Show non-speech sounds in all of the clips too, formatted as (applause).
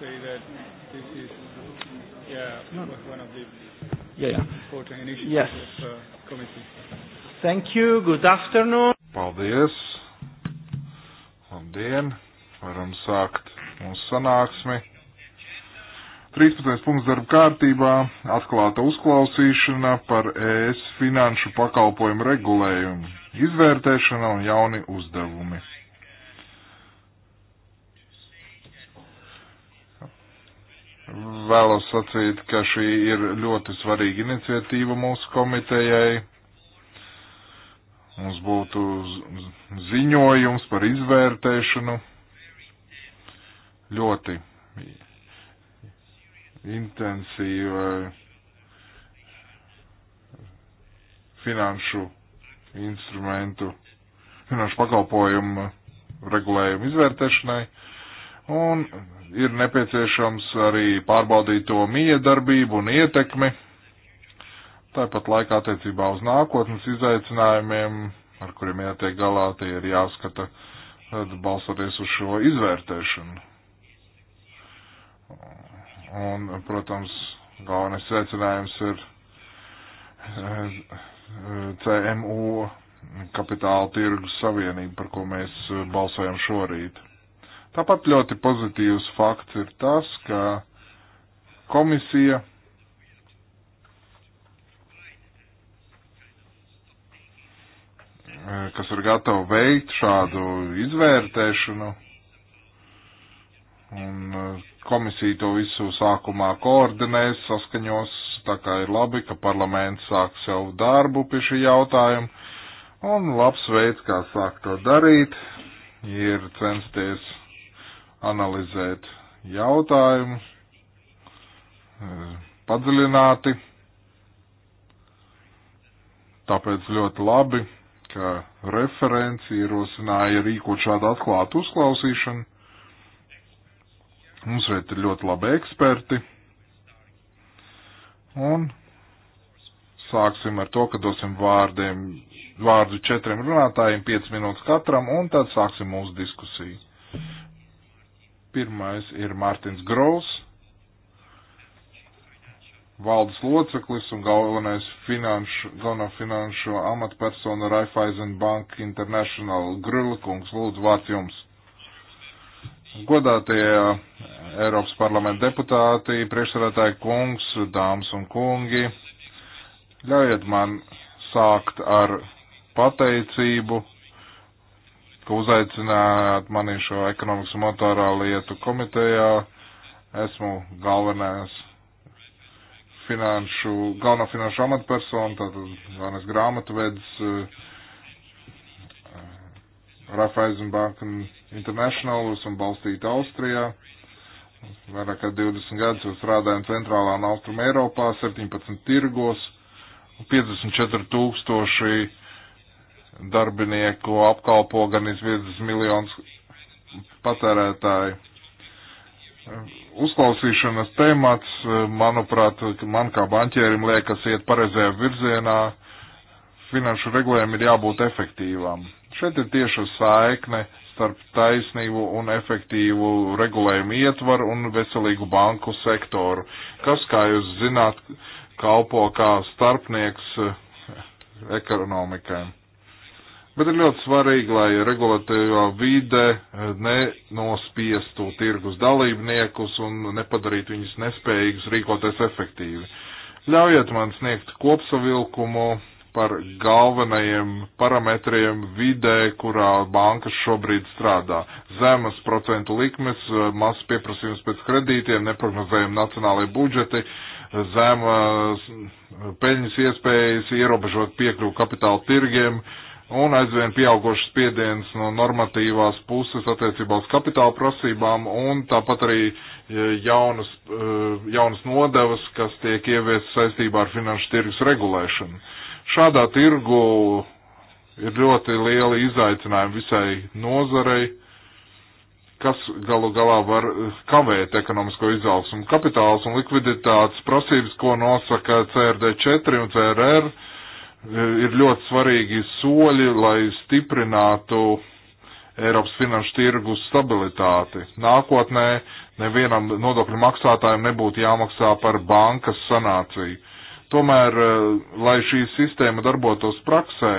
say that this is yeah, no, no. one of the yeah, yeah. important initiatives yes. of the uh, committee. Thank you. Good afternoon. Paldies. Labdien. Varam sākt mūsu sanāksmi. 13. punkts darba kārtībā - atklāta uzklausīšana par ES finanšu pakalpojumu regulējumu, izvērtēšana un jauni uzdevumi. vēlos sacīt, ka šī ir ļoti svarīga iniciatīva mūsu komitejai. Mums būtu ziņojums par izvērtēšanu. Ļoti intensīva finanšu instrumentu, finanšu pakalpojumu regulējumu izvērtēšanai. Un ir nepieciešams arī pārbaudīt to miedarbību un ietekmi. Tāpat laikā attiecībā uz nākotnes izaicinājumiem, ar kuriem jātiek galā, tie ir jāskata balstoties uz šo izvērtēšanu. Un, protams, galvenais izaicinājums ir eh, CMU kapitāla tirgus savienība, par ko mēs eh, balsojam šorīt. Tāpat ļoti pozitīvs fakts ir tas, ka komisija kas ir gatavi veikt šādu izvērtēšanu, un eh, komisija to visu sākumā koordinēs, saskaņos, tā kā ir labi, ka parlaments sāk savu darbu pie šī jautājuma, un labs veids, kā sākt to darīt, ir censties analizēt jautājumu e, padziļināti. Tāpēc ļoti labi, ka referenci ierosināja rīkot šādu atklātu uzklausīšanu. Mums šeit ir ļoti labi eksperti. Un sāksim ar to, ka dosim vārdiem, vārdu četriem runātājiem, 5 minūtes katram, un tad sāksim mūsu diskusiju. Pirmais ir Mārtiņš Grols, valdes loceklis un galvenais finanšu, galvenā finanšu amatpersona Raiffeisen Bank International Grilkungs. Lūdzu, vārds jums. Godātie eh, Eiropas parlamenta deputāti, priekšsarētāji kungs, dāmas un kungi, ļaujiet man sākt ar pateicību ka uzaicinājāt mani šo ekonomikas un motorā lietu komitejā. Esmu galvenais finanšu, galvenā finanšu amatpersona, tātad galvenais grāmatvedis uh, eh, Raiffeisenbanken International, esam balstīti Austrijā. Vairāk kā 20 gadus strādājam centrālā un austruma Eiropā, 17 tirgos, 54 tūkstoši darbinieku apkalpo gan 50 miljonus patērētāju. Uzklausīšanas temats, manuprāt, man kā banķierim liekas iet pareizajā virzienā. Finanšu regulējumi ir jābūt efektīvām. Šeit ir tieša saikne starp taisnību un efektīvu regulējumu ietvaru un veselīgu banku sektoru, kas, kā jūs zināt, kalpo kā starpnieks ekonomikai. Bet ir ļoti svarīgi, lai regulatīvā vide eh, nenospiestu tirgus dalībniekus un nepadarītu viņus nespējīgus rīkoties efektīvi. Ļaujiet man sniegt kopsavilkumu par galvenajiem parametriem vidē, kurā bankas šobrīd strādā. Zemes procentu likmes, eh, mazs pieprasījums pēc kredītiem, neprognozējami nacionālai budžeti, eh, zemes peļņas iespējas, ierobežot piekļuvu kapitāla tirgiem, uh, un aizvien pieaugošas spiediens no normatīvās puses attiecībā uz kapitāla prasībām, un tāpat arī e, jaunas, e, jaunas nodevas, kas tiek ieviesas saistībā ar finanšu tirgus regulēšanu. Šādā tirgu ir ļoti liela izaicinājuma visai nozarei, kas galu galā var kavēt ekonomisko izaugsmu. Kapitāls un likviditātes prasības, ko nosaka CRD4 un CRR, ir ļoti svarīgi soļi, lai stiprinātu Eiropas finanšu tirgus stabilitāti. Nākotnē nevienam nodokļu maksātājiem nebūtu jāmaksā par bankas sanāciju. Tomēr, eh, lai šī sistēma darbotos praksē,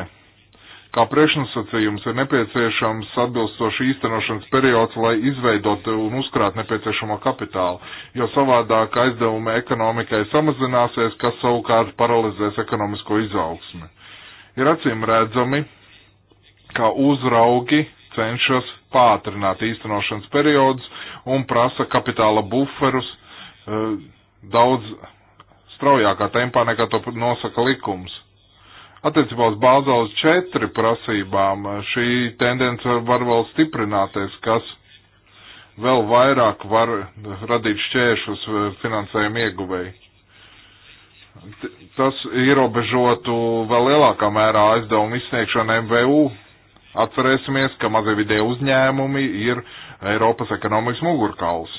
Kā priekšnosacījums ir nepieciešams atbilstoši īstenošanas periods, lai izveidot un uzkrāt nepieciešamo kapitālu, jo savādāk aizdevumi ekonomikai samazināsies, kas savukārt paralizēs ekonomisko izaugsmi. Ir acīm redzami, ka uzraugi cenšas pātrināt īstenošanas periodus un prasa kapitāla buferus eh, daudz straujākā tempā, nekā to nosaka likums. Attiecībā uz Bāzeles 4 prasībām šī tendence var vēl stiprināties, kas vēl vairāk var radīt šķēršus finansējumu ieguvēji. Tas ierobežotu vēl lielākā mērā aizdevumu izsniegšanu MVU. Atcerēsimies, ka mazie vidē uzņēmumi ir Eiropas ekonomikas mugurkauls.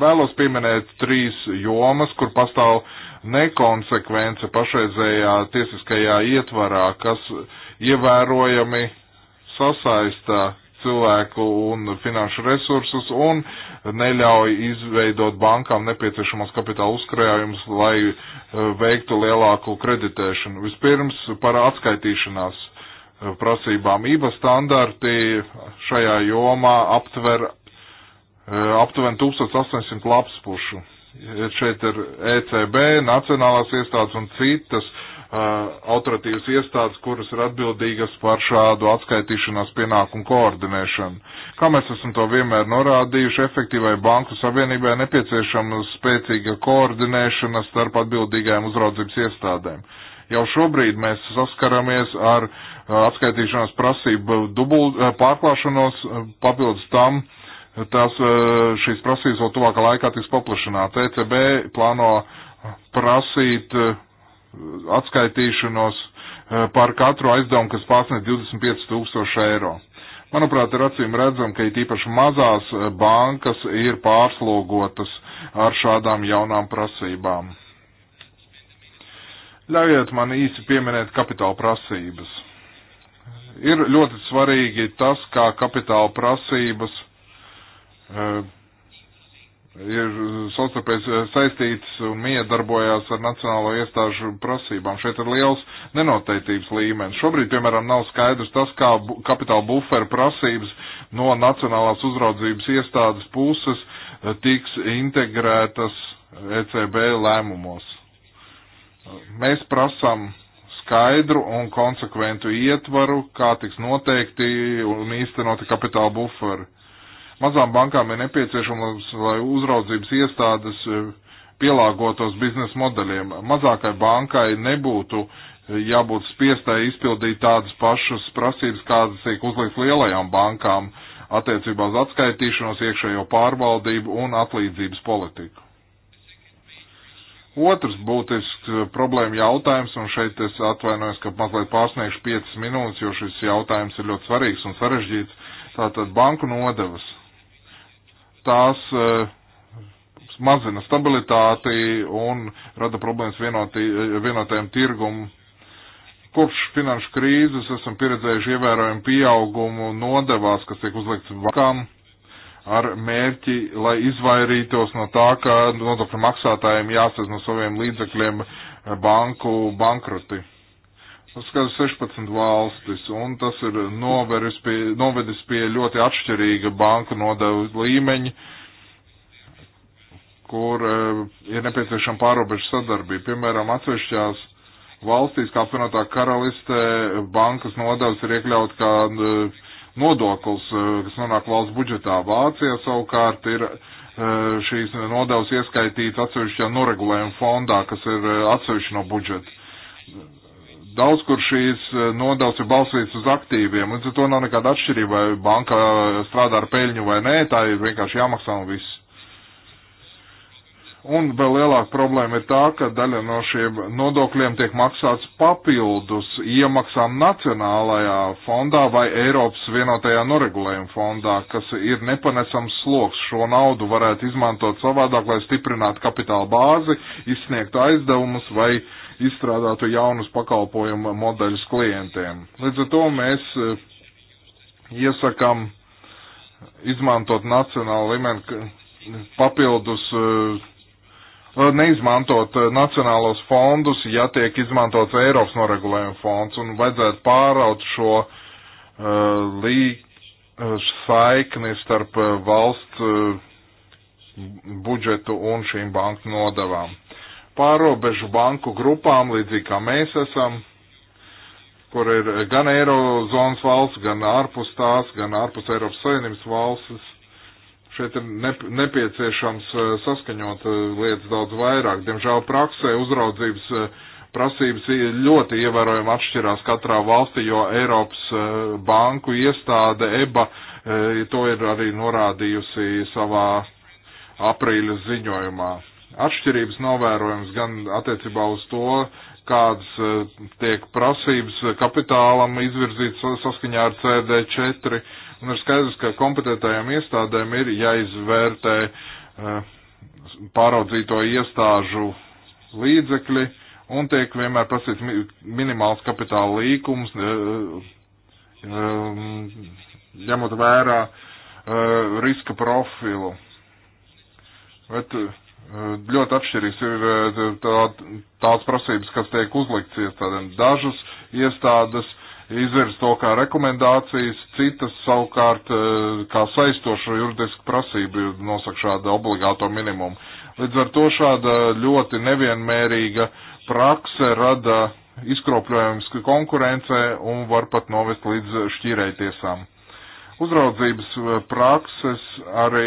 Vēlos pieminēt trīs jomas, kur pastāv nekonsekvence pašreizējā tiesiskajā ietvarā, kas ievērojami sasaista cilvēku un finanšu resursus un neļauj izveidot bankām nepieciešamos kapitāla uzkrājumus, lai eh, veiktu lielāku kreditēšanu. Vispirms par atskaitīšanās eh, prasībām. IBA standarti šajā jomā aptver eh, aptuveni 1800 lapspušu. Šeit ir ECB, nacionālās iestādes un citas uh, autoritīvas iestādes, kuras ir atbildīgas par šādu atskaitīšanās pienākumu koordinēšanu. Kā mēs esam to vienmēr norādījuši, efektīvai banku savienībai nepieciešama spēcīga koordinēšana starp atbildīgajām uzraudzības iestādēm. Jau šobrīd mēs saskaramies ar uh, atskaitīšanās prasību dubult, uh, pārklāšanos uh, papildus tam, uh, tās, eh, šīs prasības vēl tuvākā laikā tiks paplašināta. ECB plāno prasīt eh, atskaitīšanos eh, par katru aizdevumu, kas pārsniedz 25 tūkstoši eiro. Manuprāt, ir acīm redzam, ka it īpaši mazās bankas ir pārslogotas ar šādām jaunām prasībām. Ļaujiet man īsi pieminēt kapitāla prasības. Ir ļoti svarīgi tas, kā kapitāla prasības ir eh, savstarpēji eh, saistīts un miedarbojās ar nacionālo iestāžu prasībām. Šeit ir liels nenoteitības līmenis. Šobrīd, piemēram, nav skaidrs tas, kā kapitāla buferu prasības no nacionālās uzraudzības iestādes puses eh, tiks integrētas ECB lēmumos. Mēs prasam skaidru un konsekventu ietvaru, kā tiks noteikti un īstenoti kapitāla buferi Mazām bankām ir nepieciešams, lai uzraudzības iestādes e, pielāgotos biznesa modeļiem. Mazākai bankai nebūtu e, jābūt spiestai izpildīt tādas pašas prasības, kādas tiek uzlikts lielajām bankām attiecībā uz atskaitīšanos, iekšējo pārvaldību un atlīdzības politiku. Otrs būtisks e, problēma jautājums, un šeit es atvainojos, ka mazliet pārsniegšu 5 minūtes, jo šis jautājums ir ļoti svarīgs un sarežģīts, tātad banku nodevas tās e, mazina stabilitāti un rada problēmas vienotī, vienotajam tirgumam. Kopš finanšu krīzes esam pieredzējuši ievērojumu pieaugumu nodevās, kas tiek uzlikts vakām ar mērķi, lai izvairītos no tā, ka nodokļu maksātājiem jāsaz no saviem līdzekļiem banku bankruti skar 16 valstis, un tas ir pie, novedis pie ļoti atšķirīga banku nodevu līmeņa, kur uh, ir nepieciešama pārobežu sadarbība. Piemēram, atsevišķās valstīs, kā apvienotā karaliste, bankas nodevs ir iekļaut kā uh, nodoklis, uh, kas nonāk valsts budžetā. Vācija savukārt ir uh, šīs nodevs ieskaitīts atsevišķā noregulējuma fondā, kas ir atsevišķi no budžeta Daudz, kur šīs eh, nodevs ir balstīts uz aktīviem, līdz ar to nav nekāda atšķirība, vai banka strādā ar peļņu vai nē, tā ir vienkārši jāmaksā un viss. Un vēl lielāka problēma ir tā, ka daļa no šiem nodokļiem tiek maksāts papildus iemaksām Nacionālajā fondā vai Eiropas vienotajā noregulējuma fondā, kas ir nepanesams sloks. Šo naudu varētu izmantot savādāk, lai stiprinātu kapitāla bāzi, izsniegtu aizdevumus vai uh, izstrādātu jaunus pakalpojumu modeļus klientiem. Līdz ar to mēs eh, iesakam izmantot nacionālu līmeni papildus, eh, eh, neizmantot nacionālos fondus, ja tiek izmantots Eiropas noregulējuma fonds, un vajadzētu pāraut šo uh, lī, saikni starp valsts uh, budžetu un šīm banku nodavām pārobežu banku grupām, līdzīgi kā mēs esam, kur ir gan Eirozonas valsts, gan ārpus tās, gan ārpus Eiropas Savienības valstis. Šeit ir nepieciešams eh, saskaņot eh, lietas daudz vairāk. Diemžēl praksē uzraudzības eh, prasības ļoti ievērojami atšķirās katrā valstī, jo Eiropas banku iestāde EBA to ir arī norādījusi savā aprīļa ziņojumā atšķirības novērojams gan attiecībā uz to, kādas e, tiek prasības kapitālam izvirzīt saskaņā ar CD4, un ir skaidrs, ka kompetentajām iestādēm ir jāizvērtē e, pāraudzīto iestāžu līdzekļi, un tiek vienmēr prasīts minimāls kapitāla līkums, e, ņemot vērā riska profilu. Bet ļoti atšķirīgs ir e, tā, tās prasības, kas tiek uzlikts iestādēm. Dažas iestādes izvirs to kā rekomendācijas, citas savukārt e, kā saistošo juridisku prasību nosaka šādu obligāto minimumu. Līdz ar to šāda ļoti nevienmērīga prakse rada izkropļojums konkurencē un var pat novest līdz šķīrētiesām. Uzraudzības eh, prakses arī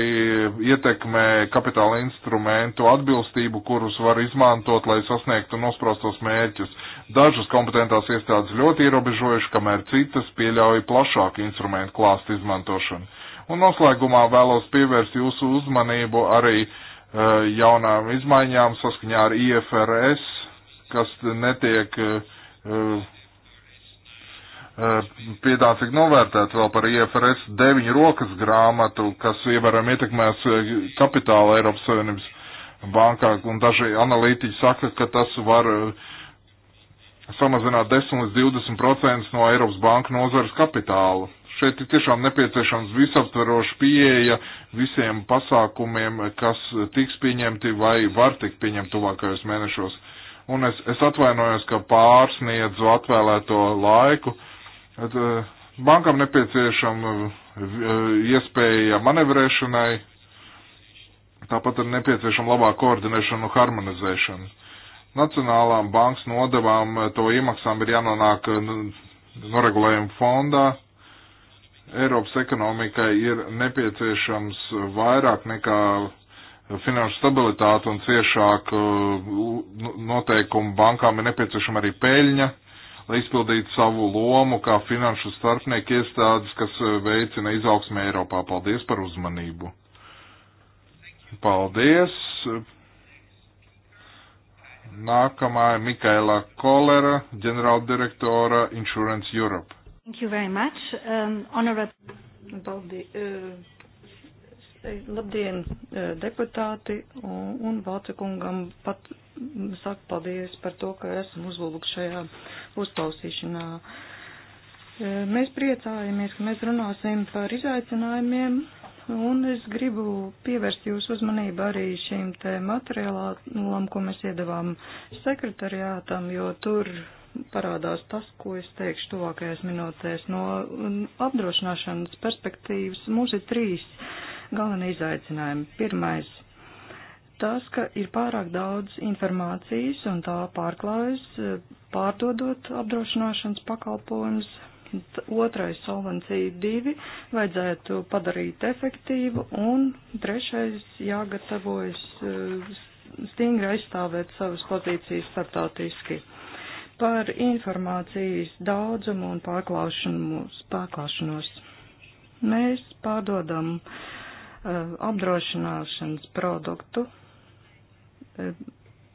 ietekmē kapitāla instrumentu atbilstību, kurus var izmantot, lai sasniegtu nosprostos mērķus. Dažas kompetentās iestādes ļoti ierobežojuši, kamēr citas pieļauj plašāku instrumentu klāstu izmantošanu. Un noslēgumā vēlos pievērst jūsu uzmanību arī uh, jaunām izmaiņām saskaņā ar IFRS, kas netiek uh, Eh, piedāvīgi novērtēt vēl par IFRS 9 rokas grāmatu, kas ievērojami ietekmēs eh, kapitāla Eiropas Savienības bankā, un daži analītiķi saka, ka tas var eh, samazināt 10 līdz 20% no Eiropas banka nozares kapitāla. Šeit ir tiešām nepieciešams visaptveroša pieeja visiem pasākumiem, kas tiks pieņemti vai var tikt pieņemti tuvākajos mēnešos. Un es, es atvainojos, ka pārsniedzu atvēlēto laiku. Uh, At, eh, bankam nepieciešama eh, iespēja manevrēšanai, tāpat ir nepieciešama labā koordinēšana un harmonizēšana. Nacionālām bankas nodevām eh, to iemaksām ir jānonāk noregulējuma fondā. Eiropas ekonomikai ir nepieciešams vairāk nekā finanšu stabilitāte un ciešāk noteikumu bankām ir nepieciešama arī peļņa lai izpildītu savu lomu kā finanšu starpnieku iestādes, kas eh, veicina izaugsmē Eiropā. Paldies par uzmanību! Paldies! Nākamā ir Mikaela Kolera, ģenerāldirektora Insurance Europe. Thank you very much. Um, honorable... Paldies, eh, Labdien, e, deputāti, un, un Valcekungam pat saka paldies par to, ka esam uzlūguši šajā uzklausīšanā. E, mēs priecājamies, ka mēs runāsim par izaicinājumiem, un es gribu pievērst jūsu uzmanību arī šīm te materiālām, ko mēs iedavām sekretariātam, jo tur parādās tas, ko es teikšu tuvākajās minūtēs. No apdrošināšanas perspektīvas mums ir trīs galvenie izaicinājumi. Pirmais - tas, ka ir pārāk daudz informācijas un tā pārklājas, pārdodot apdrošināšanas pakalpojumus. Otrais - solvencija divi - vajadzētu padarīt efektīvu, un trešais - jāgatavojas eh, stingri aizstāvēt savas pozīcijas starptautiski par informācijas daudzumu un pārklāšanos. Mēs pārdodam Eh, apdrošināšanas produktu, eh,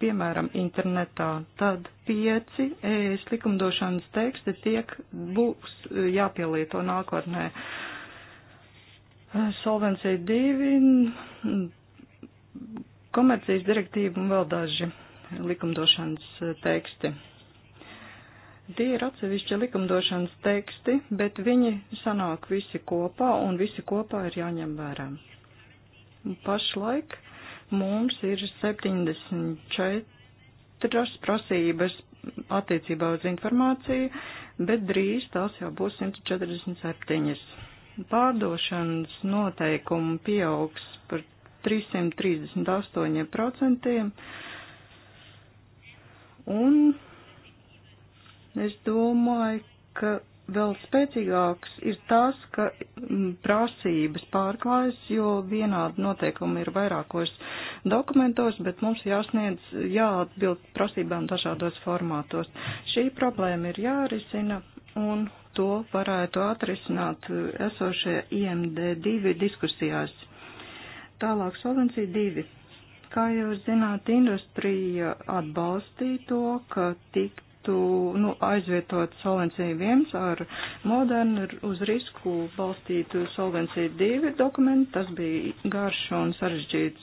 piemēram, internetā, tad pieci ES likumdošanas teksti tiek būs eh, jāpielieto nākotnē. Solvencija 2, mm, komercijas direktīva un vēl daži likumdošanas teksti. Tie ir atsevišķi likumdošanas teksti, bet viņi sanāk visi kopā un visi kopā ir jāņem vērā. Pašlaik mums ir 74 prasības attiecībā uz informāciju, bet drīz tās jau būs 147. Pārdošanas noteikumi pieaugs par 338% un es domāju, ka vēl spēcīgāks ir tas, ka mm, prasības pārklājas, jo vienādi noteikumi ir vairākos dokumentos, bet mums jāsniedz, jāatbild prasībām dažādos formātos. Šī problēma ir jārisina un to varētu atrisināt esošie IMD2 diskusijās. Tālāk solvencija 2. Kā jūs zināt, industrija atbalstīja to, ka tik tiktu nu, aizvietot solvencija 1 ar modernu uz risku balstītu solvencija 2 dokumentu. Tas bija garš un sarežģīts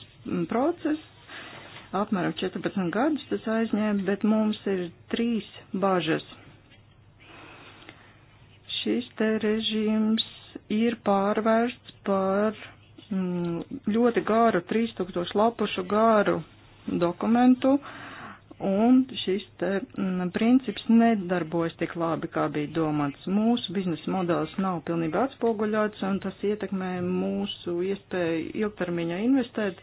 process. Apmēram 14 gadus tas aizņēma, bet mums ir trīs bažas. Šis te režīms ir pārvērsts par mm, ļoti gāru, 3000 lapušu gāru dokumentu, uh, Un šis te mm, princips nedarbojas tik labi, kā bija domāts. Mūsu biznesa modelis nav pilnībā atspoguļots, un tas ietekmē mūsu iespēju ilgtermiņā investēt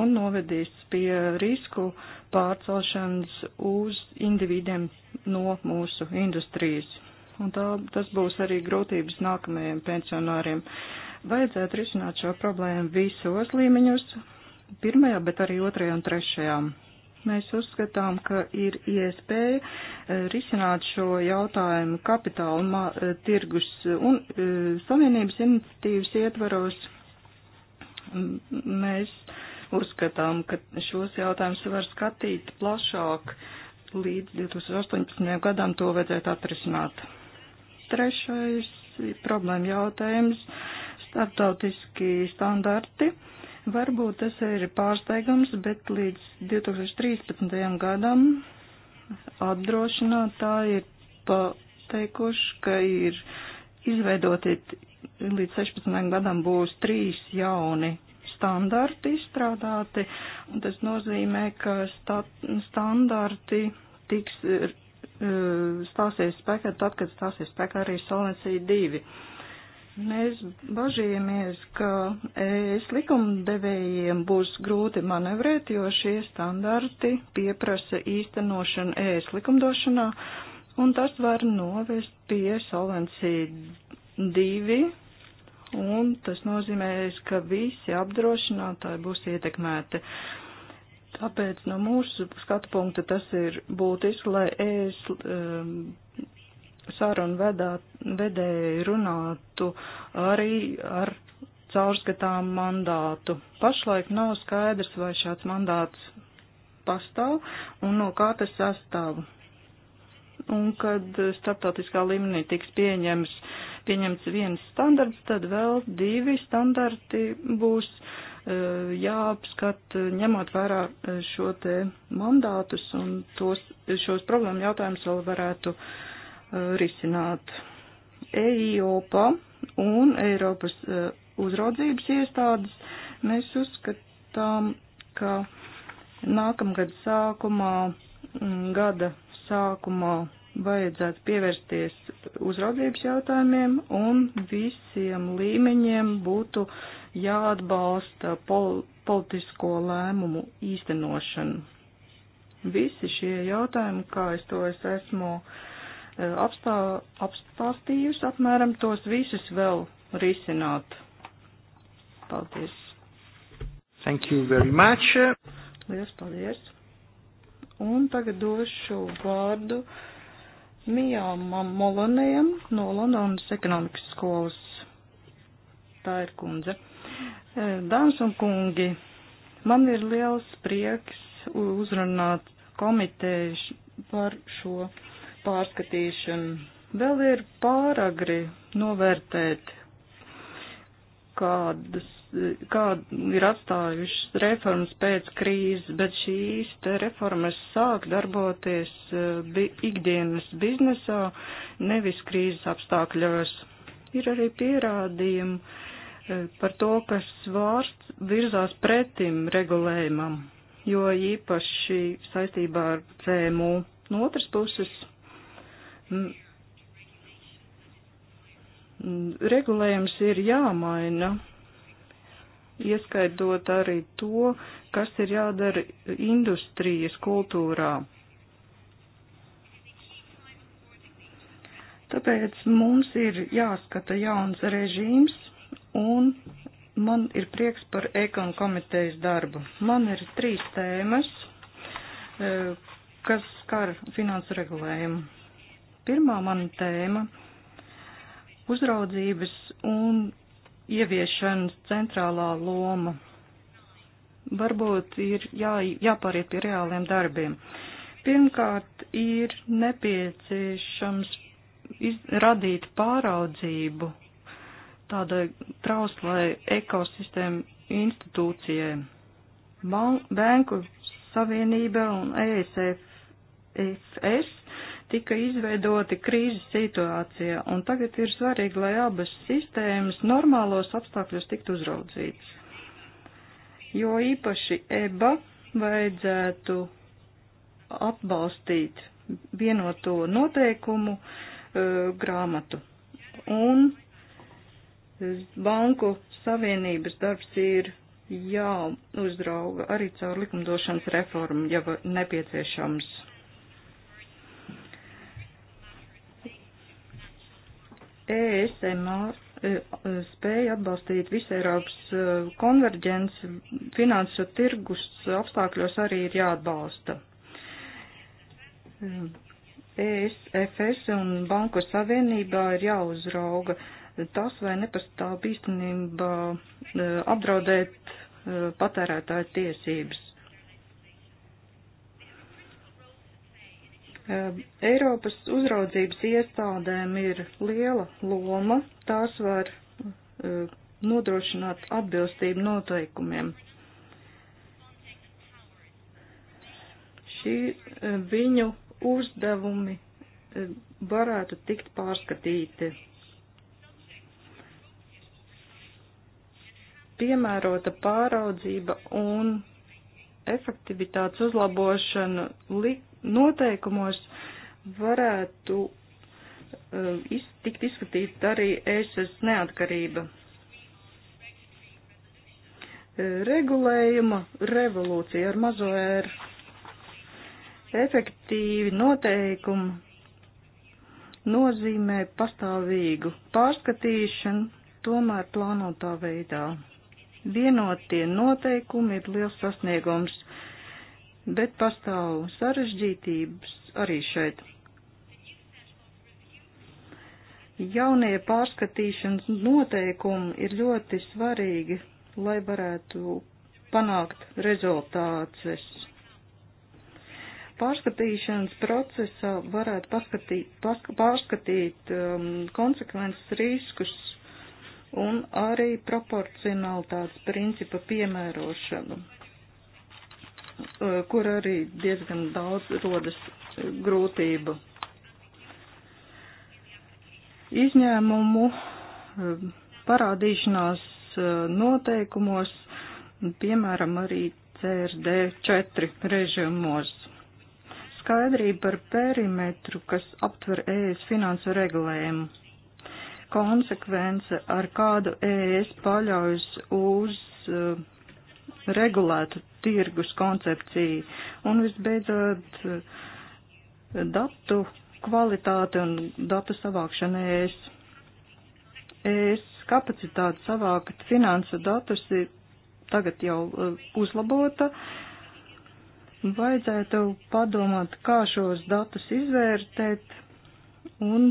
un novedīs pie risku pārcelšanas uz individiem no mūsu industrijas. Un tā, tas būs arī grūtības nākamajiem pensionāriem. Vajadzētu risināt šo problēmu visos līmeņos, pirmajā, bet arī otrajā un trešajā Mēs uzskatām, ka ir iespēja eh, risināt šo jautājumu kapitāla eh, tirgus un eh, savienības iniciatīvas ietvaros. Mēs uzskatām, ka šos jautājumus var skatīt plašāk līdz 2018. gadam to vajadzētu atrisināt. Trešais problēma jautājums - starptautiski standarti. Uh, Varbūt tas ir pārsteigums, bet līdz 2013. gadam apdrošinātāji ir pateikuši, ka ir izveidoti līdz 16. gadam būs trīs jauni standarti izstrādāti, un tas nozīmē, ka sta standarti tiks stāsies spēkā tad, kad stāsies spēkā arī Solvencija 2. Mēs bažījāmies, ka es likumdevējiem būs grūti manevrēt, jo šie standarti pieprasa īstenošanu ēs e likumdošanā, un tas var novest pie solvencija divi, un tas nozīmēs, ka visi apdrošinātāji būs ietekmēti. Tāpēc no mūsu skatu punkta tas ir būtiski, lai ēs. E um, sarunu vedēji runātu arī ar caurskatām mandātu. Pašlaik nav skaidrs, vai šāds mandāts pastāv un no kā tas sastāv. Un kad starptautiskā līmenī tiks pieņems, pieņemts viens standarts, tad vēl divi standarti būs eh, jāapskat, ņemot vērā eh, šo te mandātus un tos, šos problēmu jautājumus vēl varētu uh, risināt. EIOPA un Eiropas eh, uzraudzības iestādes mēs uzskatām, ka nākamgad sākumā, mm, gada sākumā vajadzētu pievērsties uzraudzības jautājumiem un visiem līmeņiem būtu jāatbalsta pol politisko lēmumu īstenošanu. Visi šie jautājumi, kā es to es esmu uh, Eh, apstā, apstāstījusi apmēram tos visus vēl risināt. Paldies. Thank you very much. Lielas paldies. Un tagad došu vārdu Mijām Molonējam no Londonas ekonomikas skolas. Tā ir kundze. Eh, dāmas un kungi, man ir liels prieks uzrunāt komiteju par šo pārskatīšanu. Vēl ir pāragri novērtēt, kādas, kāda ir atstājušas reformas pēc krīzes, bet šīs te reformas sāk darboties eh, bi ikdienas biznesā, nevis krīzes apstākļos. Ir arī pierādījumi, eh, par to, ka svārsts virzās pretim regulējumam, jo īpaši saistībā ar CMU. No otras puses, regulējums ir jāmaina, ieskaidot arī to, kas ir jādara industrijas kultūrā. Tāpēc mums ir jāskata jauns režīms, un man ir prieks par ekon komitejas darbu. Man ir trīs tēmas, eh, kas skar finansu regulējumu Pirmā mana tēma - uzraudzības un ieviešanas centrālā loma. Varbūt ir jā, jāpāriet pie reāliem darbiem. Pirmkārt, ir nepieciešams iz, radīt pāraudzību tādai trauslai ekosistēmu institūcijai. Banku savienība un ESFS tika izveidoti krīzes situācijā, un tagad ir svarīgi, lai abas sistēmas normālos apstākļos tiktu uzraudzītas. Jo īpaši EBA vajadzētu atbalstīt vienoto noteikumu uh, grāmatu. Un banku savienības darbs ir jāuzrauga arī caur likumdošanas reformu, ja nepieciešams. ESMR e, e, spēja atbalstīt visu Eiropas e, konverģenci finansu tirgus apstākļos arī ir jāatbalsta. ESFS un Banku Savienībā ir jāuzrauga tas, vai nepastāv īstenībā apdraudēt patērētāju tiesības. Ehm, Eiropas uzraudzības iestādēm ir liela loma, tās var ehm, nodrošināt atbilstību noteikumiem. Šī ehm, viņu uzdevumi varētu tikt pārskatīti. Piemērota pāraudzība un efektivitātes uzlabošana li noteikumos varētu um, iz, tikt izskatīt arī ESS neatkarība. Regulējuma revolūcija ar mazo ēru. Efektīvi noteikumi nozīmē pastāvīgu pārskatīšanu, tomēr plānotā veidā. Vienotie noteikumi ir liels sasniegums, bet pastāv sarežģītības arī šeit. Jaunie pārskatīšanas noteikumi ir ļoti svarīgi, lai varētu panākt rezultātus. Pārskatīšanas procesā varētu paskatīt, pask, pārskatīt um, konsekvences riskus un arī proporcionalitātes principa piemērošanu Eh, kur arī diezgan daudz rodas eh, grūtību. Izņēmumu eh, parādīšanās noteikumos, piemēram, arī CRD4 režimos. Skaidrība par perimetru, kas aptver ES finansu regulējumu. Konsekvence, ar kādu ES paļaujas uz uh, regulētu tirgus koncepciju. Un visbeidzot, datu kvalitāte un datu savākšana ES. ES kapacitāte savākt finansu datus ir tagad jau eh, uzlabota. Vajadzētu padomāt, kā šos datus izvērtēt un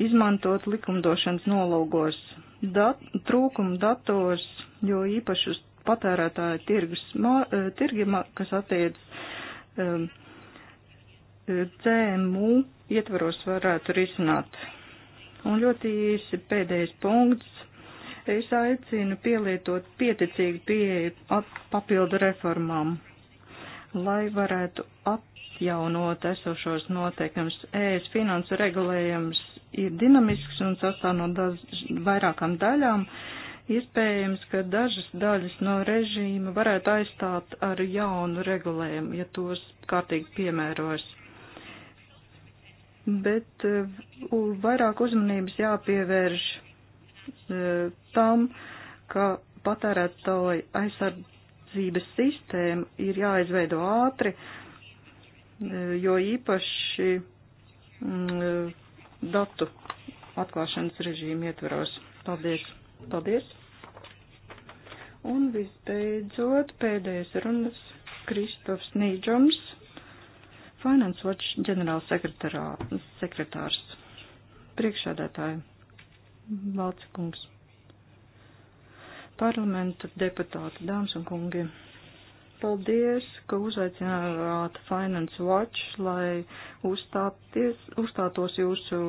izmantot likumdošanas nolaugos. Dat, trūkumu datos, jo īpaši uz patērētāju tirgus, ma, eh, tirgi, kas attiec um, eh, CMU ietvaros varētu risināt. Un ļoti īsi pēdējais punkts. Es aicinu pielietot pieticīgu pieeju papildu reformām, lai varētu atjaunot esošos noteikums. ES finansu regulējums ir dinamisks un sastāv no daž, vairākām daļām. Uh, Iespējams, ka dažas daļas no režīma varētu aizstāt ar jaunu regulējumu, ja tos kārtīgi piemēros. Bet eh, vairāk uzmanības jāpievērš eh, tam, ka patērētāju aizsardzības sistēma ir jāizveido ātri, eh, jo īpaši mm, datu atklāšanas režīmu ietveros. Paldies! Paldies! Un visbeidzot, pēdējais runas Kristofs Nīdžoms, Finance Watch ģenerālsekretārs, priekšādātāja Valca kungs, parlamenta deputāti, dāmas un kungi. Paldies, ka uzaicinājāt Finance Watch, lai uzstāties, uzstātos jūsu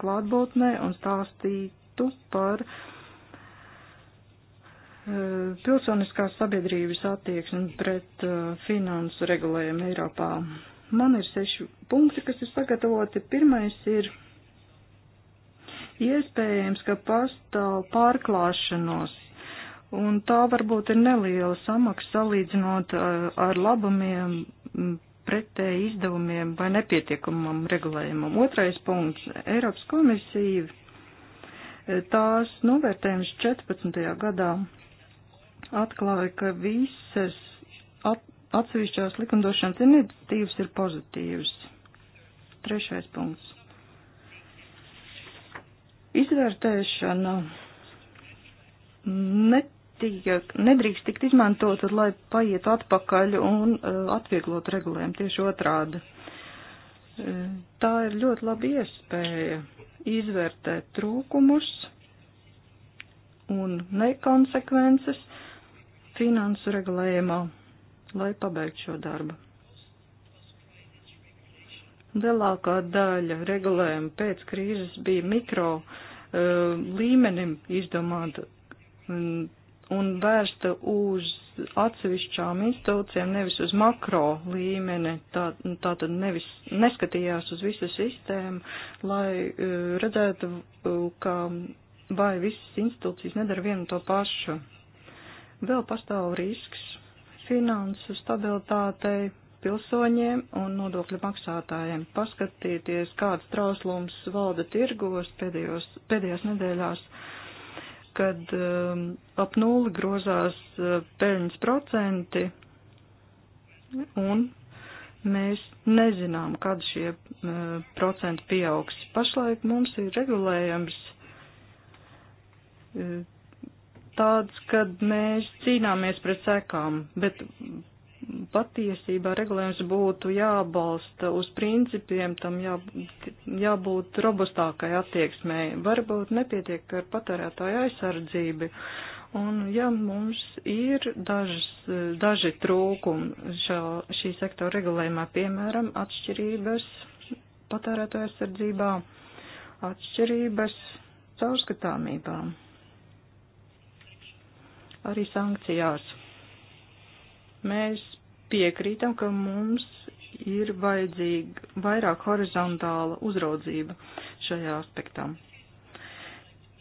klātbūtnē un stāstītu par uh, Eh, pilsoniskās sabiedrības attieksmi pret eh, finansu regulējumu Eiropā. Man ir seši punkti, kas ir sagatavoti. Pirmais ir iespējams, ka pastāv pārklāšanos, un tā varbūt ir neliela samaksa salīdzinot eh, ar labumiem pretēji izdevumiem vai nepietiekumam regulējumam. Otrais punkts - Eiropas komisija. Tās novērtējums 14. gadā atklāja, ka visas at, atsevišķās likumdošanas iniciatīvas ir pozitīvas. Trešais punkts. Izvērtēšana netiek, nedrīkst tikt izmantot, lai paietu atpakaļ un uh, atvieglot regulējumu tieši otrādi. Uh, tā ir ļoti laba iespēja izvērtēt trūkumus un nekonsekvences, uh, finansu regulējumā, lai pabeigtu šo darbu. Lielākā daļa regulējuma pēc krīzes bija mikro uh, līmenim izdomāta um, un vērsta uz atsevišķām institūcijām, nevis uz makro līmeni, tā, tā tad nevis neskatījās uz visu sistēmu, lai uh, redzētu, uh, ka vai visas institūcijas nedara vienu to pašu. Vēl pastāv risks finansu stabilitātei, pilsoņiem un nodokļu maksātājiem. Paskatieties, kāds trauslums valda tirgos pēdējos, pēdējās nedēļās, kad um, ap nulli grozās uh, peļņas procenti un mēs nezinām, kad šie uh, procenti pieaugs. Pašlaik mums ir regulējams uh, tāds, kad mēs cīnāmies pret sekām, bet patiesībā regulējums būtu jābalsta uz principiem, tam jā, jābūt robustākai attieksmē. Varbūt nepietiek ar patērētāju aizsardzību. Un ja mums ir dažas, daži trūkumi šā, šī sektora regulējumā, piemēram, atšķirības patērētāju aizsardzībā, atšķirības caurskatāmībām arī sankcijās. Mēs piekrītam, ka mums ir vajadzīga vairāk horizontāla uzraudzība šajā aspektā.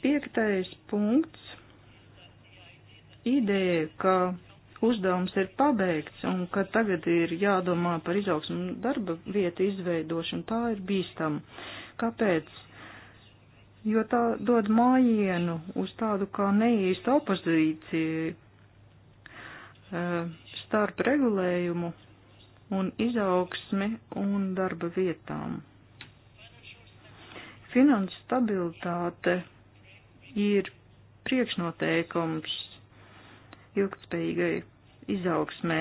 Piektais punkts - ideja, ka uzdevums ir pabeigts un ka tagad ir jādomā par izaugsmu darba vietu izveidošanu, tā ir bīstama. Kāpēc? jo tā dod mājienu uz tādu kā neīstu opozīciju starp regulējumu un izaugsmi un darba vietām. Finanšu stabilitāte ir priekšnoteikums ilgtspējīgai izaugsmē,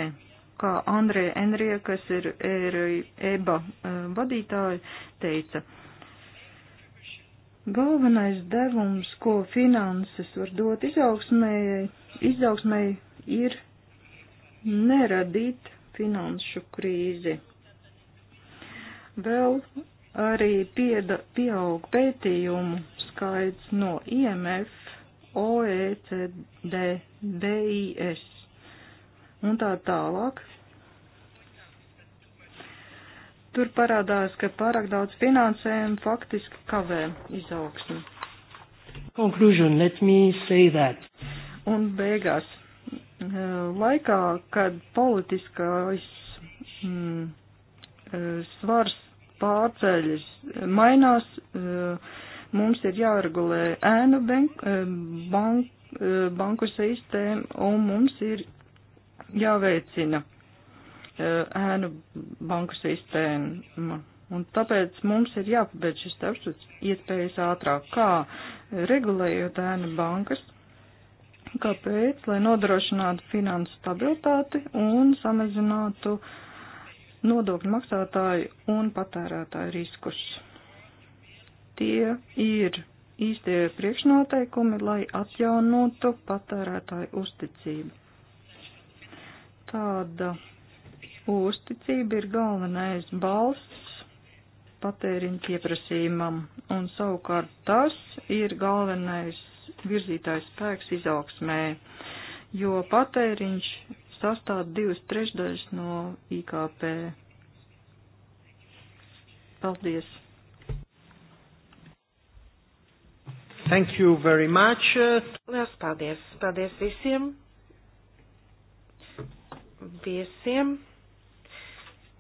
kā Andrē Enrie, kas ir EBA vadītāja, teica. Galvenais devums, ko finanses var dot izaugsmēji, izaugsmēji ir neradīt finanšu krīzi. Vēl arī pieda, pieaug pētījumu skaits no IMF, OECD, BIS un tā tālāk Tur parādās, ka pārāk daudz finansējumu faktiski kavē izaugsmi. Conclusion, let me say that. Un beigās, eh, laikā, kad politiskais mm, eh, svars pārceļas mainās, eh, mums ir jāregulē ēnu bank, bank, banku sistēma un mums ir jāveicina Eh, ēnu banku sistēma. Un tāpēc mums ir jāpabeidz šis darbs iespējas ātrāk, kā regulējot ēnu bankas, kāpēc, lai nodrošinātu finansu stabilitāti un samazinātu nodokļu maksātāju un patērētāju riskus. Tie ir īstie priekšnoteikumi, lai atjaunotu patērētāju uzticību. Tāda Uzticība ir galvenais balsts patēriņa pieprasījumam, un savukārt tas ir galvenais virzītājs spēks izaugsmē, jo patēriņš sastāv divas trešdaļas no IKP. Paldies! Thank you very much. Lielas paldies. Paldies visiem. Viesiem.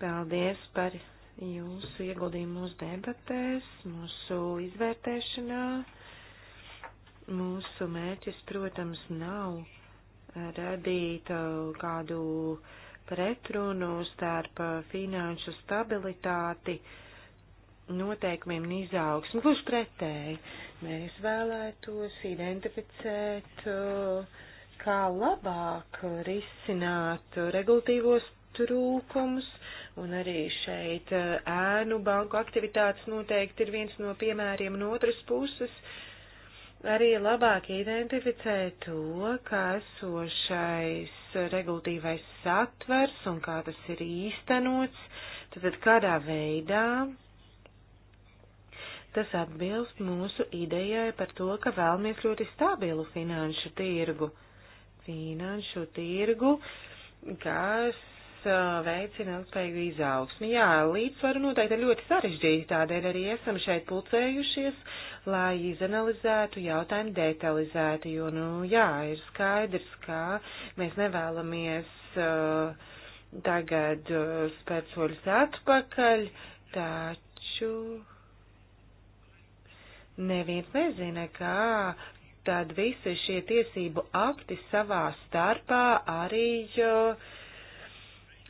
Paldies par jūsu ieguldījumu mūsu debatēs, mūsu izvērtēšanā. Mūsu mērķis, protams, nav radīt uh, kādu pretrunu starp uh, finanšu stabilitāti, noteikumiem un izaugsmu. Gluži pretēji, mēs vēlētos identificēt, uh, kā labāk risināt regulatīvos trūkumus, uh, Un arī šeit eh, ēnu banku aktivitātes noteikti ir viens no piemēriem no otras puses. Arī labāk identificē to, kā esošais regulatīvais satvers un kā tas ir īstenots, tad kādā veidā tas atbilst mūsu idejai par to, ka vēlamies ļoti stabilu finanšu tirgu. Finanšu tirgu, kas veicina ilgspējīgu izaugsmi. Jā, līdzsvaru noteikti ir ļoti sarežģīti, tādēļ arī esam šeit pulcējušies, lai izanalizētu jautājumu detalizēti, jo, nu, jā, ir skaidrs, ka mēs nevēlamies uh, tagad uh, spēt soļus atpakaļ, taču neviens nezina, kā tad visi šie tiesību akti savā starpā arī uh,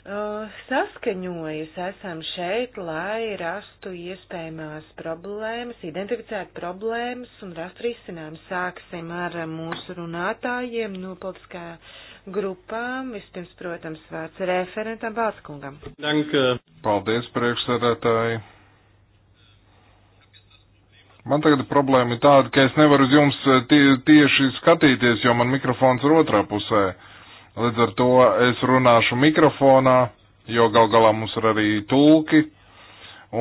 Eh, saskaņojas, esam šeit, lai rastu iespējamās problēmas, identificētu problēmas un rastu risinājumu. Sāksim ar mūsu runātājiem no politiskā grupām. Vispirms, protams, vārds referentam Balskungam. Danke. Paldies, priekšsēdētāji. Man tagad problēma ir tāda, ka es nevaru uz jums tie, tieši skatīties, jo man mikrofons ir otrā pusē. Uh, Līdz ar to es runāšu mikrofonā, jo gal galā mums ir arī tulki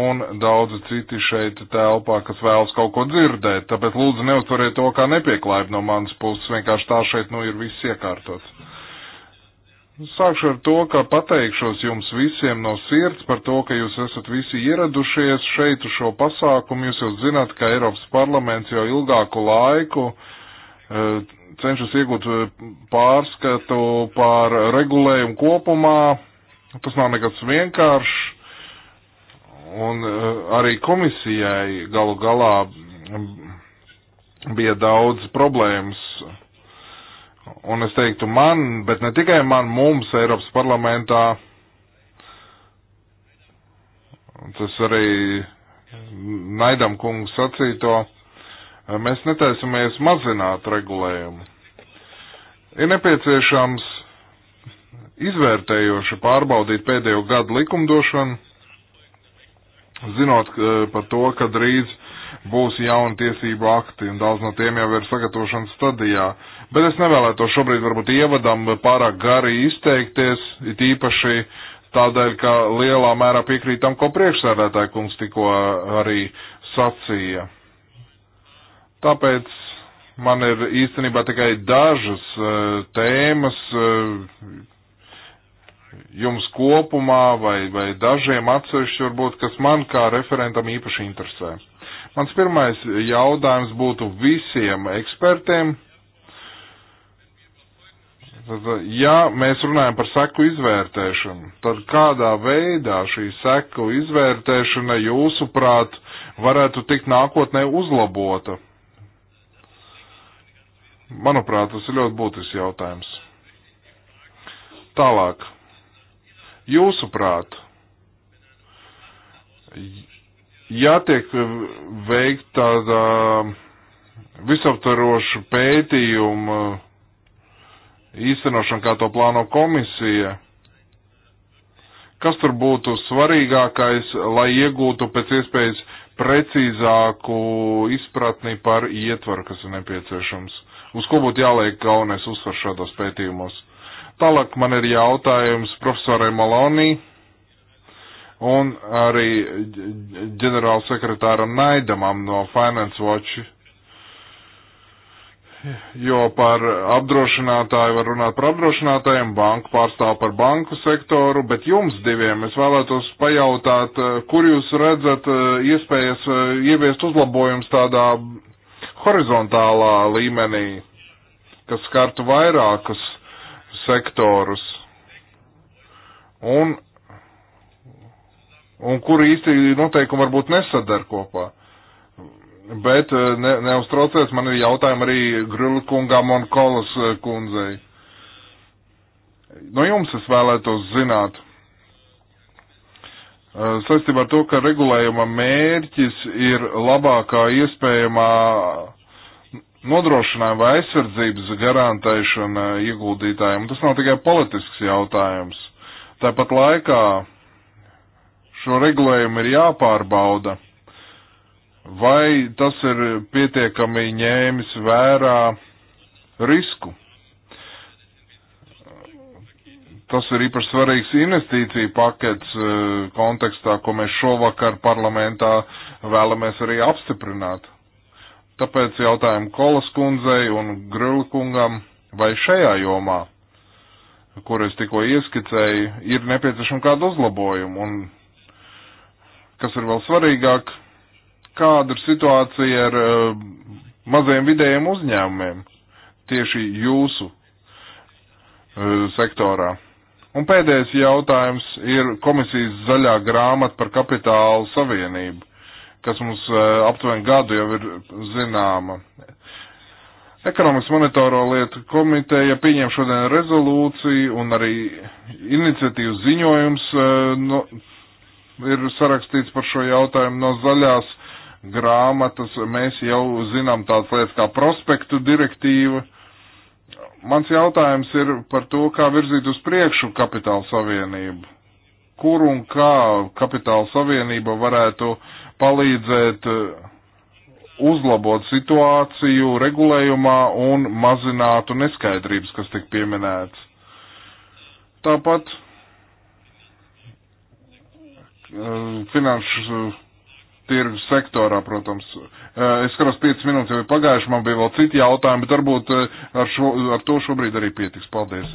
un daudzi citi šeit telpā, kas vēlas kaut ko dzirdēt. Tāpēc lūdzu neuztvariet to kā nepieklājību no manas puses, vienkārši tā šeit nu ir viss iekārtots. Sākšu ar to, ka pateikšos jums visiem no sirds par to, ka jūs esat visi ieradušies šeit uz šo pasākumu. Jūs jau zināt, ka Eiropas parlaments jau ilgāku laiku uh, cenšas iegūt eh, pārskatu par regulējumu kopumā. Tas nav nekas vienkāršs. Un eh, arī komisijai galu galā mm, bija daudz problēmas. Un es teiktu man, bet ne tikai man, mums Eiropas parlamentā. Tas arī Naidam kungs sacīja to, Mēs netaisamies mazināt regulējumu. Ir nepieciešams izvērtējoši pārbaudīt pēdējo gadu likumdošanu, zinot par to, ka drīz būs jauni tiesību akti, un daudz no tiem jau ir sagatavošanas stadijā. Bet es nevēlētos šobrīd varbūt ievadam pārāk gari izteikties, it īpaši tādēļ, ka lielā mērā piekrītam, ko priekšsēdētāja kungs tikko arī sacīja. Tāpēc man ir īstenībā tikai dažas e, tēmas e, jums kopumā vai, vai dažiem atsevišķi varbūt, kas man kā referentam īpaši interesē. Mans pirmais jautājums būtu visiem ekspertiem. Ja mēs runājam par seku izvērtēšanu, tad kādā veidā šī seku izvērtēšana jūsuprāt varētu tikt nākotnē uzlabota? Manuprāt, tas ir ļoti būtisks jautājums. Tālāk. Jūsuprāt, ja tiek veikta tāda visaptaroša pētījuma īstenošana, kā to plāno komisija, kas tur būtu svarīgākais, lai iegūtu pēc iespējas precīzāku izpratni par ietvaru, kas ir nepieciešams? Uz ko būtu jāliek galvenais uzsvars šādos pētījumos? Tālāk man ir jautājums profesorai Malonī un arī ģenerāla sekretāram Naidamam no Finance Watch, jo par apdrošinātāju var runāt par apdrošinātājiem, banku pārstāv par banku sektoru, bet jums diviem es vēlētos pajautāt, eh, kur jūs redzat eh, iespējas eh, ieviest uzlabojums tādā horizontālā līmenī, kas skartu vairākus sektorus. Un, un kur īsti noteikumi varbūt nesadar kopā. Bet eh, ne, neuztraucieties, man ir jautājumi arī Grilkungam un Kolas eh, kundzei. No jums es vēlētos zināt saistībā ar to, ka regulējuma mērķis ir labākā iespējamā nodrošinājuma vai aizsardzības garantēšana ieguldītājiem. Tas nav tikai politisks jautājums. Tāpat laikā šo regulējumu ir jāpārbauda, vai tas ir pietiekami ņēmis vērā risku Tas ir īpaši svarīgs investīcija pakets e, kontekstā, ko mēs šovakar parlamentā vēlamies arī apstiprināt. Tāpēc jautājumu Kolas kundzei un Grila kungam, vai šajā jomā, kur es tikko ieskicēju, ir nepieciešama kāda uzlabojuma un, kas ir vēl svarīgāk, kāda ir situācija ar uh, mazajiem vidējiem uzņēmumiem tieši jūsu uh, sektorā. Un pēdējais jautājums ir komisijas zaļā grāmata par kapitālu savienību, kas mums e, aptuveni gadu jau ir zināma. Ekonomikas monitoro lietu komiteja pieņem šodien rezolūciju un arī iniciatīvas ziņojums e, no, ir sarakstīts par šo jautājumu no zaļās grāmatas. Mēs jau zinām tādas lietas kā prospektu direktīva Mans jautājums ir par to, kā virzīt uz priekšu kapitāla savienību. Kur un kā kapitāla savienība varētu palīdzēt eh, uzlabot situāciju regulējumā un mazinātu neskaidrības, kas tik pieminēts. Tāpat eh, finanšu tirgus sektorā, protams. Eh, es skatos 5 minūtes jau ir pagājuši, man bija vēl citi jautājumi, bet varbūt eh, ar, šo, ar to šobrīd arī pietiks. Paldies.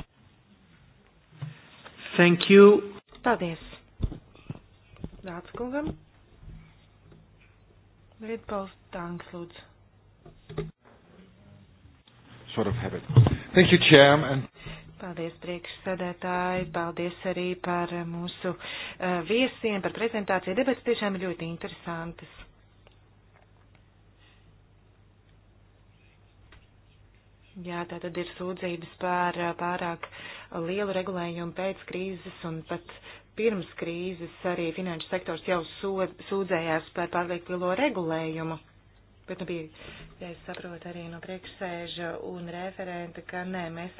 Thank you. Paldies. Dāts kungam. Rītpals Tanks, lūdzu. Sort of habit. Thank you, Chair. And... Paldies priekšsēdētāji, paldies arī par mūsu eh, viesiem, par prezentāciju. Debats tiešām ir ļoti interesantas. Jā, tā tad ir sūdzības par eh, pārāk lielu regulējumu pēc krīzes un pat pirms krīzes arī finanšu sektors jau sūdzējās par pārlieku lielo regulējumu. Bet nu bija, ja es saprotu arī no priekšsēža un referenta, ka nē, mēs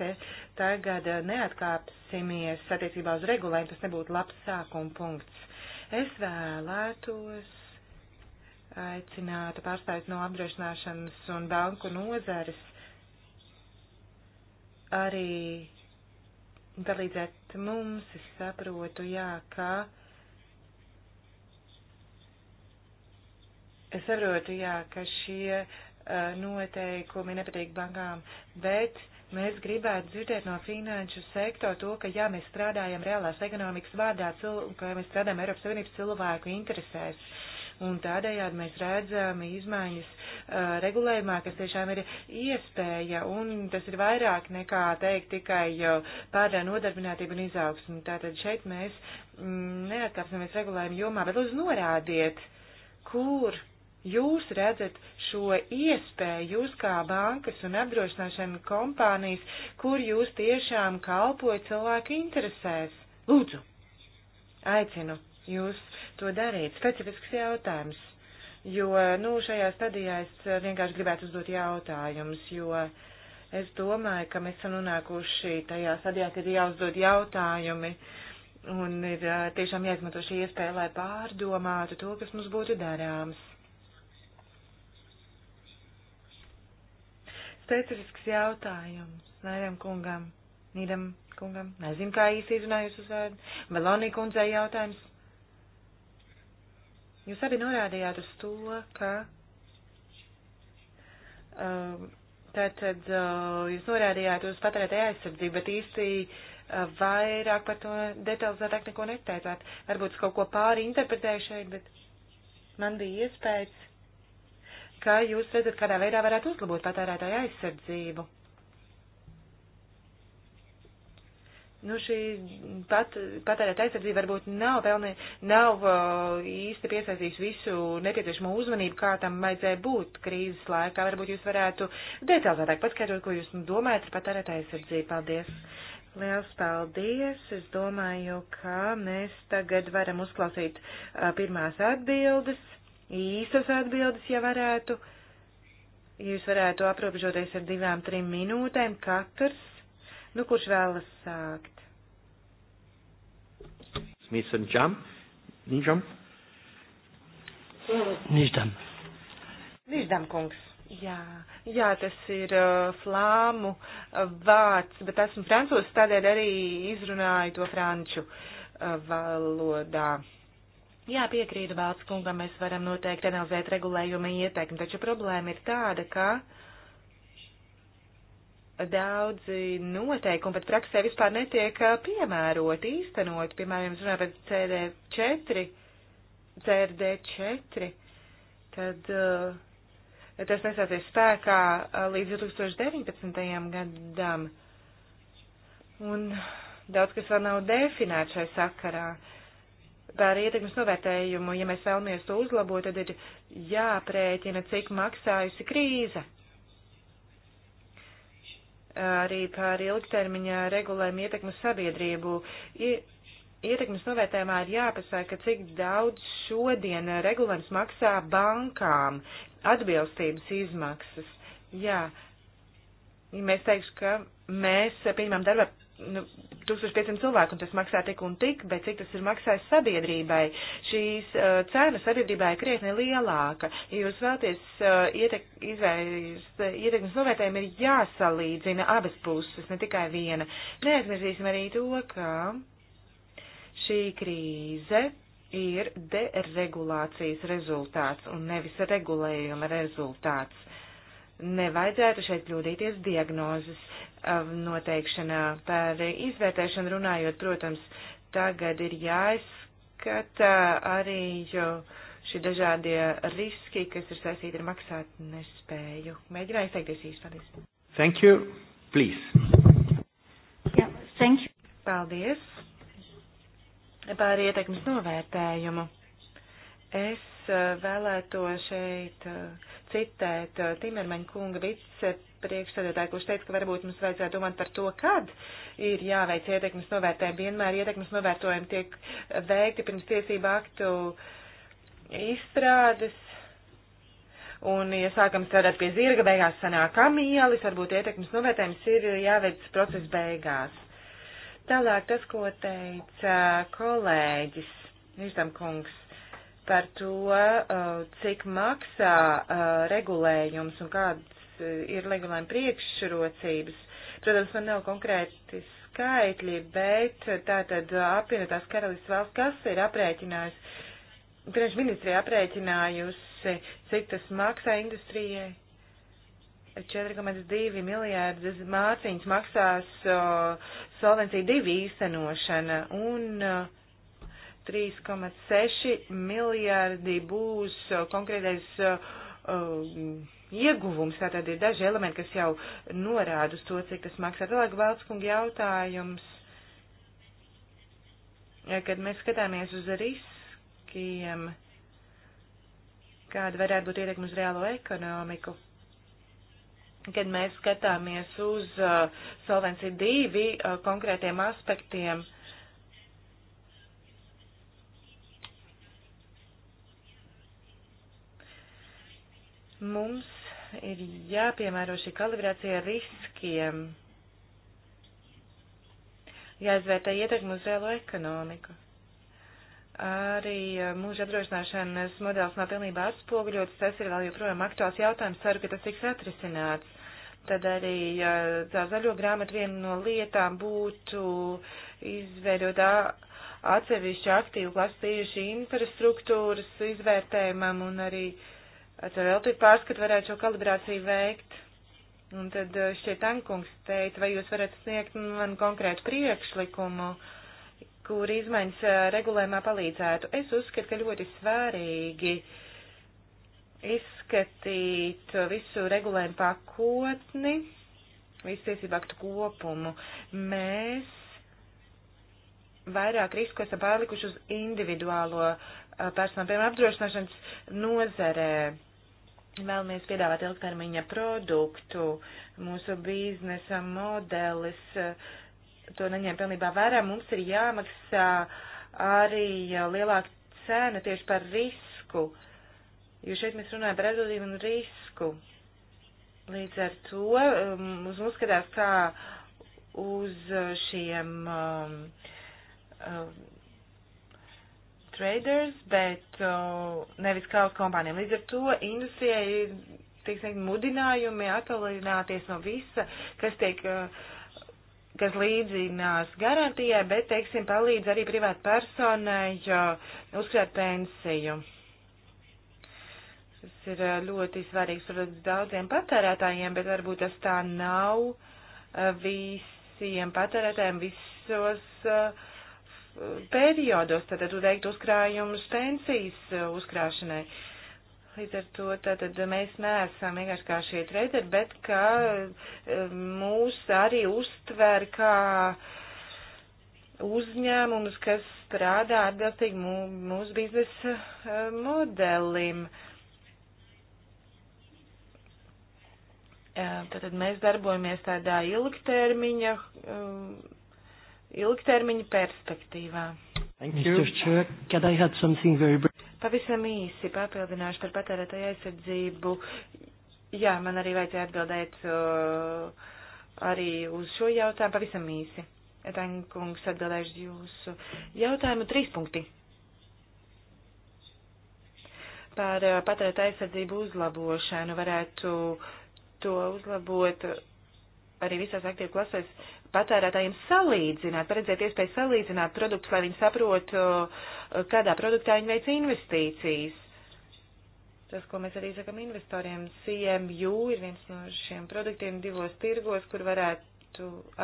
tagad neatkāpsimies attiecībā uz regulējumu, tas nebūtu labs sākuma punkts. Es vēlētos aicināt pārstāvis no apdrošināšanas un banku nozares arī palīdzēt mums, es saprotu, jā, ka Es saprotu, jā, ka šie uh, noteikumi nepatīk bankām, bet mēs gribētu dzirdēt no finanšu sektora to, ka jā, mēs strādājam reālās ekonomikas vārdā, cil, ka mēs strādājam Eiropas Savienības cilvēku interesēs. Un tādējādi mēs redzam izmaiņas uh, regulējumā, kas tiešām ir iespēja, un tas ir vairāk nekā teikt tikai pārdā nodarbinātību un izaugsmu. Tātad šeit mēs mm, neatkāpsimies regulējumu jomā, bet lūdzu norādiet, kur jūs redzat šo iespēju, jūs kā bankas un apdrošināšana kompānijas, kur jūs tiešām kalpojat cilvēku interesēs? Lūdzu, aicinu jūs to darīt. Specifisks jautājums, jo, nu, šajā stadijā es vienkārši gribētu uzdot jautājumus, jo es domāju, ka mēs esam nonākuši tajā stadijā, kad ir jāuzdod jautājumi. Un ir tiešām jāizmanto šī iespēja, lai pārdomātu to, kas mums būtu darāms specifisks jautājums Nēram kungam, Nīram kungam, nezinu, kā īsti izrunājus uzvārdu, Melonī kundzei jautājums. Jūs arī norādījāt uz to, ka um, Tātad uh, jūs norādījāt uz patērētāju aizsardzību, bet īsti uh, vairāk par to detalizētāk neko neteicāt. Varbūt es kaut ko pāri interpretēju šeit, bet man bija iespējas, ka jūs redzat, kādā veidā varētu uzlabot patērētāju aizsardzību. Nu, šī pat, patērēta aizsardzība varbūt nav, pelnī, nav uh, īsti piesaistījusi visu nepieciešamo uzmanību, kā tam vajadzēja būt krīzes laikā. Varbūt jūs varētu detalizētāk paskaidrot, ko jūs domājat par patērēta aizsardzību. Paldies! Liels paldies! Es domāju, ka mēs tagad varam uzklausīt uh, pirmās atbildes īsas atbildes, ja varētu. Ja jūs varētu aprobežoties ar divām, trim minūtēm katrs, nu kurš vēlas sākt? Smith and Jump. Nijam. Niždam. Niždam kungs. Jā, jā, tas ir uh, flāmu uh, vārds, bet esmu francūzs, tādēļ arī izrunāju to franču uh, valodā. Uh, Jā, piekrītu Vālts kungam, mēs varam noteikti analizēt regulējuma ieteikumu, taču problēma ir tāda, ka daudzi noteikumi pat praksē vispār netiek piemēroti, īstenot, piemēram, runā par CD4, CRD4, tad tas nesāsies spēkā līdz 2019. gadam, un daudz kas vēl nav definēts šai sakarā. Uh, par ietekmes novērtējumu, ja mēs vēlamies to uzlabot, tad ir jāprēķina, cik maksājusi krīze. Arī par ilgtermiņa regulējumu ietekmu sabiedrību. Ietekmes novērtējumā ir jāpasaka, cik daudz šodien regulējums maksā bankām atbilstības izmaksas. Jā, ja mēs teikšu, ka mēs pieņemam darba nu, 1500 cilvēku, un tas maksā tik un tik, bet cik tas ir maksājis sabiedrībai. Šīs uh, cena sabiedrībai ir krietni lielāka. Ja jūs vēlaties uh, ietek, izvērst uh, ietekmes novērtējumu, ir jāsalīdzina abas puses, ne tikai viena. Neaizmirsīsim arī to, ka šī krīze ir deregulācijas rezultāts un nevis regulējuma rezultāts. Nevajadzētu šeit kļūdīties diagnozes. Um, noteikšanā. Par izvērtēšanu runājot, protams, tagad ir jāizskata arī šie dažādie riski, kas ir saistīti ar maksāt nespēju. Mēģināju izteikties īsti. Paldies. Thank you. Please. Yeah, thank you. Paldies. Par ietekmes novērtējumu. Es uh, vēlētos šeit uh, citēt eh, Timermaņa kunga vicepriekšsēdētāju, kurš teica, ka varbūt mums vajadzētu domāt par to, kad ir jāveic ietekmes novērtējumi. Vienmēr ietekmes novērtējumi tiek veikti pirms tiesību aktu izstrādes. Un, ja sākam strādāt pie zirga, beigās sanāk kamielis, varbūt ietekmes novērtējums ir jāveic procesa beigās. Tālāk tas, ko teica kolēģis Nīstam kungs par to, uh, cik maksā uh, regulējums un kādas uh, ir regulējuma priekšrocības. Protams, man nav konkrēti skaitļi, bet tātad apvienotās karalists valsts kasa ir aprēķinājusi, finanšu ministrija aprēķinājusi, cik tas maksā industrijai. 4,2 miljārdas māciņas maksās o, solvencija divi īstenošana un uh, 3,6 miljārdi būs uh, konkrētais uh, um, ieguvums. Tātad ir daži elementi, kas jau norāda uz to, cik tas maksā. Tālāk Valdskunga jautājums, kad mēs skatāmies uz riskiem, kāda varētu būt ietekme uz reālo ekonomiku. Kad mēs skatāmies uz uh, solvenciju divi uh, konkrētiem aspektiem, uh, Mums ir jāpiemēro šī kalibrācija riskiem, jāizvērtē ietekmi uz reālo ekonomiku. Arī eh, mūža apdrošināšanas modelis nav pilnībā atspoguļots, tas ir vēl joprojām aktuāls jautājums, ceru, ka tas tiks atrisināts. Tad arī eh, tā zaļo grāmatu viena no lietām būtu izveidot atsevišķu aktīvu klasījuši infrastruktūras izvērtējumam un arī uh, Tad vēl tur pārskat varētu šo kalibrāciju veikt. Un tad eh, šķiet Ankungs teica, vai jūs varat sniegt man konkrētu priekšlikumu, kur izmaiņas eh, regulējumā palīdzētu. Es uzskatu, ka ļoti svērīgi izskatīt visu regulējumu pakotni, visu tiesību aktu kopumu. Mēs vairāk risku esam pārlikuši uz individuālo eh, personu, piemēram, apdrošināšanas nozerē vēlamies piedāvāt ilgtermiņa produktu, mūsu biznesa modelis, eh, to neņem pilnībā vērā, mums ir jāmaksā arī eh, lielāka cena tieši par risku, jo šeit mēs runājam par atbildību un risku. Līdz ar to um, mums uzskatās kā uz eh, šiem um, um, traders, bet uh, nevis cloud kompānijām. Līdz ar to industrijai tiek sniegt mudinājumi attālināties no visa, kas tiek uh, kas līdzinās garantijai, bet, teiksim, palīdz arī privāt personai uh, uzkrāt pensiju. Tas ir uh, ļoti svarīgs, protams, daudziem patērētājiem, bet varbūt tas tā nav uh, visiem patērētājiem visos uh, periodos, tātad veikt uzkrājumus pensijas eh, uzkrāšanai. Līdz ar to tātad mēs neesam vienkārši kā šie traderi, bet ka eh, mūs arī uztver kā uzņēmums, kas strādā atbilstīgi mūsu biznesa eh, modelim. Tātad mēs darbojamies tādā ilgtermiņa ilgtermiņa perspektīvā. Very... Pavisam īsi papildināšu par patērētāju aizsardzību. Jā, man arī vajadzēja atbildēt uh, arī uz šo jautājumu pavisam īsi. Etaņkungs atbildēšu jūsu jautājumu trīs punkti. Par uh, patērētāju aizsardzību uzlabošanu varētu to uzlabot arī visās aktīvu klasēs. Uh, patērētājiem salīdzināt, paredzēt iespēju salīdzināt produktus, lai viņi saprotu, uh, kādā produktā viņi veic investīcijas. Tas, ko mēs arī sakam investoriem, CMU ir viens no šiem produktiem divos tirgos, kur varētu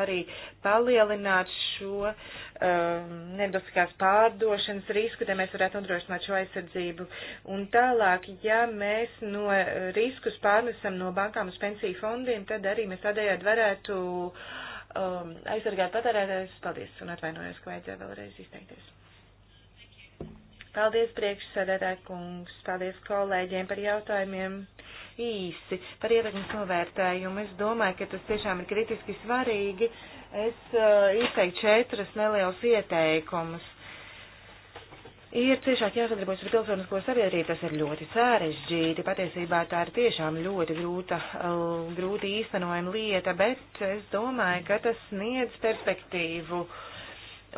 arī palielināt šo um, nedoskās pārdošanas risku, te mēs varētu nodrošināt šo aizsardzību. Un tālāk, ja mēs no riskus pārnesam no bankām uz pensiju fondiem, tad arī mēs tādējādi varētu uh, um, aizsargāt patērētājus. Paldies un atvainojos, ka vajadzēja vēlreiz izteikties. Paldies priekšsēdētāji kungs, paldies kolēģiem par jautājumiem īsi par ietekmes novērtējumu. Es domāju, ka tas tiešām ir kritiski svarīgi. Es uh, izteiktu četras nelielas ieteikumus ir ciešāk jāsadarbojas ar pilsonisko sabiedrību. Tas ir ļoti sarežģīti. Patiesībā tā ir tiešām ļoti grūta, grūti īstenojama lieta, bet es domāju, ka tas sniedz perspektīvu.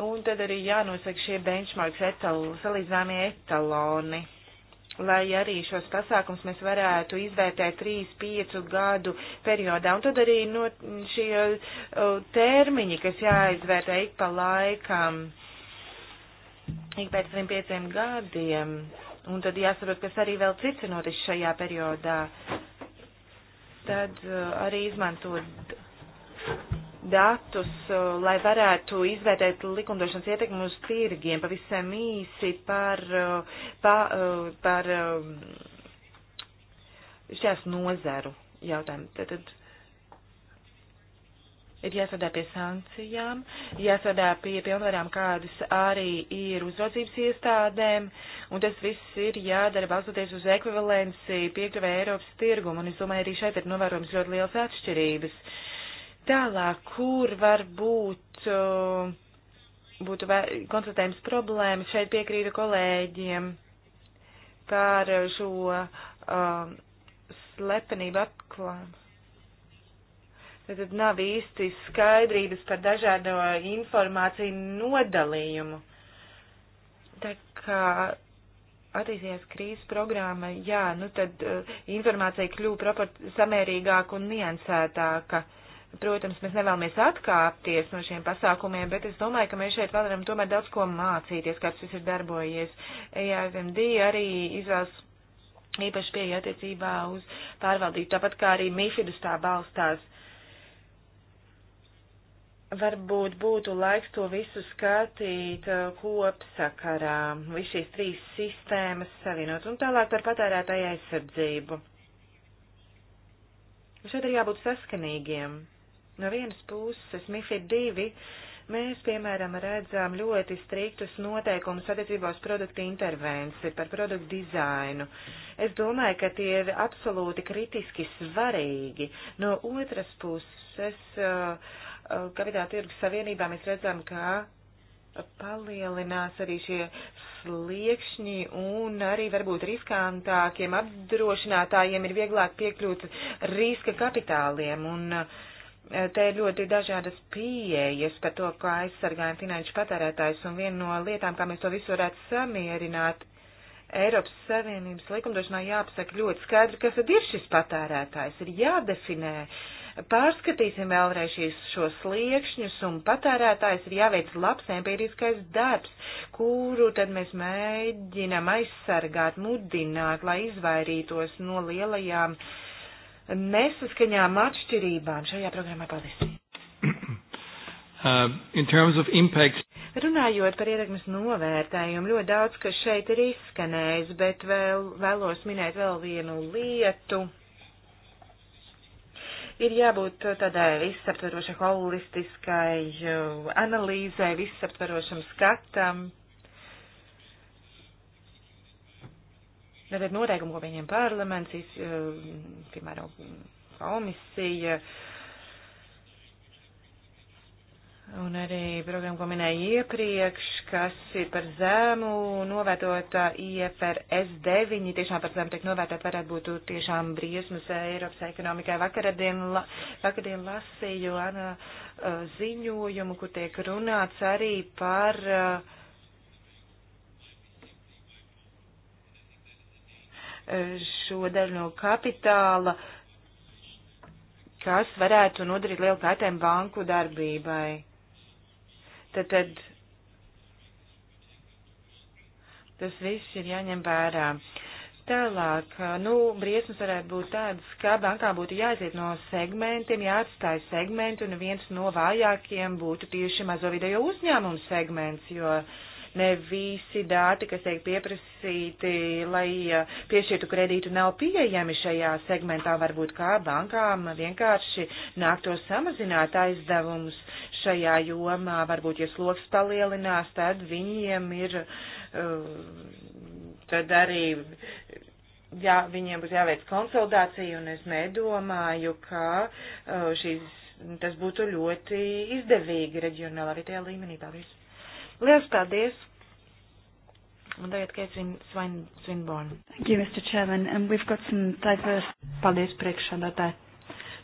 Un tad arī jānosaka šie benchmarks, etal, salīdzināmie etaloni, lai arī šos pasākums mēs varētu izvērtēt 3-5 gadu periodā. Un tad arī no šie termiņi, kas jāizvērtē ik pa laikam. Uh, ik pēc trim pieciem gadiem, un tad jāsaprot, kas arī vēl cits ir noticis šajā periodā, tad uh, arī izmantot datus, uh, lai varētu izvērtēt likumdošanas ietekmi uz tirgiem pavisam īsi par, uh, pa, par um, šās nozaru jautājumu. Tad, tad ir jāstrādā pie sankcijām, jāstrādā pie pilnvarām, kādas arī ir uzraudzības iestādēm, un tas viss ir jādara balstoties uz ekvivalenci piekļuvē Eiropas tirgumu, un es domāju, arī šeit ir novērojams ļoti liels atšķirības. Tālāk, kur var būt, uh, būtu konstatējums problēmas, šeit piekrītu kolēģiem par šo um, slepenību atklājumu Tad nav īsti skaidrības par dažādo informāciju nodalījumu. Tā kā attīstījās krīzes programma, jā, nu tad uh, informācija kļūpa samērīgāka un niansētāka. Protams, mēs nevēlamies atkāpties no šiem pasākumiem, bet es domāju, ka mēs šeit varam tomēr daudz ko mācīties, kāds tas ir darbojies. EAFMD arī izvēlas īpaši pieeja attiecībā uz pārvaldību, tāpat kā arī MIFIDUS tā balstās. Uh, Varbūt būtu laiks to visu skatīt uh, kopsakarā, visu šīs trīs sistēmas savienot un tālāk par patērētāju aizsardzību. Šeit ir jābūt saskanīgiem. No vienas puses, MIFID 2 mēs, piemēram, redzam ļoti striktus noteikumus attiecībā uz produktu intervenci, par produktu dizainu. Es domāju, ka tie ir absolūti kritiski svarīgi. No otras puses, uh, Eh, kapitāla tirgus savienībā mēs redzam, ka palielinās arī šie sliekšņi un arī varbūt riskantākiem apdrošinātājiem ir vieglāk piekļūt riska kapitāliem. Un eh, te ir ļoti dažādas pieejas par to, kā aizsargājam finanšu patērētājs. Un viena no lietām, kā mēs to visu varētu samierināt, Eiropas Savienības likumdošanā jāapsaka ļoti skaidri, kas tad ir šis patērētājs. Ir jādefinē uh, Pārskatīsim vēlreiz šīs šos sliekšņus un patērētājs ir jāveic labs empiriskais darbs, kuru tad mēs mēģinam aizsargāt, mudināt, lai izvairītos no lielajām nesaskaņām atšķirībām šajā programmā. Paldies! Uh, in terms of impact. Runājot par ietekmes novērtējumu, ļoti daudz, kas šeit ir izskanējis, bet vēl, vēlos minēt vēl vienu lietu. Uh, ir jābūt tādai visaptverošai, holistiskai eh, analīzai, visaptverošam skatam. Tad ir noteikumi, ko pieņem parlaments, eh, piemēram, komisija, uh, Un arī programma, ko minēju iepriekš, kas ir par zēmu novērtota IFRS 9, tiešām par zēmu tiek novērtēt, varētu būt tiešām briesmas Eiropas ekonomikai. Vakardien, la, vakardien lasīju Ana ziņojumu, kur tiek runāts arī par. šo daļu no kapitāla, kas varētu nodarīt lielu kaitēm banku darbībai Tad, tad tas viss ir jāņem vērā. Tālāk, nu, briesmas varētu būt tādas, ka bankām būtu jāiziet no segmentiem, jāatstāj segmenti, un viens no vājākiem būtu tieši mazo video uzņēmumu segments, jo uh, ne visi dati, kas tiek pieprasīti, lai eh, piešķirtu kredītu, nav pieejami šajā segmentā. Varbūt kā bankām vienkārši nāktos samazināt aizdevumus šajā jomā. Varbūt, ja sloks palielinās, tad viņiem ir, eh, tad arī jā, viņiem būs jāveic konsolidācija, un es nedomāju, ka eh, šīs, tas būtu ļoti izdevīgi reģionālā vietējā līmenī. Paldies! Lielas paldies! Un tagad Keitvin Svin, Svinborn. Thank you, Mr. Chairman, and we've got some diverse. Paldies priekšādātāji.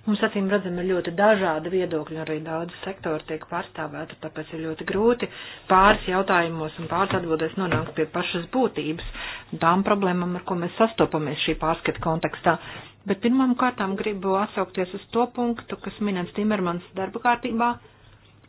Mums acīm redzam ir ļoti dažādi viedokļi, arī daudz sektoru tiek pārstāvēta, tāpēc ir ļoti grūti pāris jautājumos un pāris atbildēs nonākt pie pašas būtības, tām problēmām, ar ko mēs sastopamies šī pārskata kontekstā. Bet pirmām kārtām gribu atsaukties uz to punktu, kas minēts Timermans darba kārtībā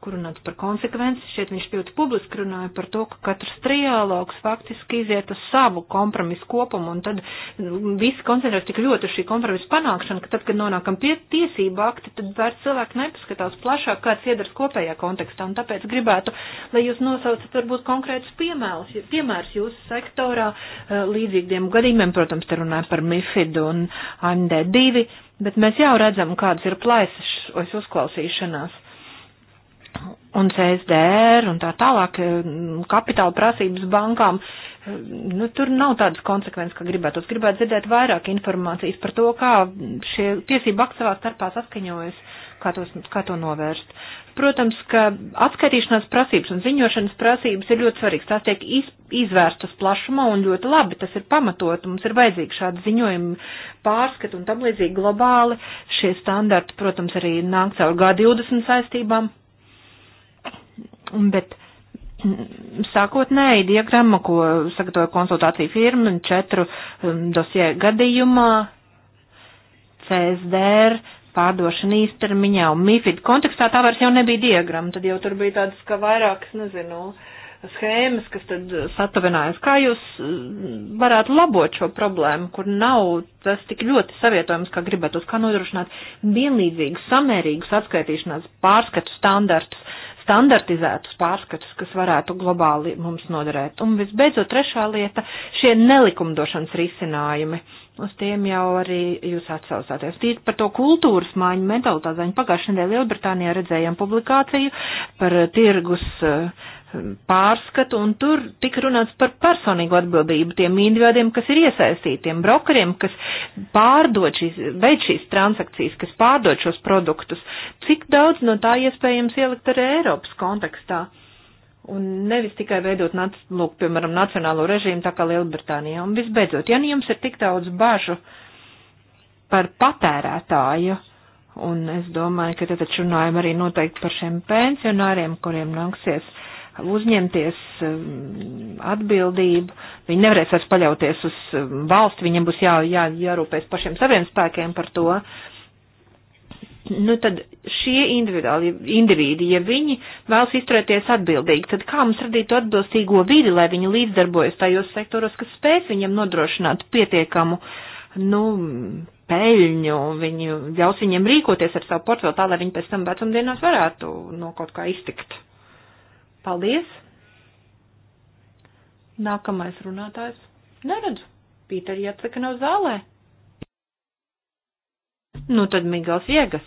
kur runāts par konsekvenci, šeit viņš ļoti publiski runāja par to, ka katrs trialogs faktiski iziet uz savu kompromisu kopumu, un tad mm, visi koncentrēs tik ļoti uz šī kompromisa panākšanu, ka tad, kad nonākam pie tiesību akti, tad vairs cilvēki nepaskatās plašāk, kāds iedars kopējā kontekstā, un tāpēc gribētu, lai jūs nosaucat varbūt konkrētus piemērus, piemērus jūsu sektorā eh, līdzīgiem gadījumiem, protams, te runāja par MIFID un AND2, bet mēs jau redzam, kādas ir plaisas uzklausīšanās un CSDR un tā tālāk eh, kapitāla prasības bankām, eh, nu, tur nav tādas konsekvences, kā gribētu. Es gribētu dzirdēt vairāk informācijas par to, kā šie tiesība akti savā starpā saskaņojas, kā, tos, kā to novērst. Protams, ka atskaitīšanās prasības un ziņošanas prasības ir ļoti svarīgas. Tās tiek iz, izvērstas plašumā un ļoti labi, tas ir pamatot. Mums ir vajadzīgi šādi ziņojumi pārskatu un tam līdzīgi globāli. Šie standarti, protams, arī nāk caur G20 saistībām bet mm, sākotnēji diagramma, ko sagatavoja konsultācija firma, četru mm, dosie gadījumā, CSDR, pārdošana īstermiņā un MIFID kontekstā tā vairs jau nebija diagramma, tad jau tur bija tādas, ka vairākas, nezinu, schēmas, kas tad satuvinājas. Kā jūs mm, varētu labot šo problēmu, kur nav tas tik ļoti savietojams, kā gribētos, kā nodrošināt vienlīdzīgus, samērīgus atskaitīšanās pārskatu standartus, standartizētus pārskatus, kas varētu globāli mums noderēt. Un visbeidzot, trešā lieta - šie nelikumdošanas risinājumi. Uh, uz tiem jau arī jūs atsaucāties. Tīt par to kultūras maiņu mentalitāti. Pagājušajā nedēļā Lielbritānijā redzējām publikāciju par tirgus eh, pārskatu, un tur tika runāts par personīgu atbildību tiem individuādiem, kas ir iesaistītiem, brokeriem, kas pārdod šīs, veids šīs transakcijas, kas pārdod šos produktus. Cik daudz no tā iespējams ielikt arī Eiropas kontekstā? Uh, Un nevis tikai veidot, lūk, piemēram, nacionālo režīmu tā kā Lielbritānijā. Un visbeidzot, ja nu jums ir tik daudz bažu par patērētāju, un es domāju, ka te taču runājam arī noteikti par šiem pensionāriem, kuriem nāksies uzņemties um, atbildību. Viņi nevarēs vairs paļauties uz um, valsti, viņiem būs jā, jā, jārūpēs pašiem saviem spēkiem par to. Uh, nu tad šie individuāli individi, ja viņi vēlas izturēties atbildīgi, tad kā mums radīt atbilstīgo vidi, lai viņi līdzdarbojas tajos sektoros, kas spēs viņam nodrošināt pietiekamu, nu, peļņu, viņi ļaus viņiem rīkoties ar savu portfeli tā, lai viņi pēc tam vecumdienās varētu no kaut kā iztikt. Paldies! Nākamais runātājs. Neredzu. Pīter jāatsaka nav zālē. Nu tad Migals Viegas.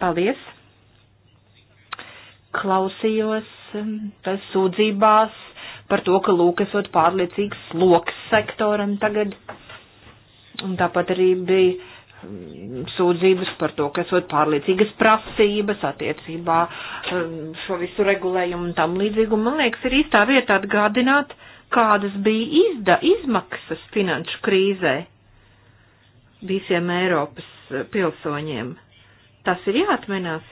Paldies! Klausījos um, tas sūdzībās par to, ka lūkesot pārliecīgs sloks sektoram tagad. Un tāpat arī bija um, sūdzības par to, ka esot pārliecīgas prasības attiecībā um, šo visu regulējumu un tam līdzīgu. Man liekas, ir īstā vieta atgādināt, kādas bija izda, izmaksas finanšu krīzē visiem Eiropas uh, pilsoņiem. Tas ir jāatminās.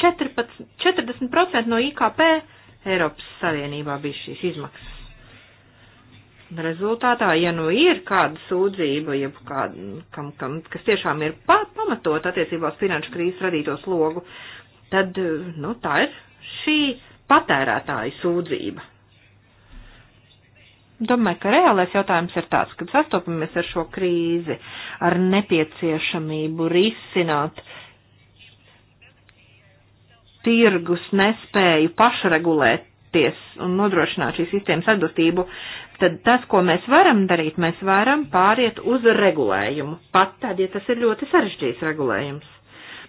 14, 40% no IKP Eiropas Savienībā bija šīs izmaksas. Rezultātā, ja nu ir kāda sūdzība, jeb kāda, kam, kam, kas tiešām ir pa, pamatot attiecībā uz finanšu krīzes radīto slogu, tad, nu, tā ir šī patērētāja sūdzība. Domāju, ka reālais jautājums ir tāds, kad sastopamies ar šo krīzi, ar nepieciešamību risināt tirgus nespēju pašregulēties un nodrošināt šīs sistēmas atbilstību, tad tas, ko mēs varam darīt, mēs varam pāriet uz regulējumu, pat tad, ja tas ir ļoti sarežģīts regulējums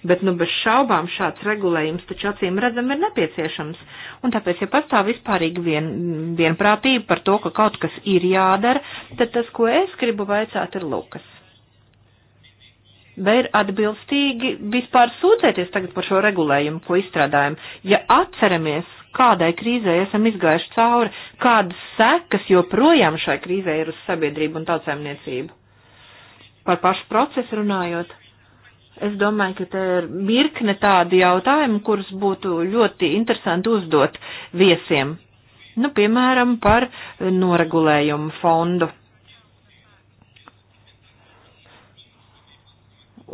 bet, nu, bez šaubām šāds regulējums taču acīm redzam ir nepieciešams. Un tāpēc, ja pastāv vispārīgi vien, vienprātība par to, ka kaut kas ir jādara, tad tas, ko es gribu vaicāt, ir Lukas. Vai ir atbilstīgi vispār sūdzēties tagad par šo regulējumu, ko izstrādājam? Ja atceramies, kādai krīzē esam izgājuši cauri, kādas sekas joprojām šai krīzē ir uz sabiedrību un tautsēmniecību. Par pašu procesu runājot, Es domāju, ka te ir virkne tādi jautājumi, kurus būtu ļoti interesanti uzdot viesiem. Nu, piemēram, par noregulējumu fondu.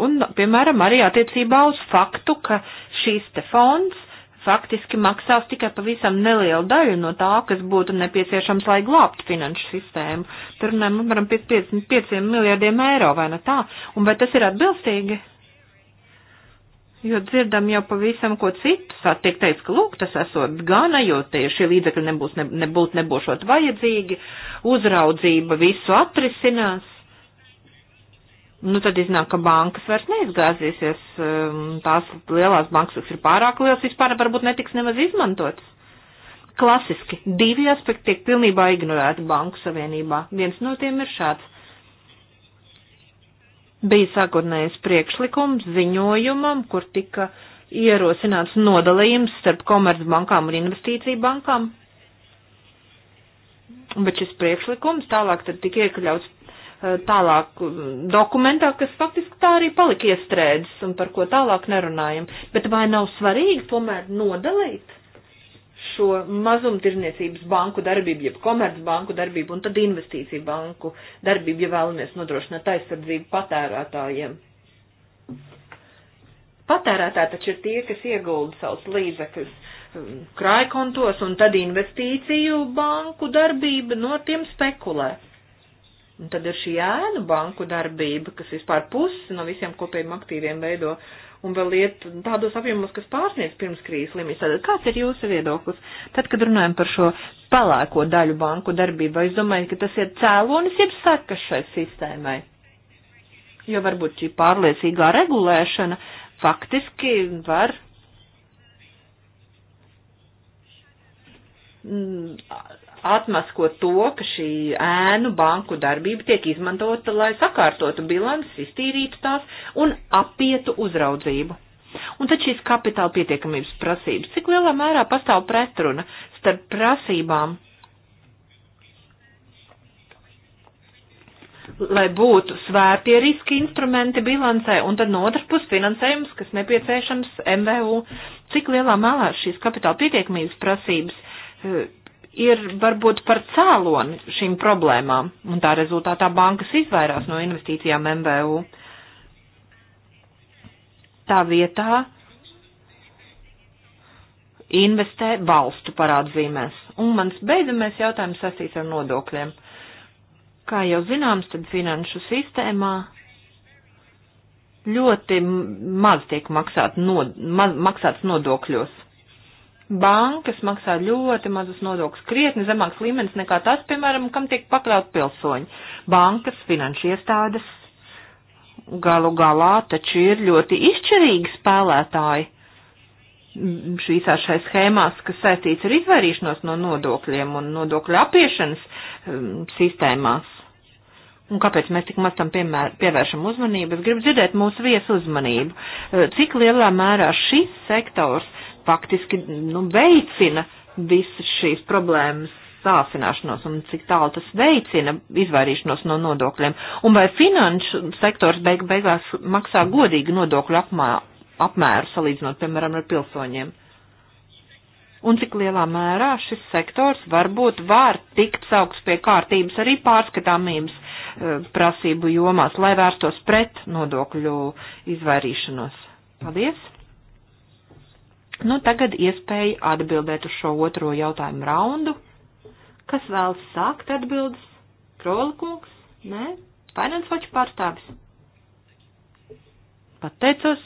Un, piemēram, arī attiecībā uz faktu, ka šīs te fonds faktiski maksās tikai pavisam nelielu daļu no tā, kas būtu nepieciešams, lai glābtu finanšu sistēmu. Tur runājam, apmēram, 55 miljardiem eiro, vai ne tā? Un vai tas ir atbilstīgi? Jo dzirdam jau pavisam ko citu. Tiek teikts, ka lūk, tas esot gana, jo tie šie līdzekļi nebūs, ne, nebūt, nebūšot vajadzīgi, uzraudzība visu atrisinās. Nu, tad iznāk, ka bankas vairs neizgāzīsies, um, tās lielās bankas, kas ir pārāk liels, vispār varbūt netiks nemaz izmantotas. Klasiski divi aspekti tiek pilnībā ignorēti Banku Savienībā. Viens no tiem ir šāds bija sākotnējais priekšlikums ziņojumam, kur tika ierosināts nodalījums starp komercbankām un investīciju bankām. Bet šis priekšlikums tālāk tad tika iekļauts eh, tālāk mm, dokumentā, kas faktiski tā arī palika iestrēdzis un par ko tālāk nerunājam. Bet vai nav svarīgi tomēr nodalīt? šo mazumtirniecības banku darbību, jeb komercbanku darbību un tad investīciju banku darbību, ja vēlamies nodrošināt aizsardzību patērētājiem. Patērētāji taču ir tie, kas iegulda savus līdzekļus um, krājkontos un tad investīciju banku darbība no tiem spekulē. Un tad ir šī ēnu banku darbība, kas vispār pusi no visiem kopējiem aktīviem veido uh, un vēl iet tādos apjomos, kas pārsniedz pirms krīzes limits. Tad kāds ir jūsu viedoklis? Tad, kad runājam par šo pelēko daļu banku darbību, es domāju, ka tas ir cēlonis, jeb sakas šai sistēmai. Jo varbūt šī pārliecīgā regulēšana faktiski var mm, atmasko to, ka šī ēnu banku darbība tiek izmantota, lai sakārtotu bilances, iztīrītu tās un apietu uzraudzību. Un tad šīs kapitāla pietiekamības prasības, cik lielā mērā pastāv pretruna starp prasībām, lai būtu svērtie riski instrumenti bilancē, un tad no otras puses finansējums, kas nepieciešams MVU, cik lielā mērā šīs kapitāla pietiekamības prasības eh, ir varbūt par cēloni šīm problēmām, un tā rezultātā bankas izvairās no investīcijām MVU. Tā vietā investē valstu parādzīmēs. Un mans beidzamais jautājums sasīts ar nodokļiem. Kā jau zināms, tad finanšu sistēmā ļoti maz tiek maksāt no, ma, maksāts nodokļos bankas maksā ļoti mazus nodokļus, krietni zemāks līmenis nekā tas, piemēram, kam tiek pakļaut pilsoņi. Bankas, finanšu iestādes galu galā taču ir ļoti izšķirīgi spēlētāji visā šai schēmās, kas saistīts ar izvairīšanos no nodokļiem un nodokļu apiešanas um, sistēmās. Un kāpēc mēs tik maz tam piemēr, pievēršam uzmanību? Es gribu dzirdēt mūsu viesu uzmanību. Uh, cik lielā mērā šis sektors faktiski nu, veicina visas šīs problēmas sāsināšanos un cik tālu tas veicina izvairīšanos no nodokļiem. Un vai finanšu sektors beig beigās maksā godīgi nodokļu apmā, apmēru salīdzinot, piemēram, ar pilsoņiem? Un cik lielā mērā šis sektors varbūt var tikt saukts pie kārtības arī pārskatāmības e, prasību jomās, lai vērstos pret nodokļu izvairīšanos? Paldies! Nu, tagad iespēja atbildēt uz šo otro jautājumu raundu. Kas vēlas sākt atbildes? Krolikungs? Nē? Finance Watch pārstāvis? Pateicos.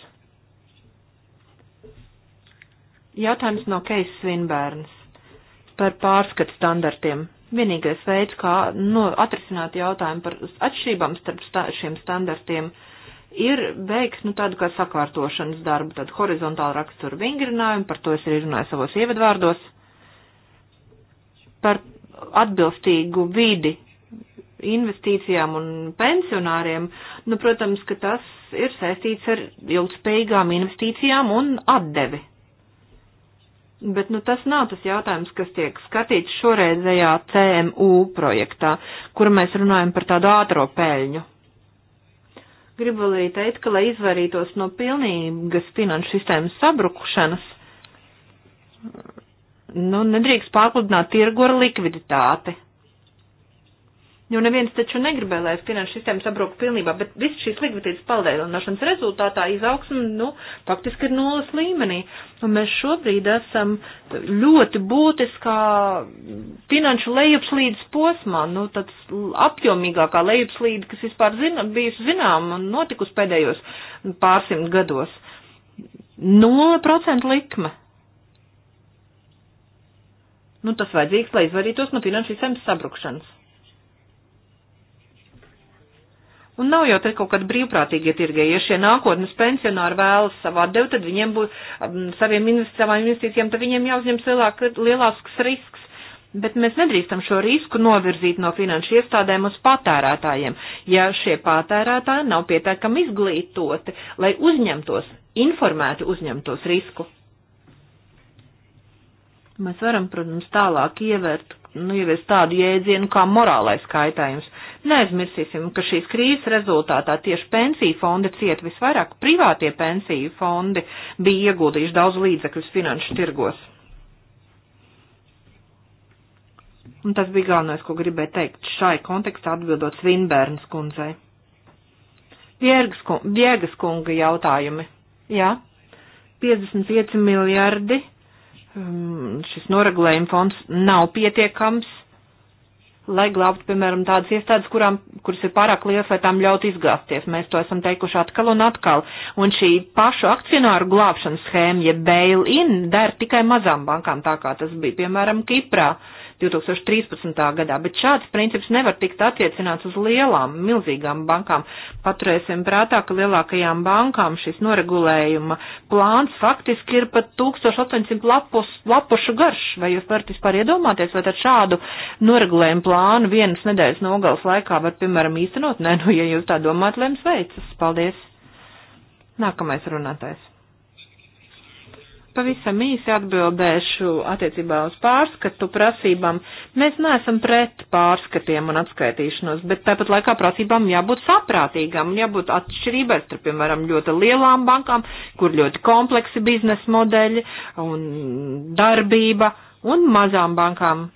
Jautājums no Keisa Svinbērns par pārskatu standartiem. Vienīgais veids, kā nu, atrisināt jautājumu par atšķībām starp stā, šiem standartiem, uh, ir veiks, nu, tādu kā sakārtošanas darbu, tādu horizontālu raksturu vingrinājumu, par to es arī runāju savos ievadvārdos, par atbilstīgu vidi investīcijām un pensionāriem, nu, protams, ka tas ir saistīts ar ilgspējīgām investīcijām un atdevi. Bet nu, tas nav tas jautājums, kas tiek skatīts šoreizējā CMU projektā, kur mēs runājam par tādu ātro pēļņu. Gribu arī teikt, ka, lai izvairītos no pilnīgas finanšu sistēmas sabrukšanas, nu, nedrīkst pārpludināt tirgu ar likviditāti. Jo neviens taču negribēja, lai finanšu sistēma sabrūk pilnībā, bet viss šīs likviditātes palielināšanas rezultātā izaugsme, nu, faktiski ir nulles līmenī. Un mēs šobrīd esam ļoti būtiskā finanšu lejupslīdes posmā, nu, tāds apjomīgākā lejupslīde, kas vispār zina, bijusi zinām un notikusi pēdējos pārsimt gados. 0% likme. Nu, tas vajadzīgs, lai izvairītos no finanšu sistēmas sabrukšanas. Un nav jau te kaut kāda brīvprātīgie tirgie. Ja šie nākotnes pensionāri vēlas savu atdevu, tad viņiem būs um, saviem investīcijiem, tad viņiem jāuzņems lielāk, lielāks risks. Bet mēs nedrīkstam šo risku novirzīt no finanšu iestādēm uz patērētājiem, ja šie patērētāji nav pietiekami izglītoti, lai uzņemtos, informēti uzņemtos risku. Mēs varam, protams, tālāk ievērt nu, ievies tādu jēdzienu kā morālais kaitējums. Neaizmirsīsim, ka šīs krīzes rezultātā tieši pensiju fondi ciet visvairāk, privātie pensiju fondi bija ieguldījuši daudz līdzekļus finanšu tirgos. Un tas bija galvenais, ko gribēju teikt šai kontekstā atbildot Svinbērns kundzei. Bjērgas kunga, kunga jautājumi. Jā, 55 miljardi Um, šis noregulējuma fonds nav pietiekams, lai glābtu, piemēram, tādas iestādes, kurām, kuras ir pārāk liels, lai tām ļaut izgāzties. Mēs to esam teikuši atkal un atkal. Un šī pašu akcionāru glābšanas schēma, jeb ja bail-in, der tikai mazām bankām, tā kā tas bija, piemēram, Kiprā. Uh, 2013. gadā, bet šāds princips nevar tikt attiecināts uz lielām, milzīgām bankām. Paturēsim prātā, ka lielākajām bankām šis noregulējuma plāns faktiski ir pat 1800 lapus, lapušu garš. Vai jūs varat vispār iedomāties, vai tad šādu noregulējumu plānu vienas nedēļas nogales laikā var, piemēram, īstenot? Nē, nu, ja jūs tā domājat, lai jums veicas. Paldies! Nākamais runātājs pavisam īsi atbildēšu attiecībā uz pārskatu prasībām. Mēs neesam pret pārskatiem un atskaitīšanos, bet tāpat laikā prasībām jābūt saprātīgām un jābūt atšķirībai starp, piemēram, ļoti lielām bankām, kur ļoti kompleksi biznesa modeļi un darbība un mazām bankām,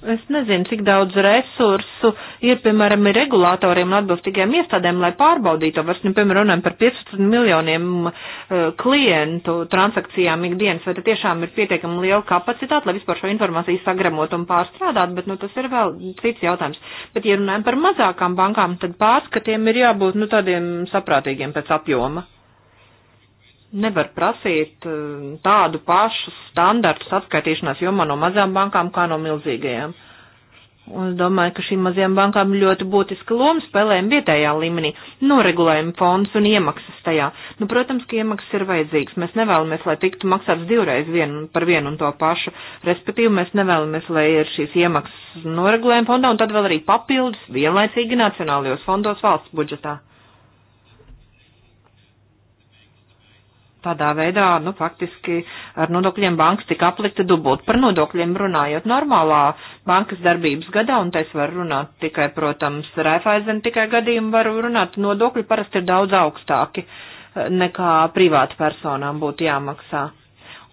Es nezinu, cik daudz resursu ir, piemēram, ir regulātoriem un atbilstīgiem iestādēm, lai pārbaudītu. Vairs, nu, piemēram, runājam par 15 miljoniem uh, klientu transakcijām ikdienas, vai tiešām ir pietiekami liela kapacitāte, lai vispār šo informāciju sagremot un pārstrādāt, bet, nu, tas ir vēl cits jautājums. Bet, ja runājam par mazākām bankām, tad pārskatiem ir jābūt, nu, tādiem saprātīgiem pēc apjoma nevar prasīt eh, tādu pašu standartu atskaitīšanās jomā no mazām bankām kā no milzīgajām. Un es domāju, ka šīm mazajām bankām ļoti būtiska loma spēlējam vietējā līmenī, noregulējam fondus un iemaksas tajā. Nu, protams, ka iemaksas ir vajadzīgas. Mēs nevēlamies, lai tiktu maksāts divreiz vien, par vienu un to pašu. Respektīvi, mēs nevēlamies, lai ir šīs iemaksas noregulējam fondā un tad vēl arī papildus vienlaicīgi nacionālajos fondos valsts budžetā. tādā veidā, nu, faktiski ar nodokļiem bankas tika aplikta dubult. Par nodokļiem runājot normālā bankas darbības gadā, un es varu runāt tikai, protams, Raiffeisen tikai gadījumu varu runāt, nodokļi parasti ir daudz augstāki eh, nekā privāta personām būtu jāmaksā.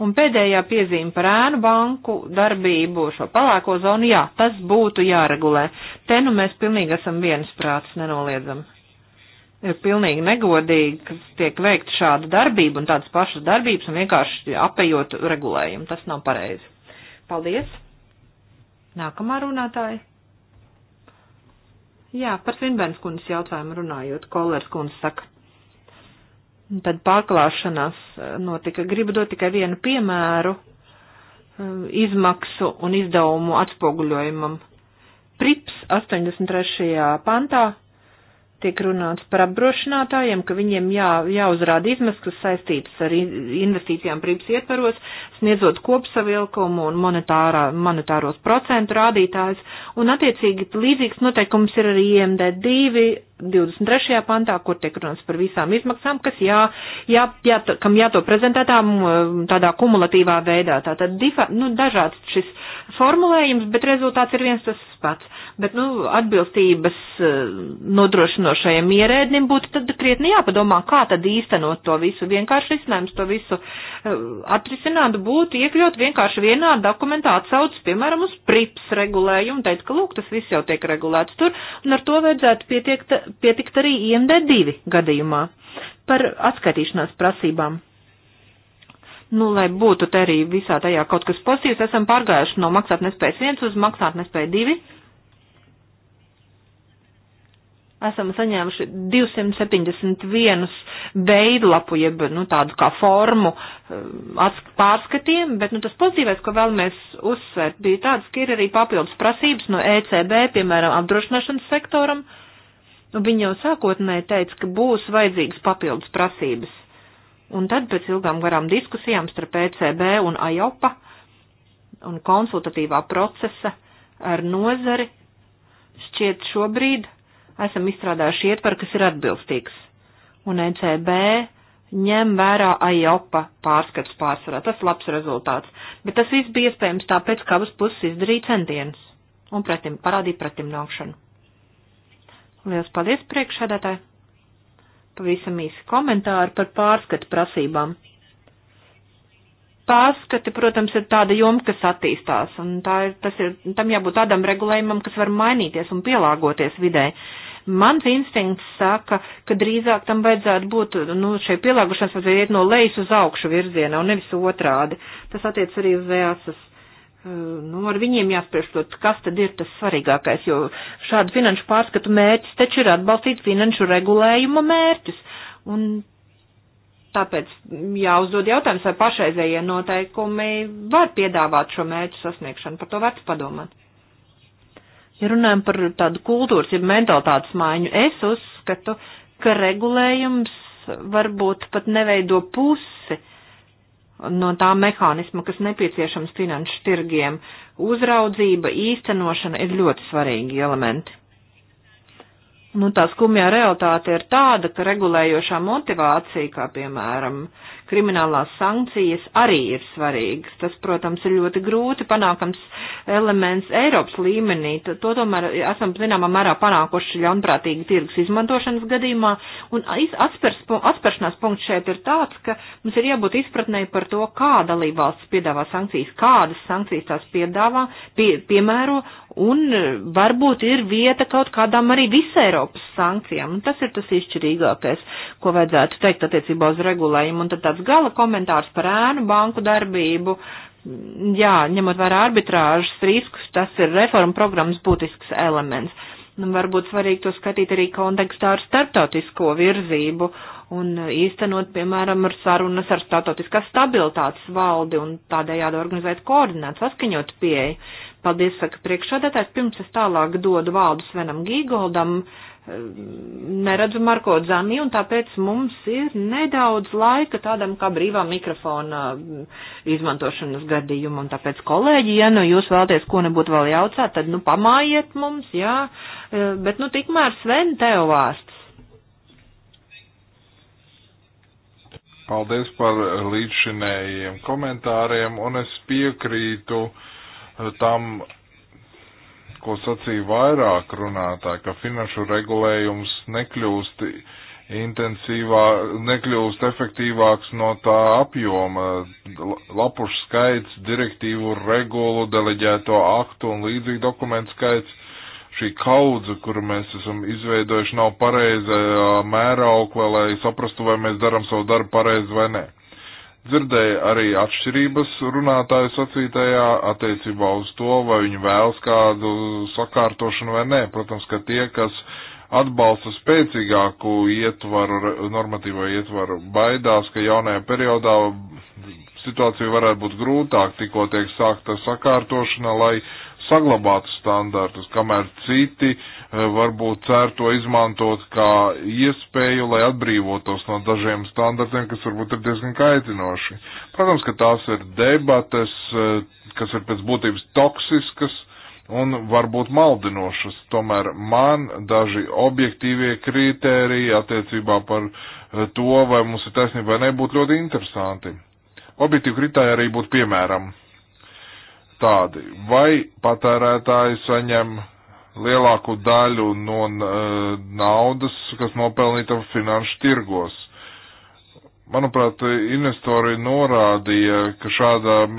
Un pēdējā piezīme par ēnu banku darbību, šo palēko zonu, jā, tas būtu jāregulē. Te nu mēs pilnīgi esam viensprāts, nenoliedzami ir pilnīgi negodīgi, ka tiek veikta šāda darbība un tādas pašas darbības un vienkārši apējot regulējumu. Tas nav pareizi. Paldies. Nākamā runātāja. Jā, par Svinbērns kundas jautājumu runājot, Kolers kundze saka. Tad pārklāšanās eh, notika. Gribu dot tikai vienu piemēru eh, izmaksu un izdevumu atspoguļojumam. Prips 83. pantā tiek runāts par apdrošinātājiem, ka viņiem jā, jāuzrāda izmaksas, kas saistītas ar investīcijām brīvs ietvaros, sniedzot kopsavilkumu un monetārā, monetāros procentu rādītājus, un attiecīgi līdzīgs noteikums ir arī IMD2 23. pantā, kur tiek runas par visām izmaksām, kas jā, jā, jā, kam jāto prezentētām um, tādā kumulatīvā veidā. Tātad difa, nu, dažāds šis formulējums, bet rezultāts ir viens tas pats. Bet, nu, atbilstības uh, nodrošinošajam ierēdnim būtu tad krietni jāpadomā, kā tad īstenot to visu. Vienkārši risinājums to visu uh, atrisināt būtu iekļaut vienkārši vienā dokumentā atsauc, piemēram, uz prips regulējumu, teikt, ka, lūk, tas viss jau tiek regulēts tur, un ar to vajadzētu pietiekt pietikt arī IMD2 gadījumā par atskaitīšanās prasībām. Nu, lai būtu te arī visā tajā kaut kas pozitīvs, esam pārgājuši no maksātnespējas 1 uz maksātnespēju 2. Esam saņēmuši 271 beidlapu, jeb nu, tādu kā formu eh, pārskatiem, bet nu, tas pozitīvais, ko vēlamies uzsvērt, bija tāds, ka ir arī papildus prasības no ECB, piemēram, apdrošināšanas sektoram. Uh, Nu, viņi jau sākotnēji teica, ka būs vajadzīgas papildus prasības. Un tad pēc ilgām garām diskusijām starp ECB un AJOPA un konsultatīvā procesa ar nozari šķiet šobrīd esam izstrādājuši ietvaru, kas ir atbilstīgs. Un ECB ņem vērā AIOPA pārskats pārsvarā. Tas labs rezultāts. Bet tas viss bija iespējams tāpēc, ka abas puses izdarīja centienus un pretim, parādīja pretim nākšanu. Lielas paldies priekšādātāji. Pavisam īsi komentāri par pārskatu prasībām. Pārskati, protams, ir tāda joma, kas attīstās, un tā ir, tas ir, tam jābūt tādam regulējumam, kas var mainīties un pielāgoties vidē. Mans instinkts saka, ka drīzāk tam vajadzētu būt, nu, šai pielāgošanas vajadzētu iet no lejas uz augšu virzienā un nevis otrādi. Tas attiec arī uz EASAS Eh, nu, ar viņiem jāspriežot, kas tad ir tas svarīgākais, jo šādu finanšu pārskatu mērķis taču ir atbalstīt finanšu regulējuma mērķus. Un tāpēc jāuzdod jautājums, vai pašreizējie noteikumi var piedāvāt šo mērķu sasniegšanu, par to vērts padomāt. Ja runājam par tādu kultūras, ja mentalitātes maiņu, es uzskatu, ka regulējums varbūt pat neveido pusi uh, no tā mehānisma, kas nepieciešams finanšu tirgiem. Uzraudzība, īstenošana ir ļoti svarīgi elementi. Nu, tā skumjā realitāte ir tāda, ka regulējošā motivācija, kā piemēram kriminālās sankcijas arī ir svarīgas. Tas, protams, ir ļoti grūti panākams elements Eiropas līmenī. To tomēr esam zināmā mērā panākuši ļaunprātīgi tirgus izmantošanas gadījumā. Un atspers, atsperšanās punkts šeit ir tāds, ka mums ir jābūt izpratnē par to, kā dalībvalsts piedāvā sankcijas, kādas sankcijas tās piedāvā, pie, piemēro, un e, varbūt ir vieta kaut kādām arī visai Eiropas sankcijām. Un tas ir tas izšķirīgākais, ko vajadzētu teikt attiecībā uz regulējumu. Un tad tā Mans gala komentārs par ēnu banku darbību. Jā, ņemot vērā arbitrāžas riskus, tas ir reforma programmas būtisks elements. Un nu, varbūt svarīgi to skatīt arī kontekstā ar starptautisko virzību un īstenot, piemēram, ar sarunas ar starptautiskās stabilitātes valdi un tādējādi organizēt koordinēt, saskaņot pieeju. Paldies, saka priekšādātājs. Pirms es tālāk dodu vārdu Svenam Gīgoldam. Uh, neredzu Marko Dzani, un tāpēc mums ir nedaudz laika tādam kā brīvā mikrofona mm, izmantošanas gadījumam, un tāpēc kolēģi, ja nu jūs vēlaties ko nebūtu vēl jautāt, tad nu pamājiet mums, jā, e, bet nu tikmēr Sven tev vārsts. Paldies par līdzšinējiem komentāriem, un es piekrītu e, tam, ko sacīja vairāk runātā, ka finanšu regulējums nekļūst intensīvā, nekļūst efektīvāks no tā apjoma, lapušu skaits, direktīvu regulu, deleģēto aktu un līdzīgi dokumentu skaits. Šī kaudze, kuru mēs esam izveidojuši, nav pareiza mēraukla, lai saprastu, vai mēs daram savu darbu pareizi vai nē. Dzirdēju arī atšķirības runātāju sacītajā attiecībā uz to, vai viņi vēlas kādu sakārtošanu vai nē. Protams, ka tie, kas atbalsta spēcīgāku ietvaru, normatīvo ietvaru, baidās, ka jaunajā periodā situācija varētu būt grūtāk, tikko tiek sākta sakārtošana, lai uh, saglabātu standartus, kamēr citi eh, varbūt cer to izmantot kā iespēju, lai atbrīvotos no dažiem standartiem, kas varbūt ir diezgan kaitinoši. Protams, ka tās ir debates, eh, kas ir pēc būtības toksiskas un varbūt maldinošas. Tomēr man daži objektīvie kritēriji attiecībā par eh, to, vai mums ir taisnība vai nebūtu ļoti interesanti. Objektīvi kritēriji arī būtu piemēram tādi. Vai patērētāji saņem lielāku daļu no uh, naudas, kas nopelnīta finanšu tirgos? Manuprāt, investori norādīja, ka šādām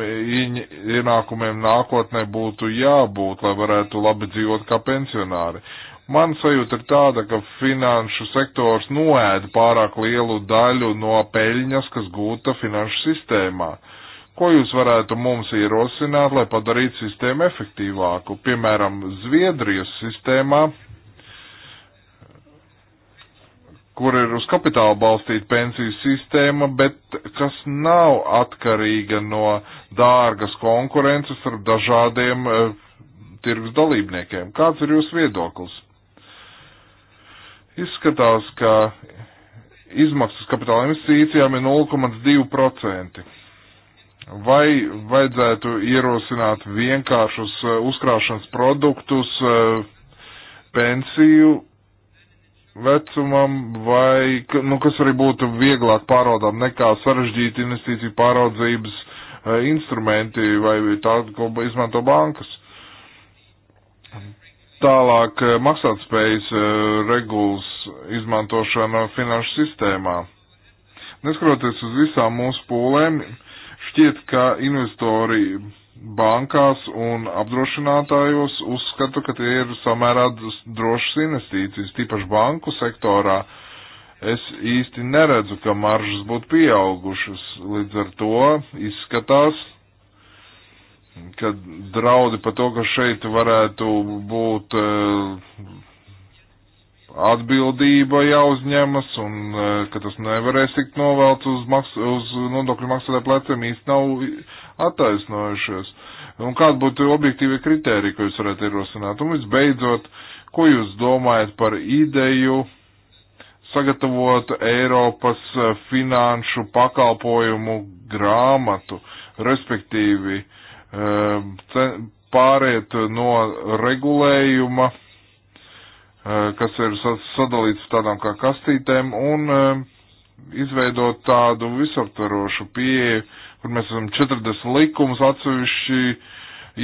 ienākumiem nākotnē būtu jābūt, lai varētu labi dzīvot kā pensionāri. Man sajūta ir tāda, ka finanšu sektors noēda pārāk lielu daļu no peļņas, kas gūta finanšu sistēmā. Ko jūs varētu mums ierosināt, lai padarītu sistēmu efektīvāku? Piemēram, Zviedrijas sistēmā, kur ir uz kapitāla balstīta pensiju sistēma, bet kas nav atkarīga no dārgas konkurences ar dažādiem uh, tirgus dalībniekiem. Kāds ir jūsu viedoklis? Izskatās, ka izmaksas kapitāla investīcijām ir 0,2%. Vai vajadzētu ierosināt vienkāršus eh, uzkrāšanas produktus eh, pensiju vecumam, vai, nu, kas arī būtu vieglāk pārvaldām nekā sarežģīti investīciju pāraudzības eh, instrumenti vai tādu, ko izmanto bankas? Tālāk maksātspējas regulas izmantošana finanšu sistēmā. Neskroties uz visām mūsu pūlēm, Šķiet, ka investori bankās un apdrošinātājos uzskata, ka tie ir samērā drošas investīcijas, tīpaši banku sektorā. Es īsti neredzu, ka maržas būtu pieaugušas, līdz ar to izskatās, ka draudi par to, ka šeit varētu būt uh, atbildība jāuzņemas un e, ka tas nevarēs tikt novēlts uz, maks, uz nodokļu maksātāju pleciem īsti nav attaisnojušies. Un kāda būtu objektīva kriterija, ko jūs varētu ierosināt? Un visbeidzot, ko jūs domājat par ideju sagatavot Eiropas finanšu pakalpojumu grāmatu, respektīvi e, pāriet no regulējuma Eh, kas ir sadalīts tādām kā kastītēm, un eh, izveidot tādu visaptvarošu pieeju, kur mēs esam 40 likumus atsevišķi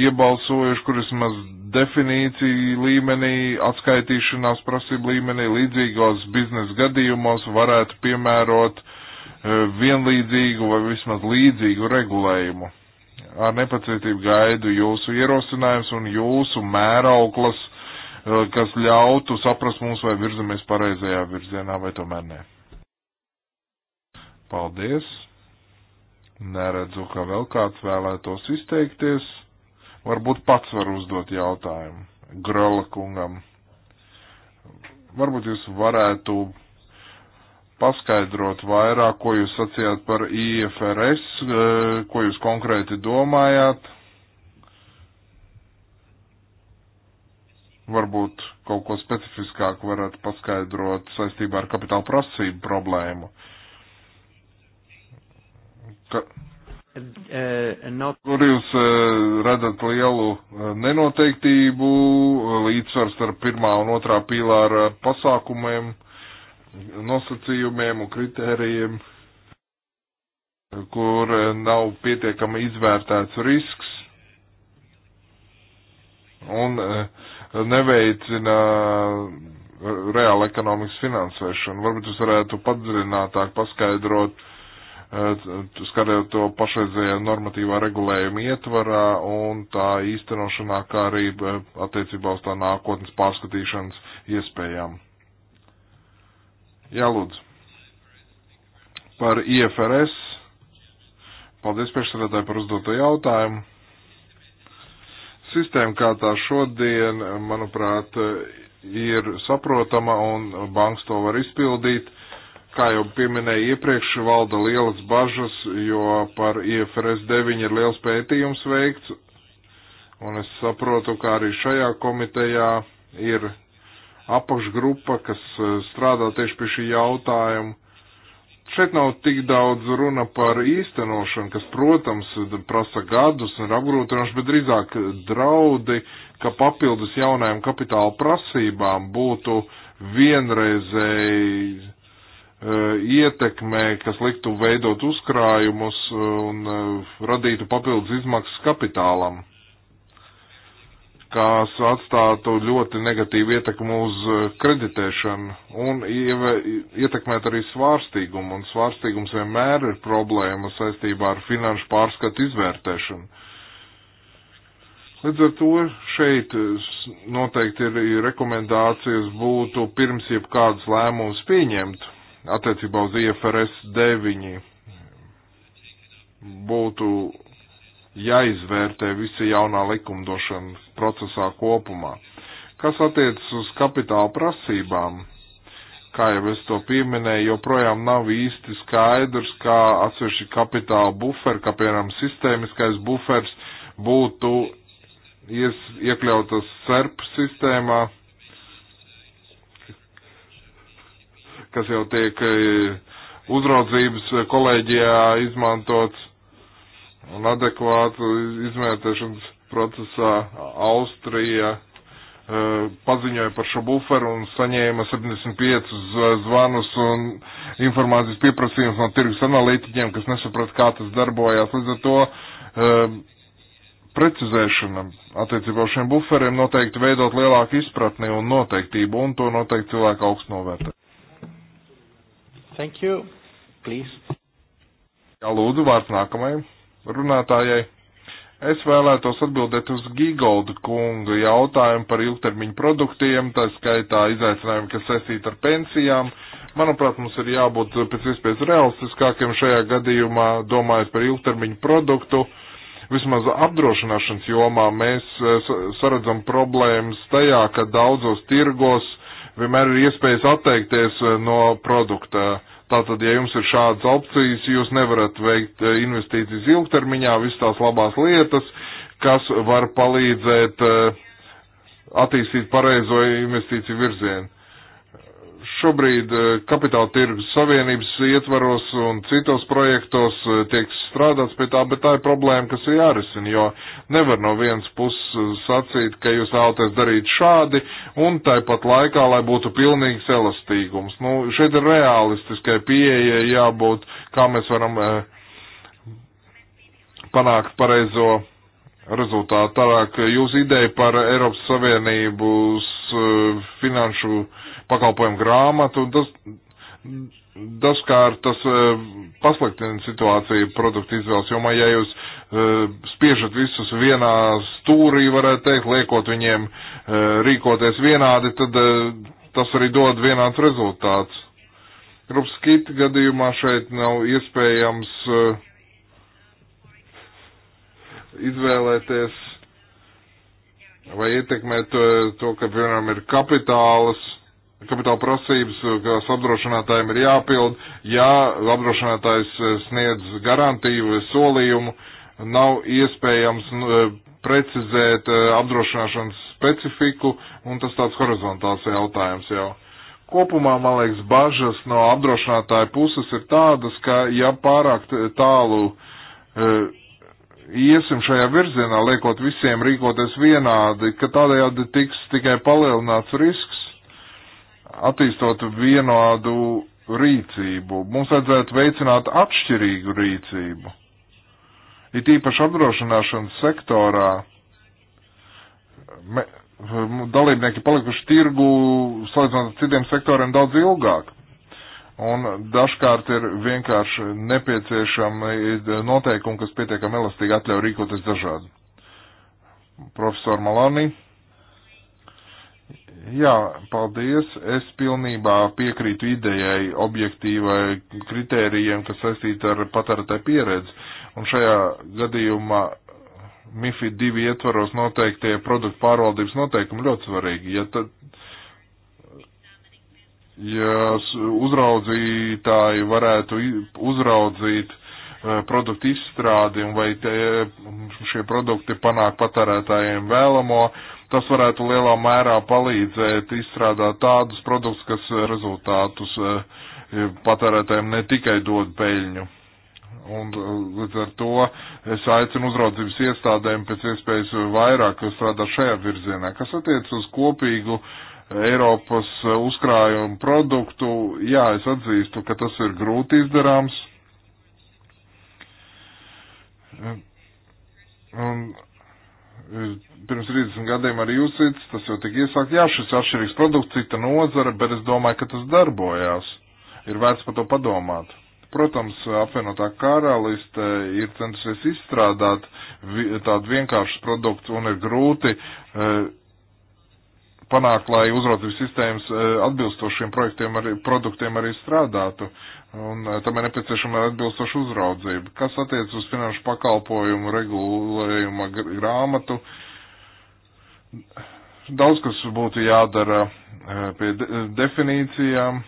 iebalsojuši, kur vismaz definīcija līmenī, atskaitīšanās prasība līmenī, līdzīgos biznesa gadījumos varētu piemērot eh, vienlīdzīgu vai vismaz līdzīgu regulējumu. Ar nepacietību gaidu jūsu ierosinājums un jūsu mērauklas Eh, kas ļautu saprast mums, vai virzamies pareizajā virzienā vai tomēr nē. Paldies! Neredzu, ka vēl kāds vēlētos izteikties. Varbūt pats var uzdot jautājumu Grala kungam. Varbūt jūs varētu paskaidrot vairāk, ko jūs sacījāt par IFRS, eh, ko jūs konkrēti domājāt. varbūt kaut ko specifiskāk varat paskaidrot saistībā ar kapitāla prasību problēmu. Ka, kur jūs eh, redzat lielu eh, nenoteiktību, eh, līdzsvaru starp pirmā un otrā pīlāra pasākumiem, nosacījumiem un kritērijiem, kur nav pietiekami izvērtēts risks? Un uh, neveicina reāla ekonomikas finansēšanu. Varbūt jūs varētu padziļinātāk paskaidrot, eh, skatējot to pašreizējā normatīvā regulējuma ietvarā un tā īstenošanā, kā arī eh, attiecībā uz tā nākotnes pārskatīšanas iespējām. Jā, lūdzu. Par IFRS. Paldies priekšsēdētāji par uzdoto jautājumu sistēma, kā tā šodien, manuprāt, ir saprotama un banks to var izpildīt. Kā jau pieminēju iepriekš, valda lielas bažas, jo par IFRS 9 ir liels pētījums veikts, un es saprotu, ka arī šajā komitejā ir apakšgrupa, kas eh, strādā tieši pie šī jautājuma šeit nav tik daudz runa par īstenošanu, kas, protams, prasa gadus un ir apgrūtinoši, bet drīzāk draudi, ka papildus jaunajām kapitāla prasībām būtu vienreizēji e, ietekmē, kas liktu veidot uzkrājumus e, un e, radītu papildus izmaksas kapitālam kas atstātu ļoti negatīvu ietekmu uz eh, kreditēšanu un ietekmēt arī svārstīgumu. Un svārstīgums vienmēr ir problēma saistībā ar finanšu pārskatu izvērtēšanu. Līdz ar to šeit eh, noteikti ir rekomendācijas būtu pirms jebkādas lēmumus pieņemt attiecībā uz IFRS 9 būtu jāizvērtē visa jaunā likumdošana procesā kopumā. Kas attiecas uz kapitāla prasībām, kā jau es to pieminēju, joprojām nav īsti skaidrs, kā atsevišķi kapitāla buferi, kā piemēram sistēmiskais bufers, būtu ies, iekļautas SERP sistēmā, kas jau tiek eh, uzraudzības kolēģijā izmantots un adekvātu izmērtēšanas procesā Austrija e, paziņoja par šo buferu un saņēma 75 zvanus un informācijas pieprasījums no tirgus analītiķiem, kas nesaprat, kā tas darbojās. Līdz ar to e, precizēšana attiecībā uz šiem buferiem noteikti veidot lielāku izpratni un noteiktību, un to noteikti cilvēku augstu novērtē. Thank you. Please. Jā, lūdzu, vārds nākamajam runātājai. Es vēlētos atbildēt uz Gigolda kunga jautājumu par ilgtermiņu produktiem, tā skaitā izaicinājumu, kas saistīti ar pensijām. Manuprāt, mums ir jābūt pēc iespējas realistiskākiem šajā gadījumā, domājot par ilgtermiņu produktu. Vismaz apdrošināšanas jomā mēs eh, saredzam problēmas tajā, ka daudzos tirgos vienmēr ir iespējas atteikties eh, no produkta Tātad, ja jums ir šādas opcijas, jūs nevarat veikt eh, investīcijas ilgtermiņā, visas tās labās lietas, kas var palīdzēt eh, attīstīt pareizo investīciju virzienu šobrīd eh, kapitāla tirgus savienības ietvaros un citos projektos eh, tiek strādāts pie tā, bet tā ir problēma, kas ir jārisina, jo nevar no vienas puses sacīt, ka jūs vēlaties darīt šādi un tāpat laikā, lai būtu pilnīgs elastīgums. Nu, šeit ir realistiskai pieeja jābūt, kā mēs varam eh, panākt pareizo rezultātu. Tālāk, eh, jūs ideja par Eiropas Savienības eh, finanšu pakalpojumu grāmatu, un tas dažkārt tas e, pasliktina situāciju produktu izvēles jomā, ja jūs e, spiežat visus vienā stūrī, varētu teikt, liekot viņiem e, rīkoties vienādi, tad tas arī dod vienāds rezultāts. Grupas kita gadījumā šeit nav iespējams izvēlēties vai ietekmēt to, ka, piemēram, ir kapitālas kapitāla prasības, eh, kas apdrošinātājiem ir jāpild, ja apdrošinātājs eh, sniedz garantiju vai solījumu, nav iespējams eh, precizēt apdrošināšanas specifiku, un tas tāds horizontāls jautājums jau. Kopumā, man liekas, bažas no apdrošinātāja puses ir tādas, ka ja pārāk tālu iesim šajā virzienā, liekot visiem rīkoties vienādi, ka tādējādi tiks tikai palielināts risks attīstot vienādu rīcību. Mums vajadzētu veicināt atšķirīgu rīcību. It īpaši apdrošināšanas sektorā me, dalībnieki palikuši tirgu, salīdzinot ar citiem sektoriem, daudz ilgāk. Un dažkārt ir vienkārši nepieciešami noteikumi, kas pietiekami elastīgi atļauj rīkoties dažādi. Profesor Malani. Jā, paldies. Es pilnībā piekrītu idejai, objektīvai kritērijiem, kas saistīti ar patērētāju pieredzi. Un šajā gadījumā MIFID 2 ietvaros noteiktie produktu pārvaldības noteikumi ļoti svarīgi. Ja tad, ja uzraudzītāji varētu uzraudzīt e, produktu izstrādi un vai te, šie produkti panāk patērētājiem vēlamo, Tas varētu lielā mērā palīdzēt izstrādāt tādus produktus, kas eh, rezultātus eh, patērētājiem ne tikai dod peļņu. Un eh, līdz ar to es aicinu uzraudzības iestādēm pēc iespējas vairāk strādāt šajā virzienā. Kas attiec uz kopīgu Eiropas uzkrājumu produktu, jā, es atzīstu, ka tas ir grūti izdarāms. Un, pirms 30 gadiem arī jūsīts, tas jau tika iesākt, jā, šis atšķirīgs produkts, cita nozara, bet es domāju, ka tas darbojās. Ir vērts par to padomāt. Protams, apvienotā karaliste ir centusies izstrādāt tādu vienkāršu produktu un ir grūti eh, panākt, lai uzraudzības sistēmas eh, atbilstošiem projektiem arī, produktiem arī strādātu. Un e, tam ir nepieciešama atbilstoša uzraudzība. Kas attiec uz finanšu pakalpojumu regulējuma grāmatu, uh, Daudz kas būtu jādara e, pie e, definīcijām,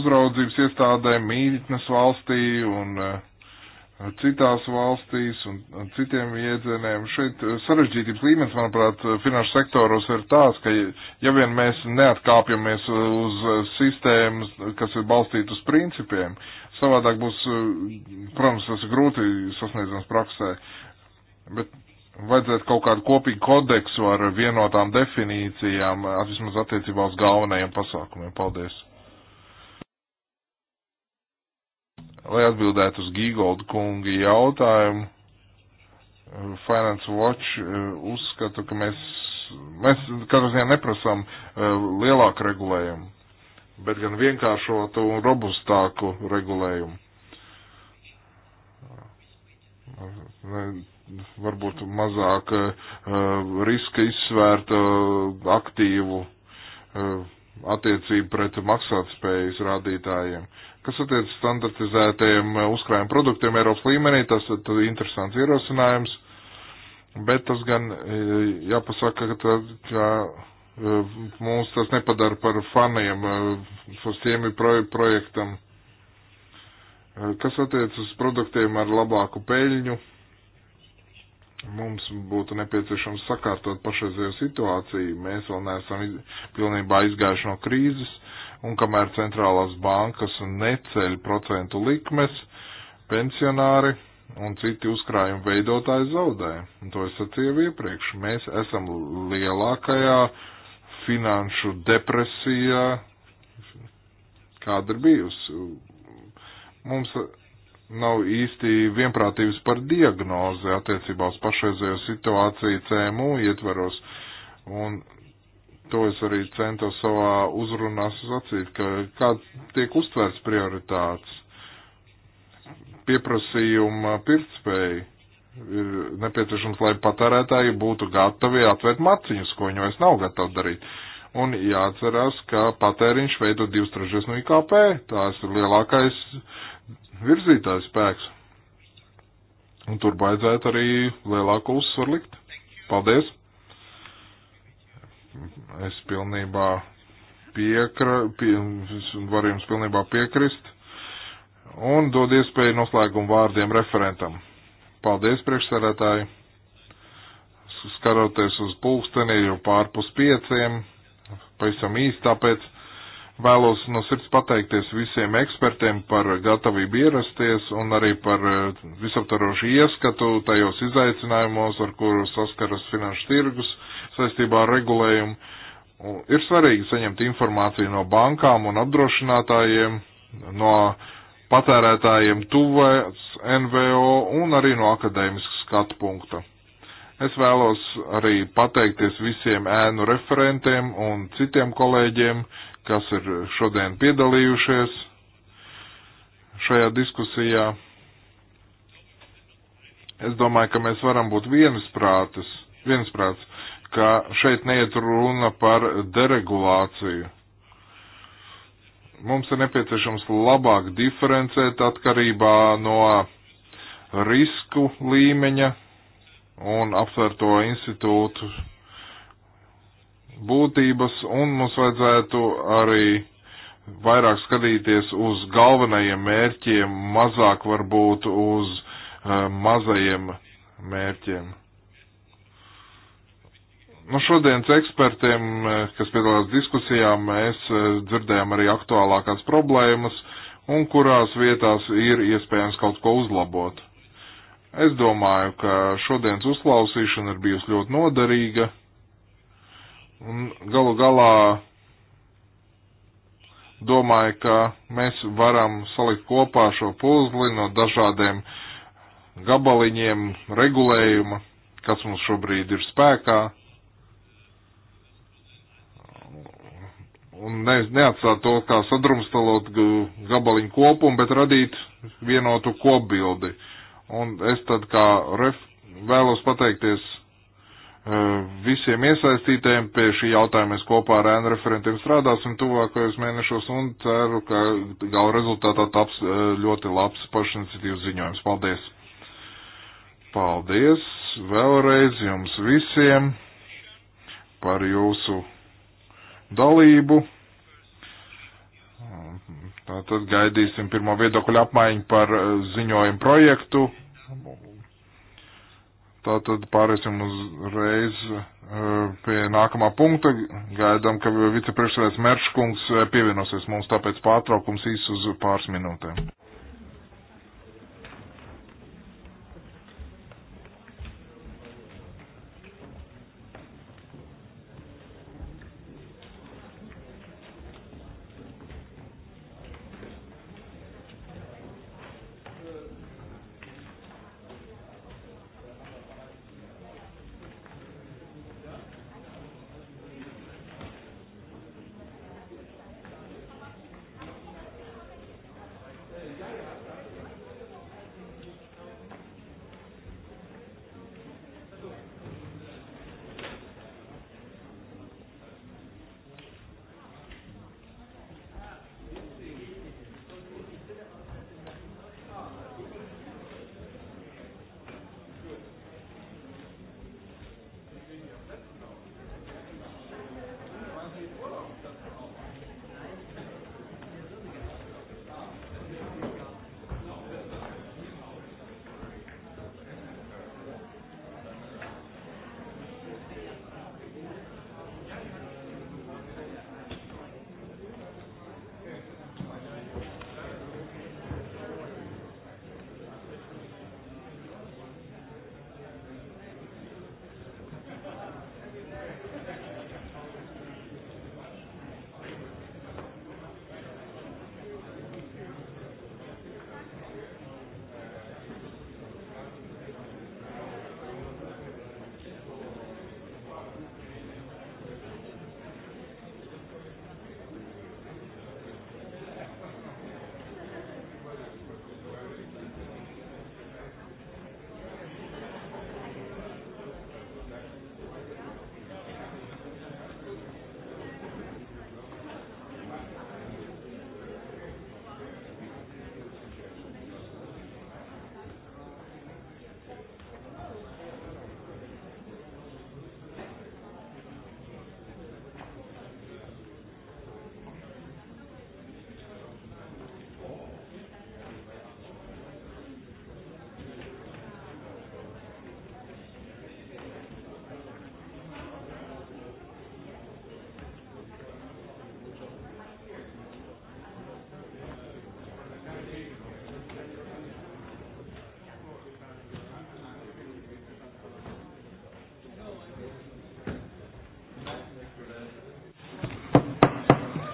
uzraudzības iestādēm, mītnes valstī un e, citās valstīs un citiem iedzieniem. Šeit sarežģītības līmenis, manuprāt, finanšu sektoros ir tāds, ka ja vien mēs neatkāpjamies uz sistēmas, kas ir balstīta uz principiem, savādāk būs, protams, tas ir grūti sasniedzams praksē, bet vajadzētu kaut kādu kopīgu kodeksu ar vienotām definīcijām, vismaz attiecībā uz galvenajiem pasākumiem. Paldies! Lai atbildētu uz Gīgolda kunga jautājumu, Finance Watch eh, uzskata, ka mēs, mēs katrā ziņā neprasām eh, lielāku regulējumu, bet gan vienkāršotu un robustāku regulējumu varbūt mazāk eh, eh, riska izsvērta eh, aktīvu attiecību pret maksātspējas rādītājiem. Kas attiec standartizētajiem uzkrājuma produktiem Eiropas līmenī, tas ir interesants ierosinājums, bet tas gan jāpasaka, ka, tā, ka mums tas nepadara par faniem, fosiemi projektam. Kas attiec uz produktiem ar labāku peļņu, mums būtu nepieciešams sakārtot pašreizējo situāciju. Mēs vēl neesam iz, pilnībā izgājuši no krīzes, un kamēr centrālās bankas neceļ procentu likmes, pensionāri un citi uzkrājumu veidotāji zaudē. Un to es sacīju iepriekš. Mēs esam lielākajā finanšu depresijā, kāda ir bijusi. Mums nav īsti vienprātības par diagnozi attiecībā uz pašreizējo situāciju CMU ietvaros. Un to es arī centos savā uzrunā sacīt, ka kāds tiek uztverts prioritāts pieprasījuma pirtspēja. Ir nepieciešams, lai patērētāji būtu gatavi atvērt maciņus, ko viņi vairs nav gatavi darīt. Uh, Un jāatcerās, ka patēriņš veido divas trešdaļas no IKP. Tās ir lielākais virzītājs spēks. Un tur baidzētu arī lielāku uzsvaru likt. Paldies! Es pilnībā piekra, pie, varu jums pilnībā piekrist un dod iespēju noslēgumu vārdiem referentam. Paldies, priekšsarētāji! Skaroties uz pulksteni, jau pārpus pieciem pavisam īsti, tāpēc vēlos no sirds pateikties visiem ekspertiem par gatavību ierasties un arī par eh, visaptarošu ieskatu tajos izaicinājumos, ar kuru saskaras finanšu tirgus saistībā ar regulējumu. Ir svarīgi saņemt informāciju no bankām un apdrošinātājiem, no patērētājiem tuvas NVO un arī no akadēmiskas skatu punkta. Es vēlos arī pateikties visiem ēnu referentiem un citiem kolēģiem, kas ir šodien piedalījušies šajā diskusijā. Es domāju, ka mēs varam būt viensprātis, viensprāts, ka šeit neiet runa par deregulāciju. Mums ir nepieciešams labāk diferencēt atkarībā no risku līmeņa, un aptverto institūtu būtības, un mums vajadzētu arī vairāk skatīties uz galvenajiem mērķiem, mazāk varbūt uz uh, mazajiem mērķiem. Nu, šodienas ekspertiem, eh, kas piedalās diskusijā, mēs eh, dzirdējām arī aktuālākās problēmas un kurās vietās ir iespējams kaut ko uzlabot. Es domāju, ka šodienas uzklausīšana ir bijusi ļoti noderīga. Un galu galā domāju, ka mēs varam salikt kopā šo puzli no dažādiem gabaliņiem regulējuma, kas mums šobrīd ir spēkā. Un ne, neatstāt to kā sadrumstalot gabaliņu kopumu, bet radīt vienotu kopbildi. Uh, Un es tad kā ref vēlos pateikties e, visiem iesaistītiem pie šī jautājuma. Mēs kopā ar ēnu referentiem strādāsim tuvākajos mēnešos un ceru, ka gala rezultātā taps e, ļoti labs pašiniciatīvas ziņojums. Paldies! Paldies vēlreiz jums visiem par jūsu dalību. Nu, tad gaidīsim pirmo viedokļu apmaiņu par eh, ziņojumu projektu. Tātad pārēsim uzreiz eh, pie nākamā punkta. Gaidām, ka vicepriekšsēdētājs Merškungs eh, pievienosies mums, tāpēc pārtraukums īs uz pāris minūtēm.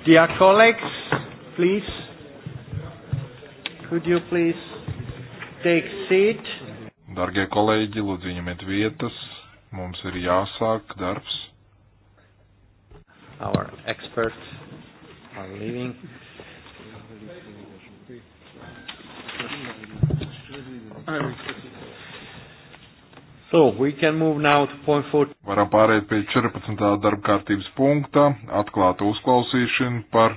Dear colleagues, please, could you please take seat? Dargie kolēģi, lūdzu ieņemiet vietas, mums ir jāsāk darbs. Our experts are leaving. So we can move now to point 14 varam pārēt pie 14. darba kārtības punktā - atklāta uzklausīšana par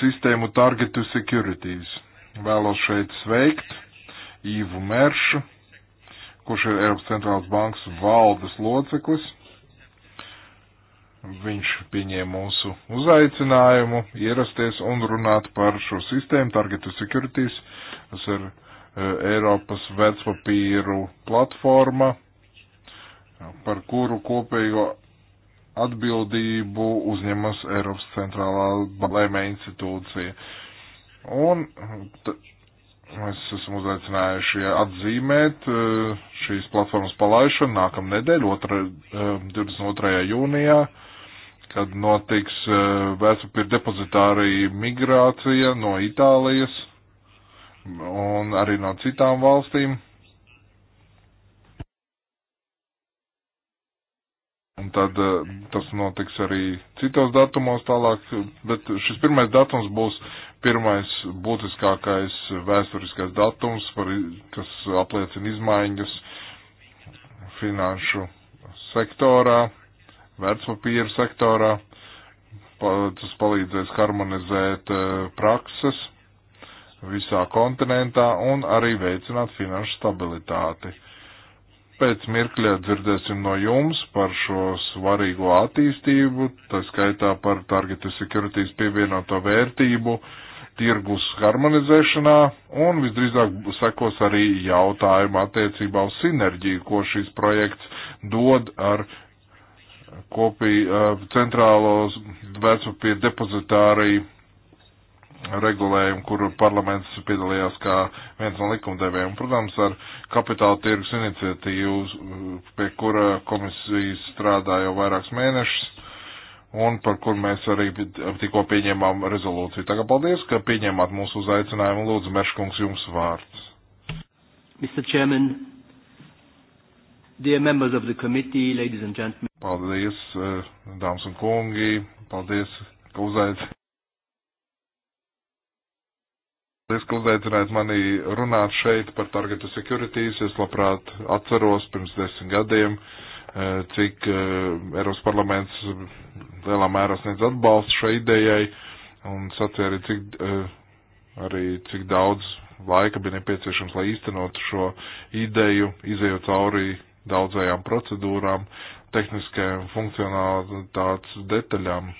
sistēmu Target to Securities. Vēlos šeit sveikt Īvu Meršu, kurš ir Eiropas centrālās bankas valdes loceklis. Viņš pieņēma mūsu uzaicinājumu ierasties un runāt par šo sistēmu Target to Securities. Tas ir eh, Eiropas vecpapīru platforma, par kuru kopējo atbildību uzņemas Eiropas centrālā lēmē institūcija. Un mēs esam uzaicinājuši atzīmēt e, šīs platformas palaišanu nākamnedēļ, 22. E, jūnijā, kad notiks e, vēstupīra depozitārija migrācija no Itālijas un arī no citām valstīm. tad eh, tas notiks arī citos datumos tālāk, bet šis pirmais datums būs pirmais būtiskākais vēsturiskais datums, par, kas apliecina izmaiņas finanšu sektorā, vērtspapīra sektorā. Tas palīdzēs harmonizēt eh, prakses visā kontinentā un arī veicināt finanšu stabilitāti pēc mirkļa dzirdēsim no jums par šo svarīgo attīstību, tā skaitā par targetu securities pievienoto vērtību tirgus harmonizēšanā, un visdrīzāk sekos arī jautājuma attiecībā uz sinerģiju, ko šis projekts dod ar kopī centrālo vecupapīra depozitāriju regulējumu, kur parlaments piedalījās kā viens no likumdevējiem. Protams, ar kapitāla tirgus iniciatīvu, pie kura komisija strādā jau vairākus mēnešus un par kur mēs arī tikko pieņēmām rezolūciju. Tagad paldies, ka pieņēmāt mūsu uzaicinājumu. Lūdzu, Meškungs, jums vārds. Mr. Chairman, dear members of the committee, ladies and gentlemen. Paldies, eh, dāmas un kungi, paldies, ka uzaicinājāt. Paldies, ka uzaicinājāt mani runāt šeit par Targetu Securities. Es labprāt atceros pirms desmit gadiem, eh, cik eh, Eiropas parlaments lielā mērā sniedz atbalstu šai idejai un sacīja arī, cik, eh, arī cik daudz laika bija nepieciešams, lai īstenotu šo ideju, izējot cauri daudzajām procedūrām, tehniskajām funkcionālitātes detaļām,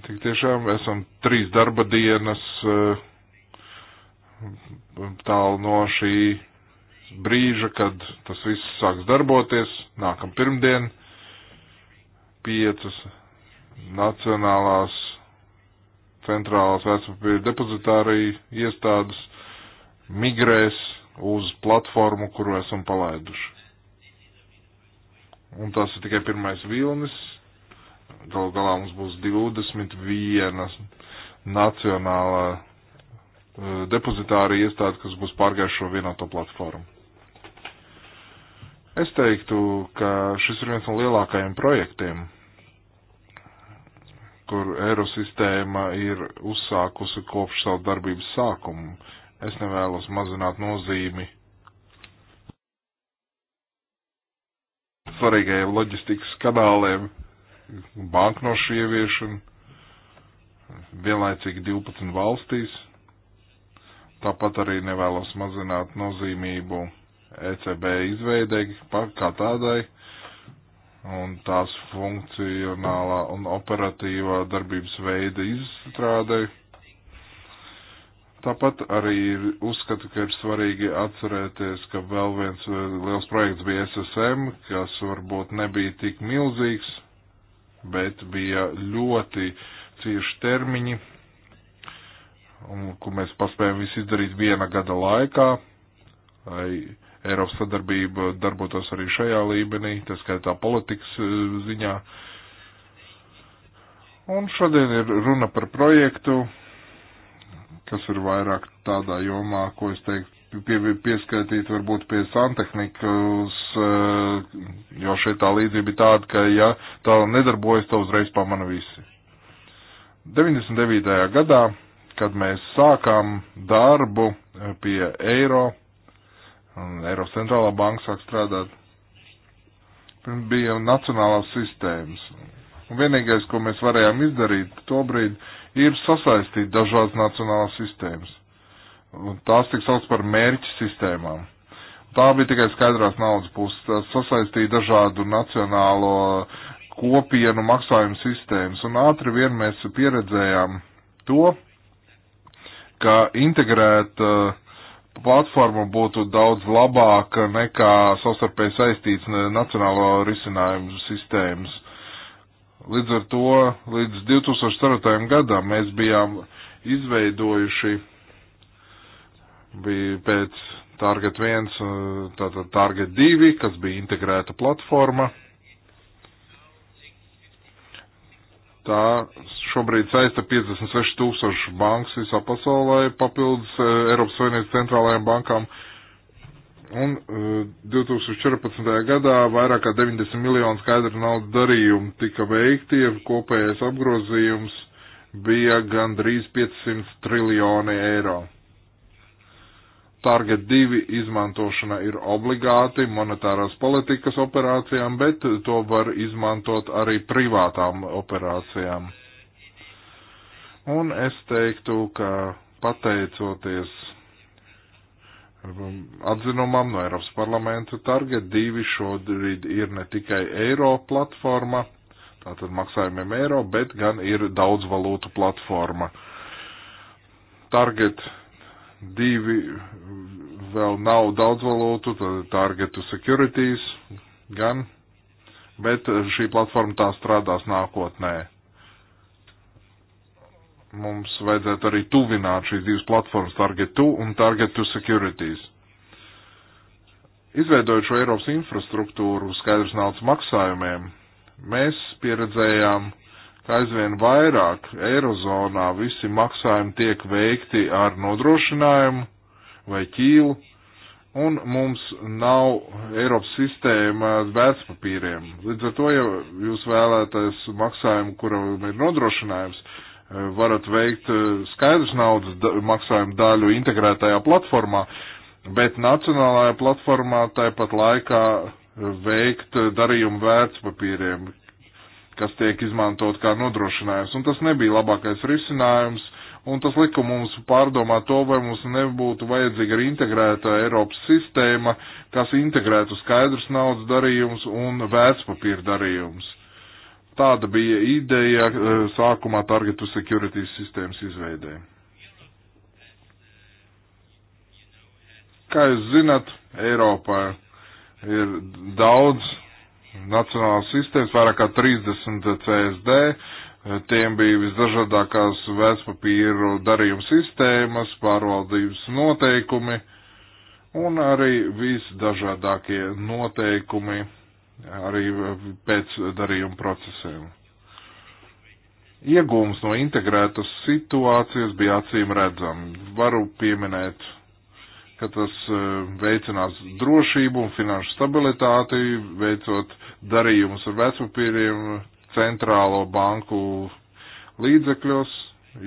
Tik tiešām esam trīs darba dienas eh, tālu no šī brīža, kad tas viss sāks darboties. Nākam pirmdien piecas nacionālās centrālās vērtspapīra depozitārija iestādes migrēs uz platformu, kuru esam palaiduši. Un tas ir tikai pirmais vilnis, Galu galā mums būs 21 nacionālā eh, depozitāra iestāde, kas būs pārgājušo vienoto platformu. Es teiktu, ka šis ir viens no lielākajiem projektiem, kur Eirosistēma ir uzsākusi kopš savu darbības sākumu. Es nevēlos mazināt nozīmi svarīgajiem loģistikas kanāliem, banknošu ieviešanu, vienlaicīgi 12 valstīs. Tāpat arī nevēlas mazināt nozīmību ECB izveidēji kā tādai un tās funkcionālā un operatīvā darbības veida izstrādēji. Tāpat arī ir uzskatu, ka ir svarīgi atcerēties, ka vēl viens eh, liels projekts bija SSM, kas varbūt nebija tik milzīgs, bet bija ļoti cieši termiņi, un, ko mēs paspējam visu izdarīt viena gada laikā, lai Eiropas sadarbība darbotos arī šajā līmenī, tā skaitā politikas e, ziņā. Un šodien ir runa par projektu, kas ir vairāk tādā jomā, ko es teiktu pie, pieskaitīt varbūt pie santehnikas, eh, jo šeit tā līdzība ir tāda, ka ja tā nedarbojas, to uzreiz pamana visi. 99. gadā, kad mēs sākām darbu eh, pie eiro, un eiro centrālā banka sāk strādāt, bija nacionālās sistēmas. Un vienīgais, ko mēs varējām izdarīt tobrīd, ir sasaistīt dažādas nacionālās sistēmas Tās tiek sauc par mērķu sistēmām. Tā bija tikai skaidrās naudas puses. Tas sasaistīja dažādu nacionālo kopienu maksājumu sistēmas. Un ātri vien mēs pieredzējām to, ka integrēta platforma būtu daudz labāka nekā savstarpēji saistīts nacionālo risinājumu sistēmas. Līdz ar to līdz 2004. gadam mēs bijām izveidojuši bija pēc Target 1, uh, tātad Target 2, kas bija integrēta platforma. Tā šobrīd saista 56 tūkstošu bankas visā pasaulē, papildus uh, Eiropas Savienības centrālajām bankām. Un 2014. Uh, gadā vairāk kā 90 miljonu skaidru naudu darījumu tika veikti, kopējais apgrozījums bija gandrīz 500 triljoni eiro. Target 2 izmantošana ir obligāti monetārās politikas operācijām, bet to var izmantot arī privātām operācijām. Un es teiktu, ka pateicoties um, atzinumam no Eiropas parlamenta, Target 2 šobrīd ir ne tikai eiro platforma, tātad maksājumiem eiro, bet gan ir daudz valūtu platforma. Target 2 divi vēl nav daudz valūtu, target to securities gan, bet šī platforma tā strādās nākotnē. Mums vajadzētu arī tuvināt šīs divas platformas, target to un target to securities. Izveidojot šo Eiropas infrastruktūru skaidrs naudas maksājumiem, mēs pieredzējām ka aizvien vairāk Eirozonā visi maksājumi tiek veikti ar nodrošinājumu vai ķīlu, un mums nav Eiropas sistēma vērtspapīriem. Līdz ar to, ja jūs vēlēties maksājumu, kuram ir nodrošinājums, eh, varat veikt eh, skaidrs naudas maksājumu daļu integrētajā platformā, bet nacionālajā platformā tāpat laikā eh, veikt darījumu vērtspapīriem, kas tiek izmantot kā nodrošinājums. Un tas nebija labākais risinājums, un tas lika mums pārdomāt to, vai mums nebūtu vajadzīga arī integrēta Eiropas sistēma, kas integrētu skaidrs naudas darījums un vērtspapīra darījums. Tāda bija ideja e, sākumā Targetu Securities sistēmas izveidē. Kā jūs zinat, Eiropā ir daudz nacionālas sistēmas, vairāk kā 30 CSD, tiem bija visdažādākās vēstpapīru darījuma sistēmas, pārvaldības noteikumi un arī visdažādākie noteikumi arī pēc darījuma procesiem. Iegūms no integrētas situācijas bija acīm redzams. Varu pieminēt ka tas e, veicinās drošību un finanšu stabilitāti, veicot darījumus ar vecpapīriem centrālo banku līdzekļos,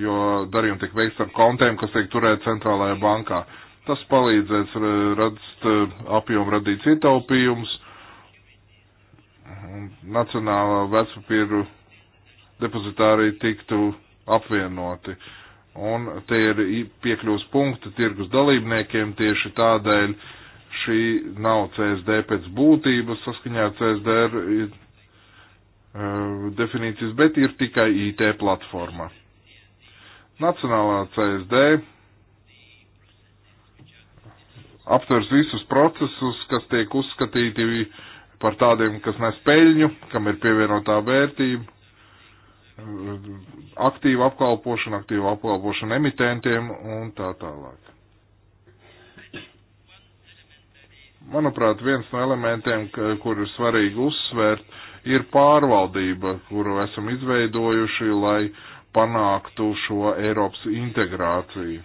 jo darījumi tiek veikts ar kontiem, kas tiek turēt centrālajā bankā. Tas palīdzēs radīt e, apjomu, radīt ietaupījumus. Nacionālā vecpapīru depozitārija tiktu apvienoti. Uh, Un te ir piekļūs punkti tirgus dalībniekiem tieši tādēļ šī nav CSD pēc būtības saskaņā ar CSDR uh, eh, definīcijas, bet ir tikai IT platforma. Nacionālā CSD aptvers visus procesus, kas tiek uzskatīti par tādiem, kas nes peļņu, kam ir pievienotā vērtība, aktīvu apkalpošanu, aktīvu apkalpošanu emitentiem un tā tālāk. Manuprāt, viens no elementiem, kur ir svarīgi uzsvērt, ir pārvaldība, kuru esam izveidojuši, lai panāktu šo Eiropas integrāciju.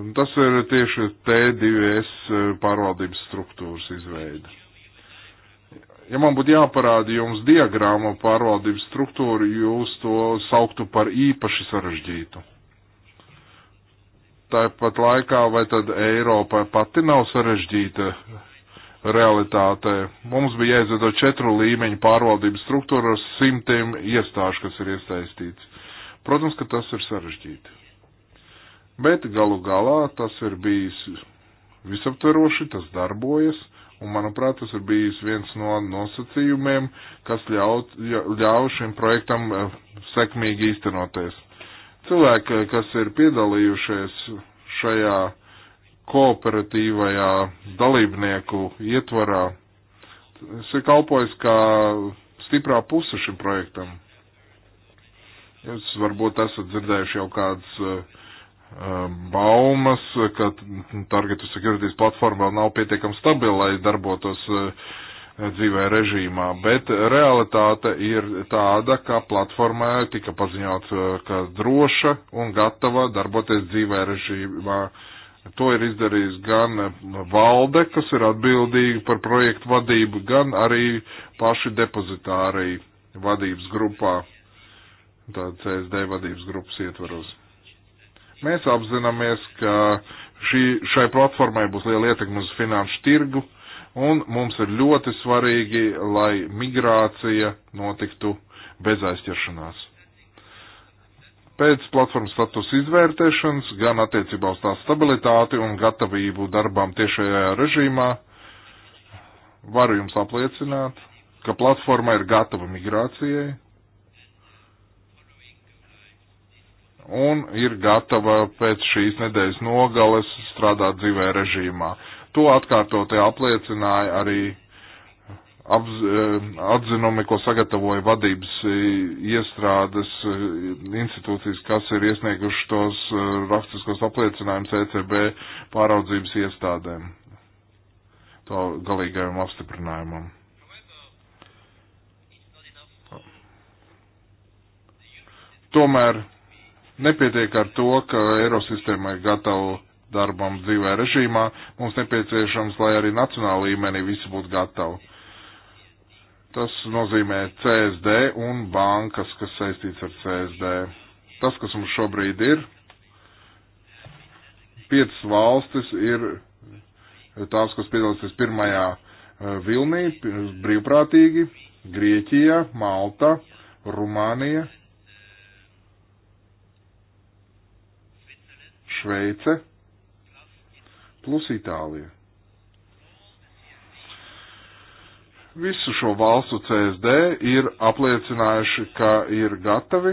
Un tas ir tieši T2S eh, pārvaldības struktūras izveida. Ja man būtu jāparāda jums diagramma pārvaldības struktūru, jūs to sauktu par īpaši sarežģītu. Tāpat laikā, vai tad Eiropa pati nav sarežģīta realitāte? Mums bija jāizveido četru līmeņu pārvaldības struktūru ar simtiem iestāžu, kas ir iesaistīts. Protams, ka tas ir sarežģīti. Bet galu galā tas ir bijis visaptveroši, tas darbojas Un, manuprāt, tas ir bijis viens no nosacījumiem, kas ļaut, ļauj šim projektam eh, sekmīgi īstenoties. Cilvēki, kas ir piedalījušies šajā kooperatīvajā dalībnieku ietvarā, tas ir kalpojis kā stiprā puse šim projektam. Jūs varbūt esat dzirdējuši jau kādas uh, Ehm, baumas, ka Target Securities platforma vēl nav pietiekami stabila, lai darbotos eh, dzīvē režīmā, bet realitāte ir tāda, ka platformā tika paziņots, eh, ka droša un gatava darboties dzīvē režīmā. To ir izdarījis gan valde, kas ir atbildīga par projektu vadību, gan arī paši depozitārī vadības grupā, tāda CSD vadības grupas ietvaros. Mēs apzināmies, ka šī, šai platformai būs liela ietekme uz finanšu tirgu, un mums ir ļoti svarīgi, lai migrācija notiktu bez aizķeršanās. Pēc platformas status izvērtēšanas, gan attiecībā uz tā stabilitāti un gatavību darbām tiešajā režīmā, varu jums apliecināt, ka platforma ir gatava migrācijai, un ir gatava pēc šīs nedēļas nogales strādāt dzīvē režīmā. To atkārtotie apliecināja arī apz, eh, atzinumi, ko sagatavoja vadības eh, iestrādes eh, institūcijas, kas ir iesnieguši tos rakstiskos apliecinājumus ECB pāraudzības iestādēm, to galīgajam apstiprinājumam. Tomēr Nepietiek ar to, ka Eirosistēma ir gatava darbam dzīvē režīmā, mums nepieciešams, lai arī nacionāla līmenī visi būtu gatavi. Tas nozīmē CSD un bankas, kas saistīts ar CSD. Tas, kas mums šobrīd ir, piecas valstis ir tās, kas piedalīsies pirmajā eh, vilnī, brīvprātīgi - Grieķija, Malta, Rumānija Šveice plus Itālija. Visu šo valstu CSD ir apliecinājuši, ka ir gatavi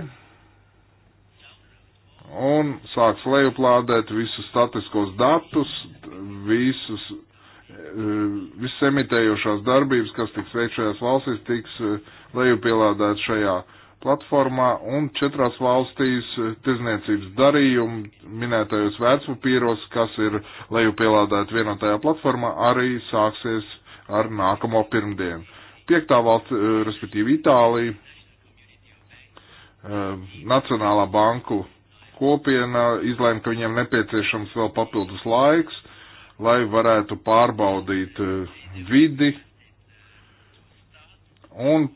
un sāks lejuplādēt visus statiskos datus, visus, eh, visas emitējošās darbības, kas tiks veikts šajās valstīs, tiks eh, lejupielādēts šajā platformā un četrās valstīs tirzniecības darījumu minētajos vērtspapīros, kas ir lejupielādēti vienotajā platformā, arī sāksies ar nākamo pirmdienu. Piektā valsts, eh, respektīvi Itālija, eh, Nacionālā banku kopiena izlēma, ka viņiem nepieciešams vēl papildus laiks, lai varētu pārbaudīt eh, vidi un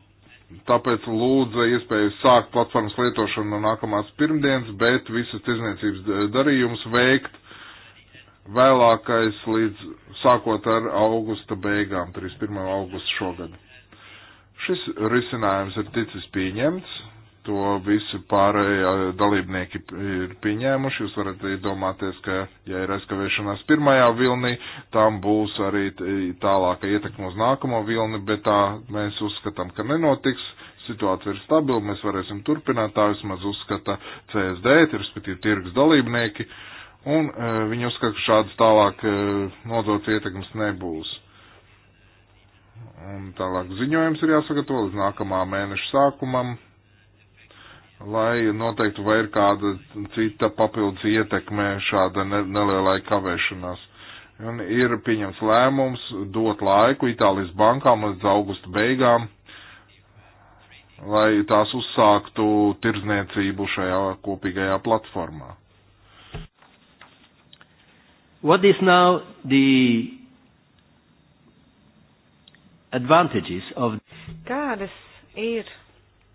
Tāpēc lūdza iespēju sākt platformas lietošanu no nākamās pirmdienas, bet visus tirzniecības darījumus veikt vēlākais līdz sākot ar augusta beigām, 31. augusta šogad. Šis risinājums ir ticis pieņemts, to visu pārējie dalībnieki ir pieņēmuši. Jūs varat iedomāties, ka, ja ir aizkavēšanās pirmajā vilnī, tam būs arī tālāka ietekme uz nākamo vilni, bet tā mēs uzskatām, ka nenotiks. Situācija ir stabila, mēs varēsim turpināt, tā vismaz uzskata CSD, respektīvi tirgus dalībnieki, un e, viņi uzskata, ka šādas tālāk e, nodots ietekmes nebūs. Un tālāk ziņojums ir jāsagatavo līdz nākamā mēneša sākumam, lai noteiktu, vai ir kāda cita papildus ietekme šāda nelielai kavēšanās. Un ir pieņems lēmums dot laiku Itālijas bankām līdz augusta beigām, lai tās uzsāktu tirzniecību šajā kopīgajā platformā. What is now the advantages of Kādas ir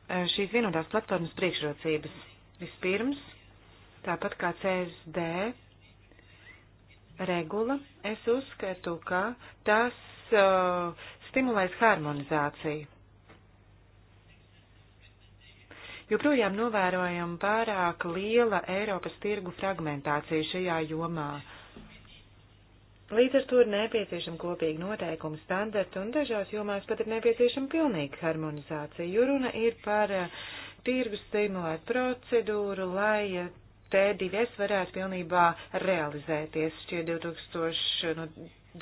Eh, šīs vienotās platformas priekšrocības. Vispirms, tāpat kā CSD regula, es uzskatu, ka tas uh, stimulēs harmonizāciju. Joprojām novērojam pārāk liela Eiropas tirgu fragmentācija šajā jomā. Uh, Līdz ar to ir nepieciešama kopīga noteikuma standarta un dažās jomās pat ir nepieciešama pilnīga harmonizācija, jo runa ir par eh, tirgus stimulētu procedūru, lai eh, T2S varētu pilnībā realizēties šie 2000, no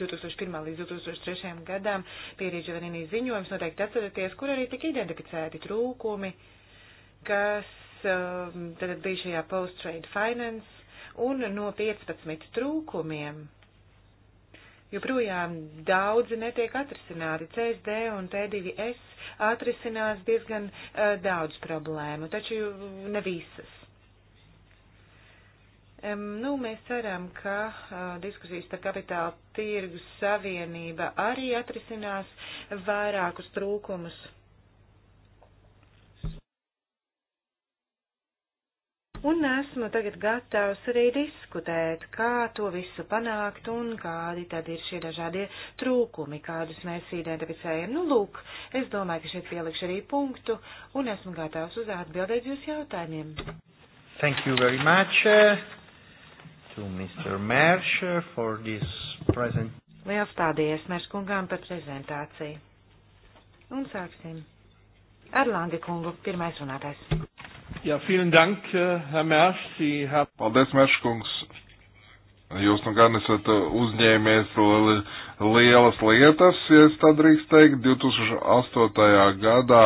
2001. līdz 2003. gadām pierīdžu vienīnī ziņojums noteikti atceraties, kur arī tika identificēti trūkumi, kas um, tad bija šajā post-trade finance un no 15 trūkumiem joprojām daudzi netiek atrisināti. CSD un T2S atrisinās diezgan uh, daudz problēmu, taču ne visas. Um, nu, mēs ceram, ka uh, diskusijas par kapitāla tirgus savienība arī atrisinās vairākus trūkumus Un esmu tagad gatavs arī diskutēt, kā to visu panākt un kādi tad ir šie dažādie trūkumi, kādus mēs identificējam. Nu, lūk, es domāju, ka šeit pielikšu arī punktu un esmu gatavs uz atbildēt jūs jautājumiem. Thank you very much uh, to Mr. Mersch uh, for this present. Liels paldies Mersch kungām par prezentāciju. Un sāksim ar Lange kungu, pirmais runātājs. Ja, vielen Dank, äh, Herr Mērš. Have... Paldies, Mērškungs. Jūs nu gan esat uh, uzņēmies lielas lietas, ja es tā drīkst teikt. 2008. gadā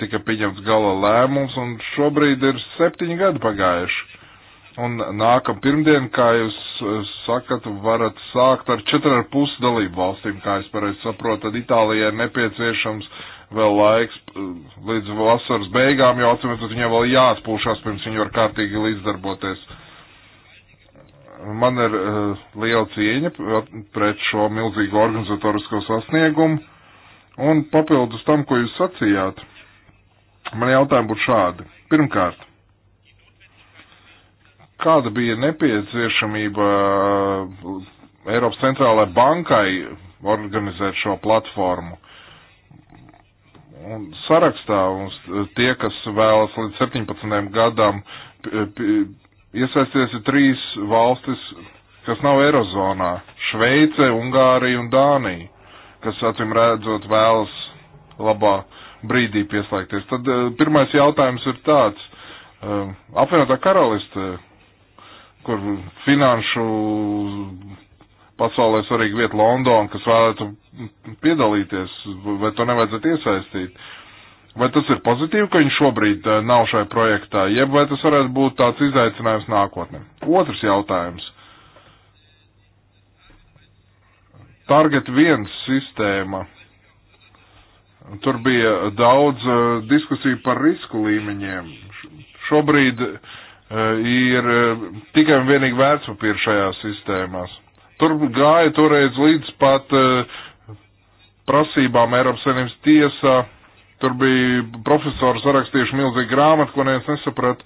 tika pieņemts gala lēmums, un šobrīd ir septiņi gadi pagājuši. Un nākam pirmdien, kā jūs uh, sakat, varat sākt ar četru ar pusi dalību valstīm, kā es pareizi saprotu, tad Itālijai nepieciešams uh, vēl laiks līdz vasaras beigām, jo atcīmēs, viņai vēl jāatpūšās, pirms viņi var kārtīgi līdzdarboties. Man ir uh, liela cieņa pret šo milzīgo organizatorisko sasniegumu, un papildus tam, ko jūs sacījāt, man jautājumi būtu šādi. Pirmkārt, kāda bija nepieciešamība eh, Eiropas centrālajai bankai organizēt šo platformu? Un sarakstā mums eh, tie, kas vēlas līdz 17 gadam eh, iesaisties, ir trīs valstis, kas nav Eirozonā - Šveice, Ungārija un Dānija, kas acīm redzot vēlas labā brīdī pieslēgties. Tad eh, pirmais jautājums ir tāds - apvienotā karaliste, kur finanšu pasaulē svarīga vieta Londona, kas vēlētu piedalīties, vai to nevajadzētu iesaistīt. Vai tas ir pozitīvi, ka viņš šobrīd eh, nav šai projektā, jeb vai tas varētu būt tāds izaicinājums nākotnē? Otrs jautājums. Target 1 sistēma. Tur bija daudz eh, diskusiju par risku līmeņiem. Šobrīd eh, ir tikai un vienīgi vērtspapīri šajās sistēmās. Tur gāja toreiz līdz pat eh, prasībām Eiropas Savienības tiesā. Tur bija profesori sarakstījuši milzīgu grāmatu, ko neviens nesaprat.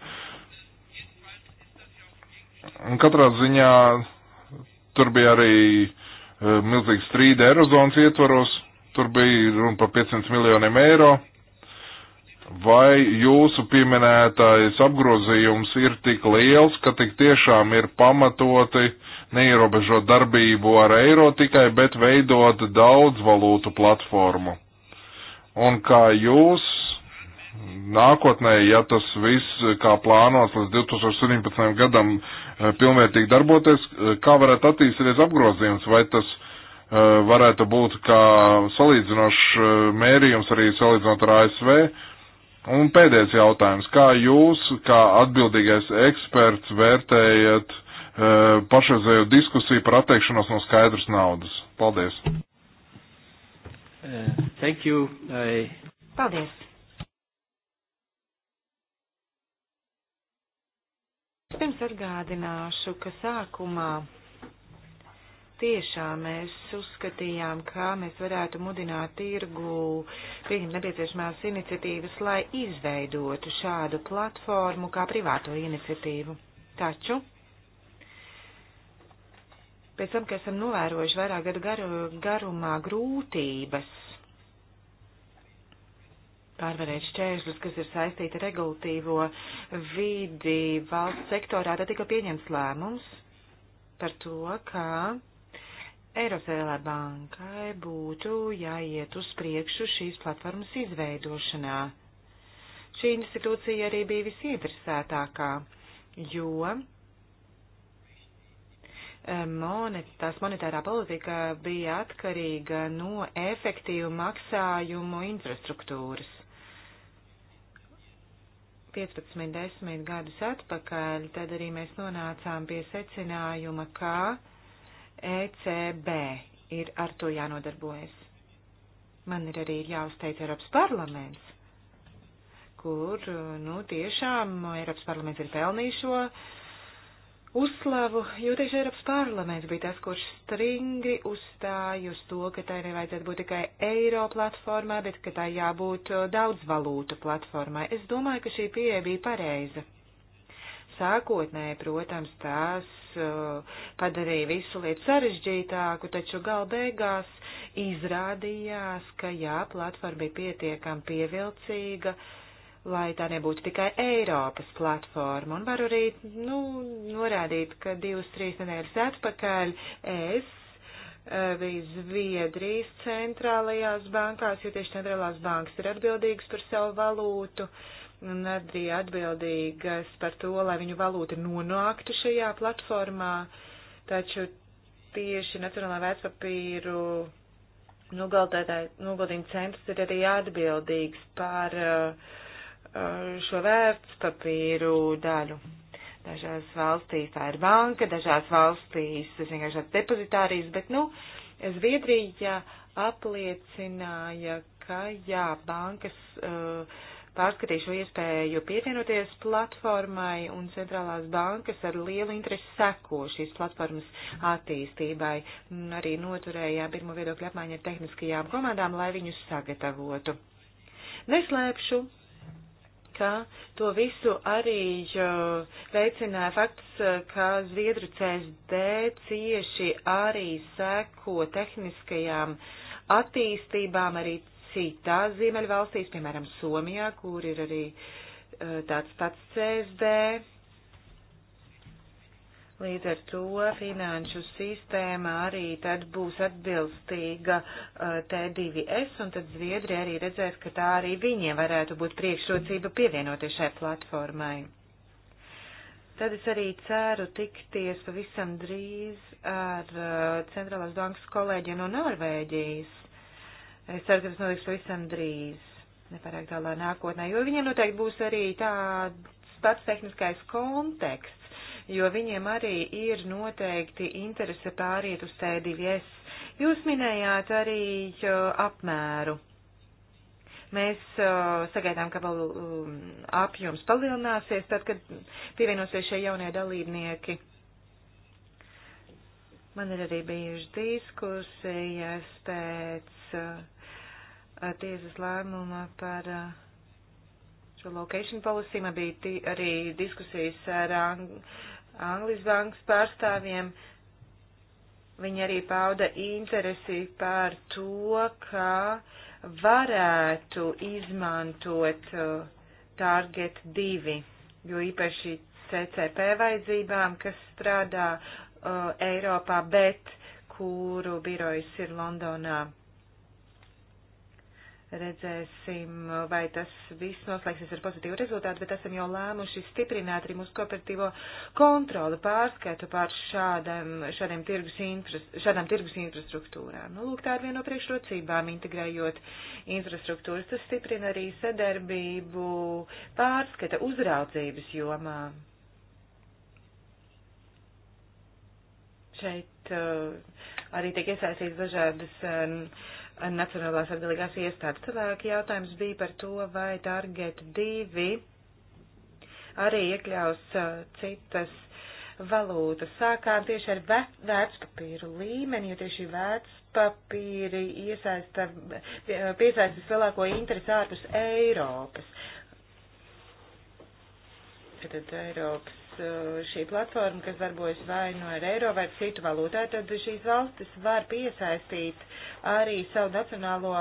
Un katrā ziņā tur bija arī eh, milzīgi strīdi Eirozonas ietvaros. Tur bija runa par 500 miljoniem eiro vai jūsu pieminētais apgrozījums ir tik liels, ka tik tiešām ir pamatoti neierobežot darbību ar eiro tikai, bet veidot daudz valūtu platformu. Un kā jūs nākotnē, ja tas viss kā plānos līdz 2017. gadam eh, pilnvērtīgi darboties, eh, kā varētu attīstīties apgrozījums, vai tas eh, varētu būt kā salīdzinošs mērījums arī salīdzinot ar ASV, Un pēdējais jautājums. Kā jūs, kā atbildīgais eksperts, vērtējat uh, pašreizējo diskusiju par atteikšanos no skaidras naudas? Paldies. Uh, thank you. I... Paldies. Pirms atgādināšu, ka sākumā tiešām mēs uzskatījām, kā mēs varētu mudināt tirgu pieņemt nepieciešamās iniciatīvas, lai izveidotu šādu platformu kā privāto iniciatīvu. Taču, pēc tam, ka esam novērojuši vairāk gadu garu, garumā grūtības pārvarēt šķēršļus, kas ir saistīti ar regulatīvo vidi valsts sektorā, tad tika pieņemts lēmums par to, ka Eiropas Vēlē bankai būtu jāiet uz priekšu šīs platformas izveidošanā. Šī institūcija arī bija visinteresētākā, jo eh, monet, tās monetārā politika bija atkarīga no efektīvu maksājumu infrastruktūras. 15, 10 gadus atpakaļ, tad arī mēs nonācām pie secinājuma, ka ECB ir ar to jānodarbojas. Man ir arī jāuzteic Eiropas parlaments, kur, nu, tiešām Eiropas parlaments ir pelnījis šo uzslavu, jo tieši Eiropas parlaments bija tas, kurš stringri uzstāja uz to, ka tai nevajadzētu būt tikai eiro platformai, bet ka tai jābūt daudz valūtu platformai. Es domāju, ka šī pieeja bija pareiza. Sākotnēji, protams, tās Eh, padarīja visu lietu sarežģītāku, taču gal beigās izrādījās, ka jā, platforma bija pietiekami pievilcīga, lai tā nebūtu tikai Eiropas platforma. Un varu arī, nu, norādīt, ka divas, trīs nedēļas atpakaļ es eh, bija Zviedrijas centrālajās bankās, jo tieši centrālās bankas ir atbildīgas par savu valūtu. Uh, un arī atbildīgas par to, lai viņu valūta nonāktu šajā platformā, taču tieši Nacionālā vērtspapīru noguldījuma centrs ir arī atbildīgs par uh, uh, šo vērtspapīru daļu. Dažās valstīs tā ir banka, dažās valstīs tas vienkārši tāds depozitārijas, bet, nu, Zviedrija apliecināja, ka, jā, bankas uh, pārskatīšu iespēju pievienoties platformai un centrālās bankas ar lielu interesi seko šīs platformas attīstībai. Arī noturējām pirmo viedokļu apmaiņu ar tehniskajām komandām, lai viņus sagatavotu. Neslēpšu, ka to visu arī veicināja fakts, ka Zviedru CSD cieši arī seko tehniskajām attīstībām, arī citās ziemeļvalstīs, piemēram, Somijā, kur ir arī e, tāds pats CSD. Līdz ar to finanšu sistēma arī tad būs atbilstīga e, T2S, un tad Zviedri arī redzēs, ka tā arī viņiem varētu būt priekšrocība pievienoties šai platformai. Tad es arī ceru tikties pavisam drīz ar e, Centrālās bankas kolēģiem no Norvēģijas Es ceru, ka tas notiks pavisam drīz, nepārāk tālā nākotnē, jo viņiem noteikti būs arī tāds pats tehniskais konteksts, jo viņiem arī ir noteikti interese pāriet uz C2S. Jūs minējāt arī apmēru. Mēs uh, sagaidām, ka vēl um, apjoms palielināsies, tad, kad pievienosies šie jaunie dalībnieki. Man ir arī bijušas diskusijas pēc uh, Eh, tiesas lēmuma par eh, šo location policy. Man bija tī, arī diskusijas ar Ang Anglijas bankas pārstāvjiem. Viņi arī pauda interesi par to, ka varētu izmantot eh, Target 2, jo īpaši CCP vajadzībām, kas strādā uh, Eiropā, bet kuru birojas ir Londonā. Redzēsim, vai tas viss noslēgsies ar pozitīvu rezultātu, bet esam jau lēmuši stiprināt arī mūsu kooperatīvo kontroli pārskaitu pār šādam, šādam, tirgus, infras, šādam tirgus infrastruktūrām. Nu, lūk, tā ir viena no priekšrocībām, integrējot infrastruktūras. Tas stiprina arī sadarbību pārskata uzraudzības jomā. šeit uh, arī tiek iesaistīts dažādas uh, Nacionālās atbildīgās iestādes. Cilvēki jautājums bija par to, vai target 2 arī iekļaus uh, citas valūtas. Sākām tieši ar vērtspapīru līmeni, jo tieši vērtspapīri iesaista, piesaista lielāko interesi ārpus Eiropas. Tad Eiropas Uh, šī platforma, kas darbojas vai no nu ar eiro vai citu valūtā, tad šīs valstis var piesaistīt arī savu nacionālo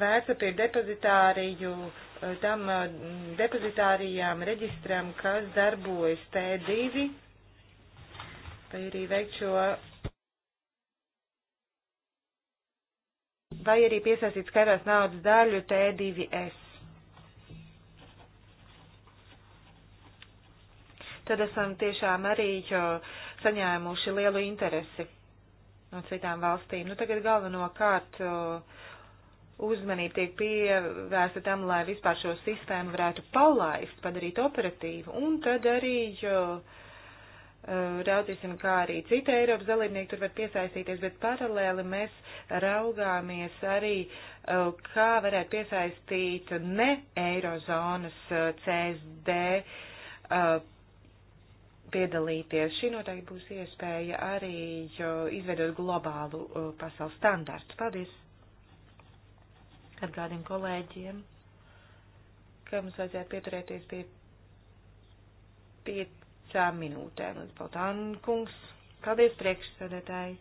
vērtspapīru depozitāriju uh, tam uh, depozitārijām reģistram, kas darbojas T2, vai arī veikt šo vai arī piesaistīt skaidrās naudas daļu T2S. tad esam tiešām arī saņēmuši lielu interesi no citām valstīm. Nu, tagad galvenokārt uzmanība tiek pievērsta tam, lai vispār šo sistēmu varētu palaist, padarīt operatīvu, un tad arī raudzīsim, kā arī citi Eiropas dalībnieki tur var piesaistīties, bet paralēli mēs raugāmies arī, kā varētu piesaistīt ne Eirozonas CSD piedalīties. Šī noteikti būs iespēja arī izveidot globālu pasaules standārtu. Paldies! Atgādiem kolēģiem, ka mums vajadzētu pieturēties pie piecām minūtēm. Līdz Baltāna kungs, paldies priekšsēdētāji,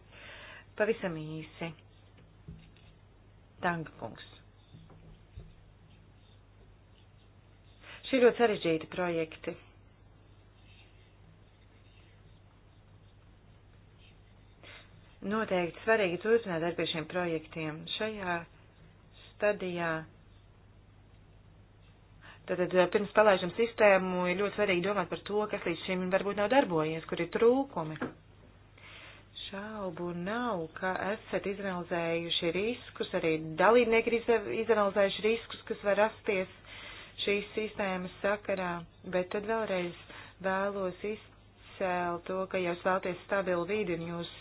pavisam īsi. Tanga kungs. Šī ļoti sarežģīti projekti noteikti svarīgi turpināt ar pie šiem projektiem. Šajā stadijā, tātad eh, pirms palaižam sistēmu, ir ļoti svarīgi domāt par to, kas līdz šim varbūt nav darbojies, kur ir trūkumi. Šaubu nav, ka esat izanalizējuši riskus, arī dalībnieki ir izanalizējuši riskus, kas var rasties šīs sistēmas sakarā, bet tad vēlreiz vēlos izcelt to, ka jūs vēlties stabilu vidi un jūs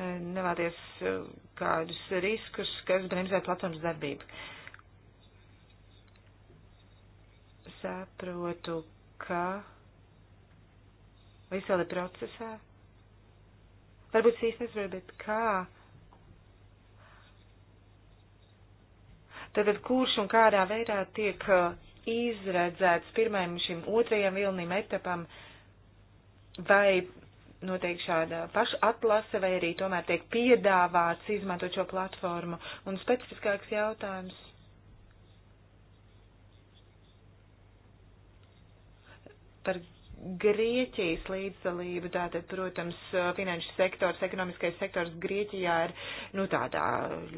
nevēties eh, kādus riskus, kas bremzē platformas darbību. Saprotu, ka visādi procesā. Varbūt es īsti nezinu, bet kā. Tātad kurš un kādā veidā tiek eh, izredzēts pirmajam šim otrajam vilnim etapam, vai notiek šāda paša atlase, vai arī tomēr tiek piedāvāts izmantot šo platformu? Un specifiskāks jautājums. Par Grieķijas līdzdalību, tātad, protams, finanšu sektors, ekonomiskais sektors Grieķijā ir, nu, tādā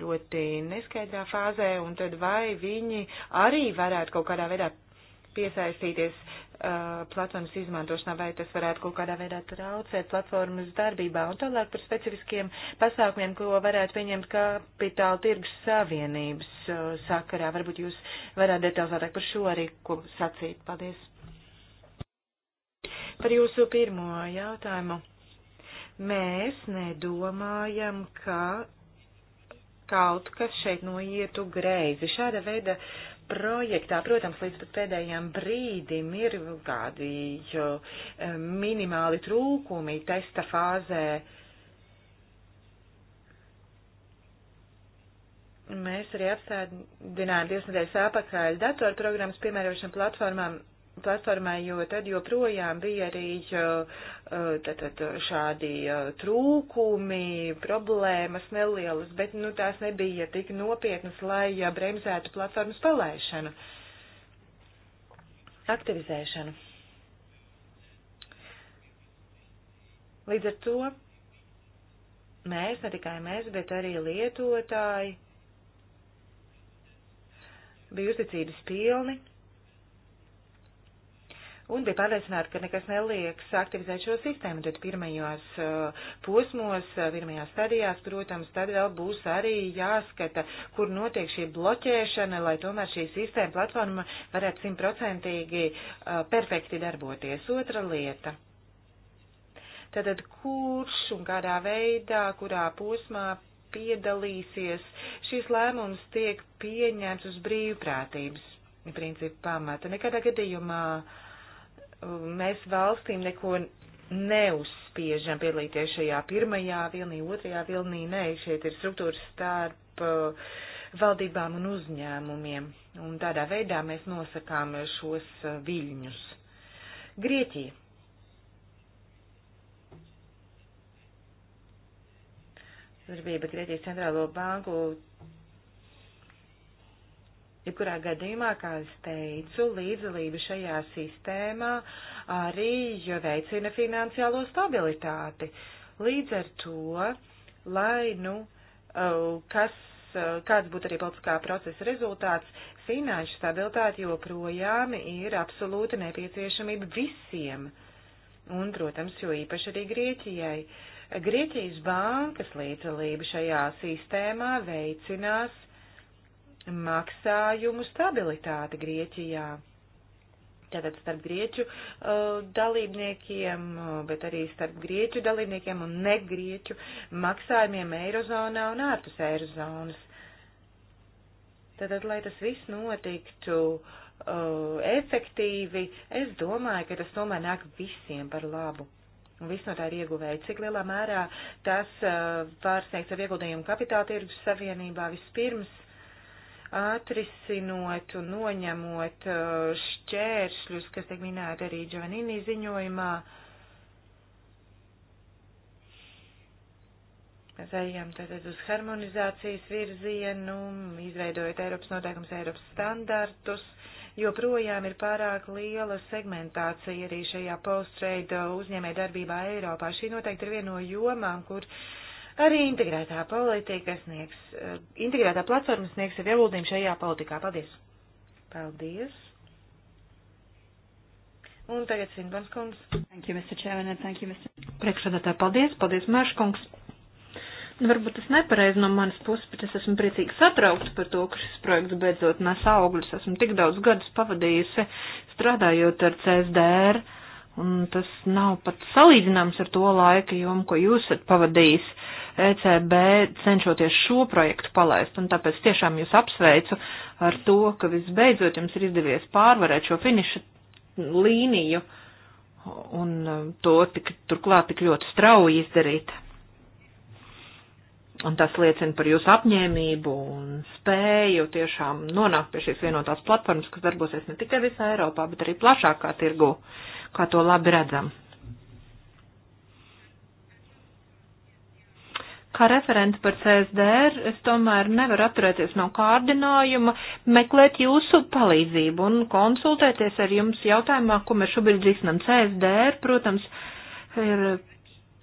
ļoti neskaidrā fāzē, un tad vai viņi arī varētu kaut kādā veidā piesaistīties uh, platformas izmantošanā, vai tas varētu kaut kādā veidā traucēt platformas darbībā un tālāk par specifiskiem pasākumiem, ko varētu pieņemt kapitāla tirgus savienības uh, sakarā. Varbūt jūs varētu detalizētāk par šo arī ko sacīt. Paldies. Par jūsu pirmo jautājumu. Mēs nedomājam, ka kaut kas šeit noietu greizi. Šāda veida uh, projektā, protams, līdz pat pēdējiem brīdim ir kādi e, minimāli trūkumi testa fāzē. Mēs arī apstādinājām divas nedēļas apakaļ datoru programmas piemērošanu platformām platformai, jo tad joprojām bija arī tātad, šādi trūkumi, problēmas nelielas, bet nu, tās nebija tik nopietnas, lai bremzētu platformas palaišanu, aktivizēšanu. Līdz ar to mēs, ne tikai mēs, bet arī lietotāji bija uzticības pilni un bija pārliecināta, ka nekas nelieks aktivizēt šo sistēmu. Tad pirmajos uh, posmos, uh, pirmajās stadijās, protams, tad vēl būs arī jāskata, kur notiek šī bloķēšana, lai tomēr šī sistēma platforma varētu simtprocentīgi uh, perfekti darboties. Otra lieta. Tātad, kurš un kādā veidā, kurā posmā piedalīsies, šis lēmums tiek pieņemts uz brīvprātības principu pamata. Nekādā gadījumā uh, mēs valstīm neko neuzspiežam piedalīties šajā pirmajā vilnī, otrajā vilnī, nē, šeit ir struktūras starp uh, valdībām un uzņēmumiem, un tādā veidā mēs nosakām šos uh, viļņus. Grieķija. Darbība Grieķijas centrālo banku Jebkurā gadījumā, kā es teicu, līdzdalība šajā sistēmā arī veicina finansiālo stabilitāti. Līdz ar to, lai nu, uh, kas, uh, kāds būtu arī politiskā procesa rezultāts, finanšu stabilitāte joprojām ir absolūta nepieciešamība visiem. Un, protams, jo īpaši arī Grieķijai. Grieķijas bankas līdzdalība šajā sistēmā veicinās maksājumu stabilitāti Grieķijā. Tātad starp grieķu uh, dalībniekiem, uh, bet arī starp grieķu dalībniekiem un negrieķu maksājumiem Eirozonā un ārpus Eirozonas. Tātad, lai tas viss notiktu uh, efektīvi, es domāju, ka tas tomēr nāk visiem par labu un viss no tā ir ieguvēji. Cik lielā mērā tas uh, var sniegt savu ieguldījumu kapitāla tirgus savienībā vispirms atrisinot un noņemot uh, šķēršļus, kas tiek minēti arī Džovanīnī ziņojumā. Mēs ejam tātad uz harmonizācijas virzienu, izveidojot Eiropas noteikums, Eiropas standartus, jo projām ir pārāk liela segmentācija arī šajā post-trade uzņēmē darbībā Eiropā. Šī noteikti ir viena no jomām, kur uh, Arī integrētā politika sniegs, eh, integrētā platforma sniegs sev ieguldījumu šajā politikā. Paldies! Paldies! Un tagad Svinbans kungs. Thank you, Mr. Chairman, and thank you, Mr. Priekšsēdētāji, paldies, paldies, Mērškungs. Nu, varbūt tas nepareizi no manas puses, bet es esmu priecīgi satraukts par to, ka šis projekts beidzot nes augļus. Esmu tik daudz gadus pavadījusi strādājot ar CSDR, un tas nav pat salīdzināms ar to laika jomu, ko jūs esat pavadījis. Uh, ECB cenšoties šo projektu palaist, un tāpēc tiešām jūs apsveicu ar to, ka visbeidzot jums ir izdevies pārvarēt šo finiša līniju un e, to tik, turklāt tik ļoti strauji izdarīt. Un tas liecina par jūsu apņēmību un spēju tiešām nonākt pie šīs vienotās platformas, kas darbosies ne tikai visā Eiropā, bet arī plašākā tirgu, kā to labi redzam. Kā referenti par CSDR, es tomēr nevaru atturēties no kārdinājuma meklēt jūsu palīdzību un konsultēties ar jums jautājumā, ko mēs šobrīd risinam. CSDR, protams, ir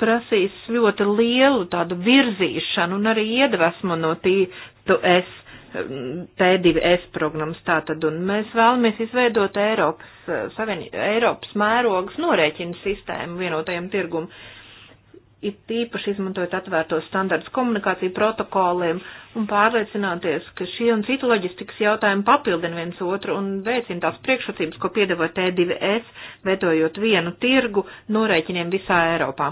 prasīs ļoti lielu tādu virzīšanu un arī iedvesmu no tītu es. P2S programmas tātad, un mēs vēlamies izveidot Eiropas, eh, savien, Eiropas mērogas norēķinu sistēmu vienotajam tirgumam it tīpaši izmantojot atvērtos standarts komunikāciju protokoliem un pārliecināties, ka šie un citu loģistikas jautājumi papildina viens otru un veicina tās priekšrocības, ko piedāvā T2S, veidojot vienu tirgu norēķiniem visā Eiropā.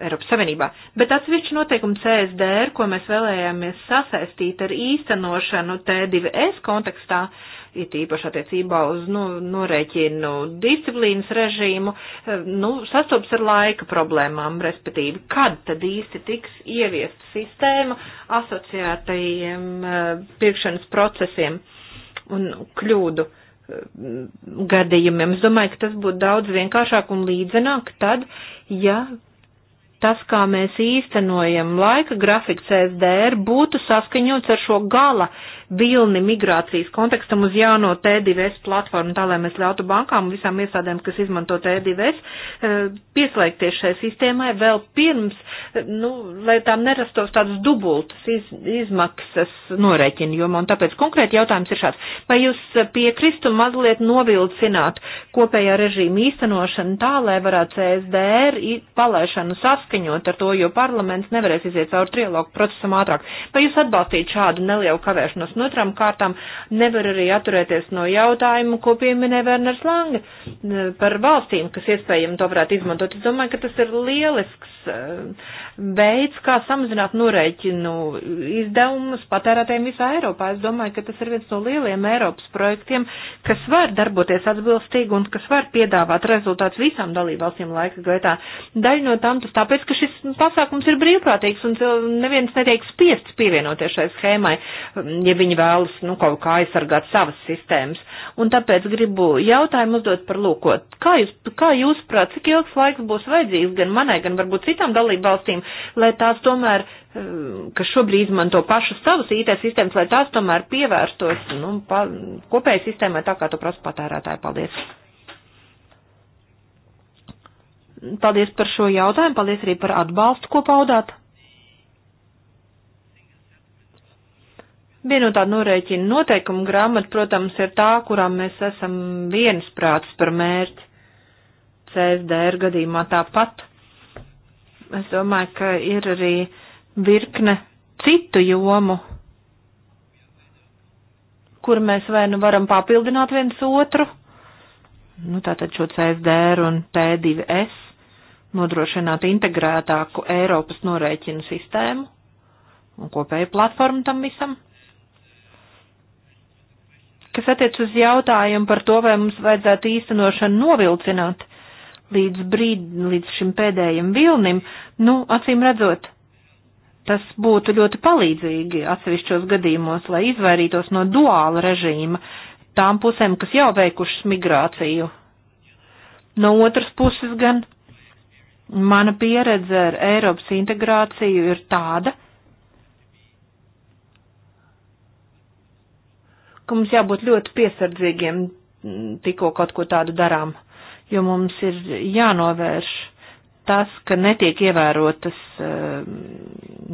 Eiropas Savienībā, bet atsevišķi noteikumi CSDR, ko mēs vēlējāmies sasaistīt ar īstenošanu T2S kontekstā, uh, ir tīpaši attiecībā uz nu, norēķinu disciplīnas režīmu, eh, nu, sastops ar laika problēmām, respektīvi, kad tad īsti tiks ieviest sistēma asociētajiem eh, pirkšanas procesiem un kļūdu eh, gadījumiem. Es domāju, ka tas būtu daudz vienkāršāk un līdzenāk tad, ja tas, kā mēs īstenojam laika grafiku CSDR, būtu saskaņots ar šo gala uh, vilni migrācijas kontekstam uz jauno T2S platformu, tā lai mēs ļautu bankām un visām iestādēm, kas izmanto T2S, eh, pieslēgties šai sistēmai vēl pirms, eh, nu, lai tām nerastos tādas dubultas iz, izmaksas norēķinu jomā. Un tāpēc konkrēti jautājums ir šāds. Vai jūs piekristu mazliet novilcināt kopējā režīma īstenošanu tā, lai varētu CSDR palaišanu saskaņot ar to, jo parlaments nevarēs iziet cauri trilogu procesam ātrāk? Vai jūs atbalstītu šādu nelielu kavēšanos? un otram kārtām nevar arī atturēties no jautājumu, ko pieminē Werners Lange par valstīm, kas iespējami to varētu izmantot. Es domāju, ka tas ir lielisks eh, veids, kā samazināt norēķinu izdevumus patērētājiem visā Eiropā. Es domāju, ka tas ir viens no lieliem Eiropas projektiem, kas var darboties atbilstīgi un kas var piedāvāt rezultāts visām dalībvalstīm laika gaitā. Daļa no tām tas tāpēc, ka šis pasākums ir brīvprātīgs un neviens netiek spiests pievienoties šai schēmai, ja viņi viņi vēlas, nu, kaut kā aizsargāt savas sistēmas. Un tāpēc gribu jautājumu uzdot par lūkot. Kā jūs, kā jūs prāt, cik ilgs laiks būs vajadzīgs gan manai, gan varbūt citām dalību valstīm, lai tās tomēr, eh, kas šobrīd izmanto pašu savas IT sistēmas, lai tās tomēr pievērstos, nu, pa, kopējai sistēmai tā, kā to prasa patērētāji. Paldies! Paldies par šo jautājumu, paldies arī par atbalstu, ko paudāt. Viena no tāda norēķina noteikuma grāmata, protams, ir tā, kurām mēs esam viensprāts par mērķi. CSDR gadījumā tāpat. Es domāju, ka ir arī virkne citu jomu, kur mēs vai nu varam papildināt viens otru, nu tātad šo CSDR un T2S, nodrošināt integrētāku Eiropas norēķinu sistēmu un kopēju platformu tam visam kas attiec uz jautājumu par to, vai mums vajadzētu īstenošanu novilcināt līdz brīd, līdz šim pēdējiem vilnim, nu, acīm redzot, tas būtu ļoti palīdzīgi atsevišķos gadījumos, lai izvairītos no duāla režīma tām pusēm, kas jau veikušas migrāciju. No otras puses gan mana pieredze ar Eiropas integrāciju ir tāda, ka mums jābūt ļoti piesardzīgiem mm, tikko kaut ko tādu darām, jo mums ir jānovērš tas, ka netiek ievērotas, mm,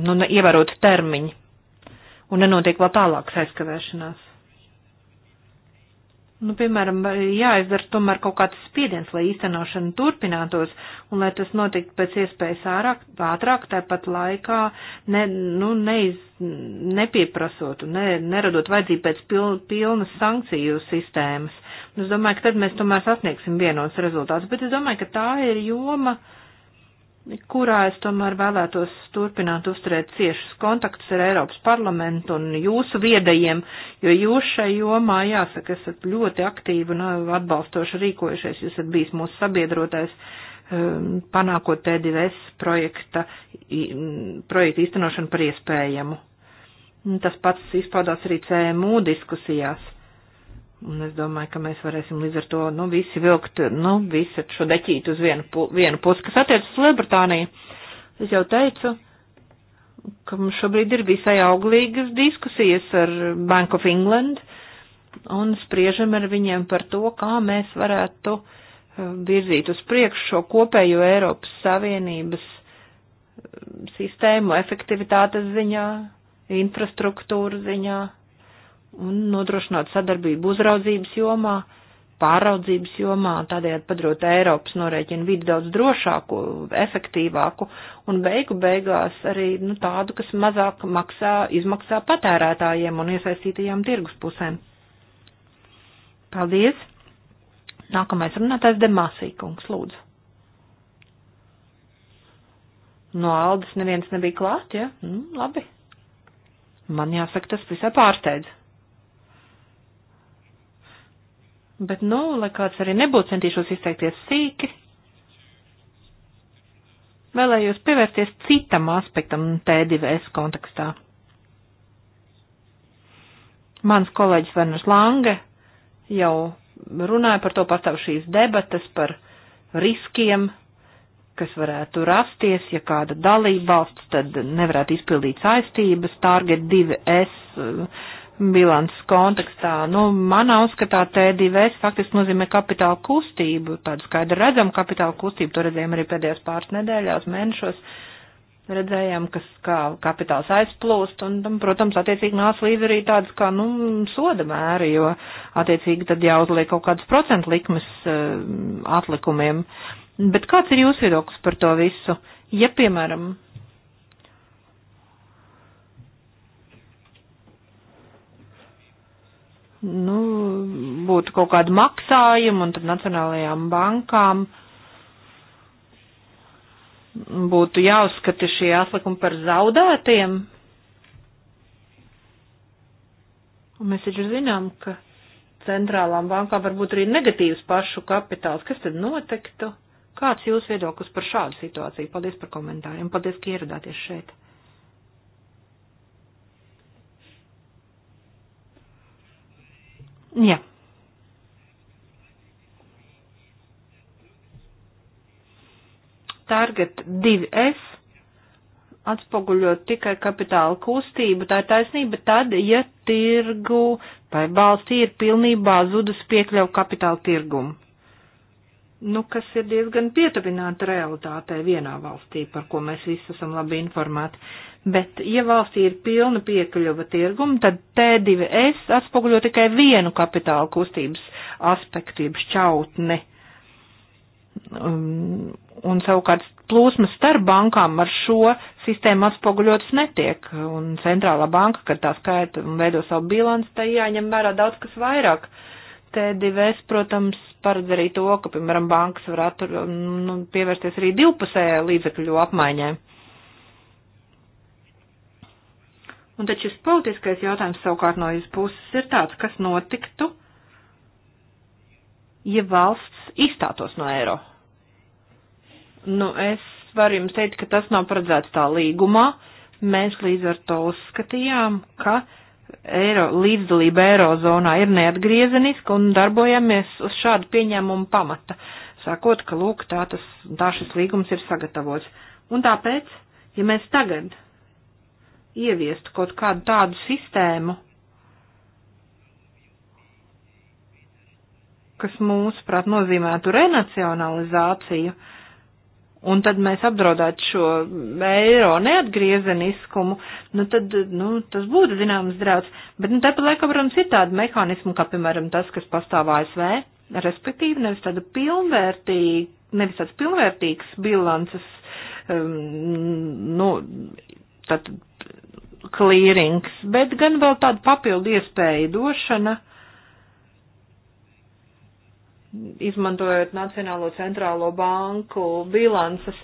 nu, ievērot termiņi un nenotiek vēl tālākas aizkavēšanās. Nu, piemēram, jāizdara tomēr kaut kāds spiediens, lai īstenošana turpinātos un lai tas notiktu pēc iespējas ārāk, ātrāk, tāpat laikā ne, nu, neiz, nepieprasot un ne, neradot vajadzību pēc pil, pilnas sankciju sistēmas. Es domāju, ka tad mēs tomēr sasniegsim vienots rezultāts, bet es domāju, ka tā ir joma. Uh, kurā es tomēr vēlētos turpināt uzturēt ciešus kontaktus ar Eiropas parlamentu un jūsu viedajiem, jo jūs šai jomā, jāsaka, esat ļoti aktīvi un uh, atbalstoši rīkojušies, jūs esat bijis mūsu sabiedrotais um, panākot T2S projekta, projekta īstenošanu par iespējamu. Tas pats izpaudās arī CMU diskusijās. Un es domāju, ka mēs varēsim līdz ar to, nu, visi vilkt, nu, visu šo deķītu uz vienu, pu, vienu pusi, kas attiecas uz Lielbritāniju. Es jau teicu, ka mums šobrīd ir visai auglīgas diskusijas ar Bank of England un spriežam ar viņiem par to, kā mēs varētu eh, virzīt uz priekšu šo kopējo Eiropas Savienības eh, sistēmu efektivitātes ziņā, infrastruktūra ziņā un nodrošināt sadarbību uzraudzības jomā, pāraudzības jomā, tādējādi padarot Eiropas norēķinu vidi daudz drošāku, efektīvāku un beigu beigās arī nu, tādu, kas mazāk maksā, izmaksā patērētājiem un iesaistītajām tirgus pusēm. Paldies! Nākamais runātājs Demasīkungs, lūdzu. No Aldas neviens nebija klāt, ja? Nu, labi. Man jāsaka, tas visai pārsteidz. Bet, nu, lai kāds arī nebūtu centīšos izteikties sīki, vēlējos pievērsties citam aspektam T2S kontekstā. Mans kolēģis Verners Lange jau runāja par to pastāv šīs debatas par riskiem, kas varētu rasties, ja kāda dalībvalsts tad nevarētu izpildīt saistības Target 2S bilants kontekstā. Nu, manā uzskatā TDVs faktiski nozīmē kapitāla kustību, tādu skaidru redzamu kapitāla kustību, to redzējām arī pēdējās pāris nedēļās, mēnešos, redzējām, kas kā kapitāls aizplūst, un tam, nu, protams, attiecīgi nāca līdz arī tāds kā, nu, soda mēri, jo attiecīgi tad jāuzliek kaut kādas procentu likmes uh, atlikumiem. Bet kāds ir jūsu viedoklis par to visu? Ja, piemēram, nu, būtu kaut kāda maksājuma un tad nacionālajām bankām būtu jāuzskata šie atlikumi par zaudētiem. Un mēs taču zinām, ka centrālām bankām var būt arī negatīvs pašu kapitāls. Kas tad notiktu? Kāds jūs viedoklis par šādu situāciju? Paldies par komentāriem. Paldies, ka ieradāties šeit. Ja. Target 2S atspoguļot tikai kapitāla kustību, tā ir taisnība tad, ja tirgu vai balstī ir pilnībā zudus piekļuvu kapitāla tirgumu. Nu, kas ir diezgan pietuvināta realitātei vienā valstī, par ko mēs visi esam labi informēti. Bet, ja valstī ir pilna piekļuva tirgumu, tad T2S atspoguļo tikai vienu kapitāla kustības aspektu, jeb šķautni. Um, un savukārt plūsmas starp bankām ar šo sistēmu atspoguļotas netiek. Un centrālā banka, kad tā skaita un veido savu bilanci, tai jāņem vērā daudz kas vairāk. T2S, protams, paredz arī to, ka, piemēram, bankas var atur, nu, pievērsties arī divpusējai līdzekļu apmaiņai. Un taču šis politiskais jautājums savukārt no jūsu puses ir tāds, kas notiktu, ja valsts izstātos no eiro. Nu, es varu jums teikt, ka tas nav paredzēts tā līgumā. Mēs līdz ar to uzskatījām, ka eiro, līdzdalība eirozonā ir neatgriezeniska un darbojamies uz šādu pieņēmumu pamata, sakot, ka lūk, tā, tas, tā šis līgums ir sagatavots. Un tāpēc, ja mēs tagad ieviestu kaut kādu tādu sistēmu, kas mūsuprāt nozīmētu renacionalizāciju, un tad mēs apdraudētu šo eiro neatgriezeniskumu, nu tad, nu, tas būtu zināms drauds. Bet, nu, tāpat laikā, protams, ir tādi mehānismi, kā, piemēram, tas, kas pastāv ASV, respektīvi nevis tāda pilnvērtīga, nevis tāds pilnvērtīgs bilances, um, nu, tad klīrings, bet gan vēl tādu papildu iespēju došana, izmantojot Nacionālo centrālo banku bilances,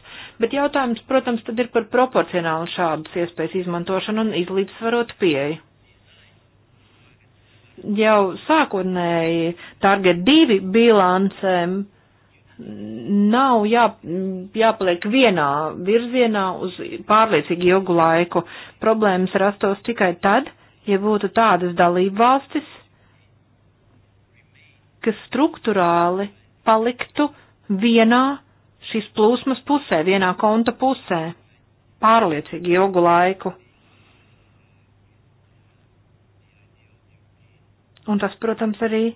bet jautājums, protams, tad ir par proporcionālu šādas iespējas izmantošanu un izlīdzsvarot pieeju. Jau sākotnēji target divi bilancēm nav jā, jāpaliek vienā virzienā uz pārliecīgi ilgu laiku. Problēmas rastos tikai tad, ja būtu tādas dalību valstis, kas struktūrāli paliktu vienā šīs plūsmas pusē, vienā konta pusē pārliecīgi ilgu laiku. Un tas, protams, arī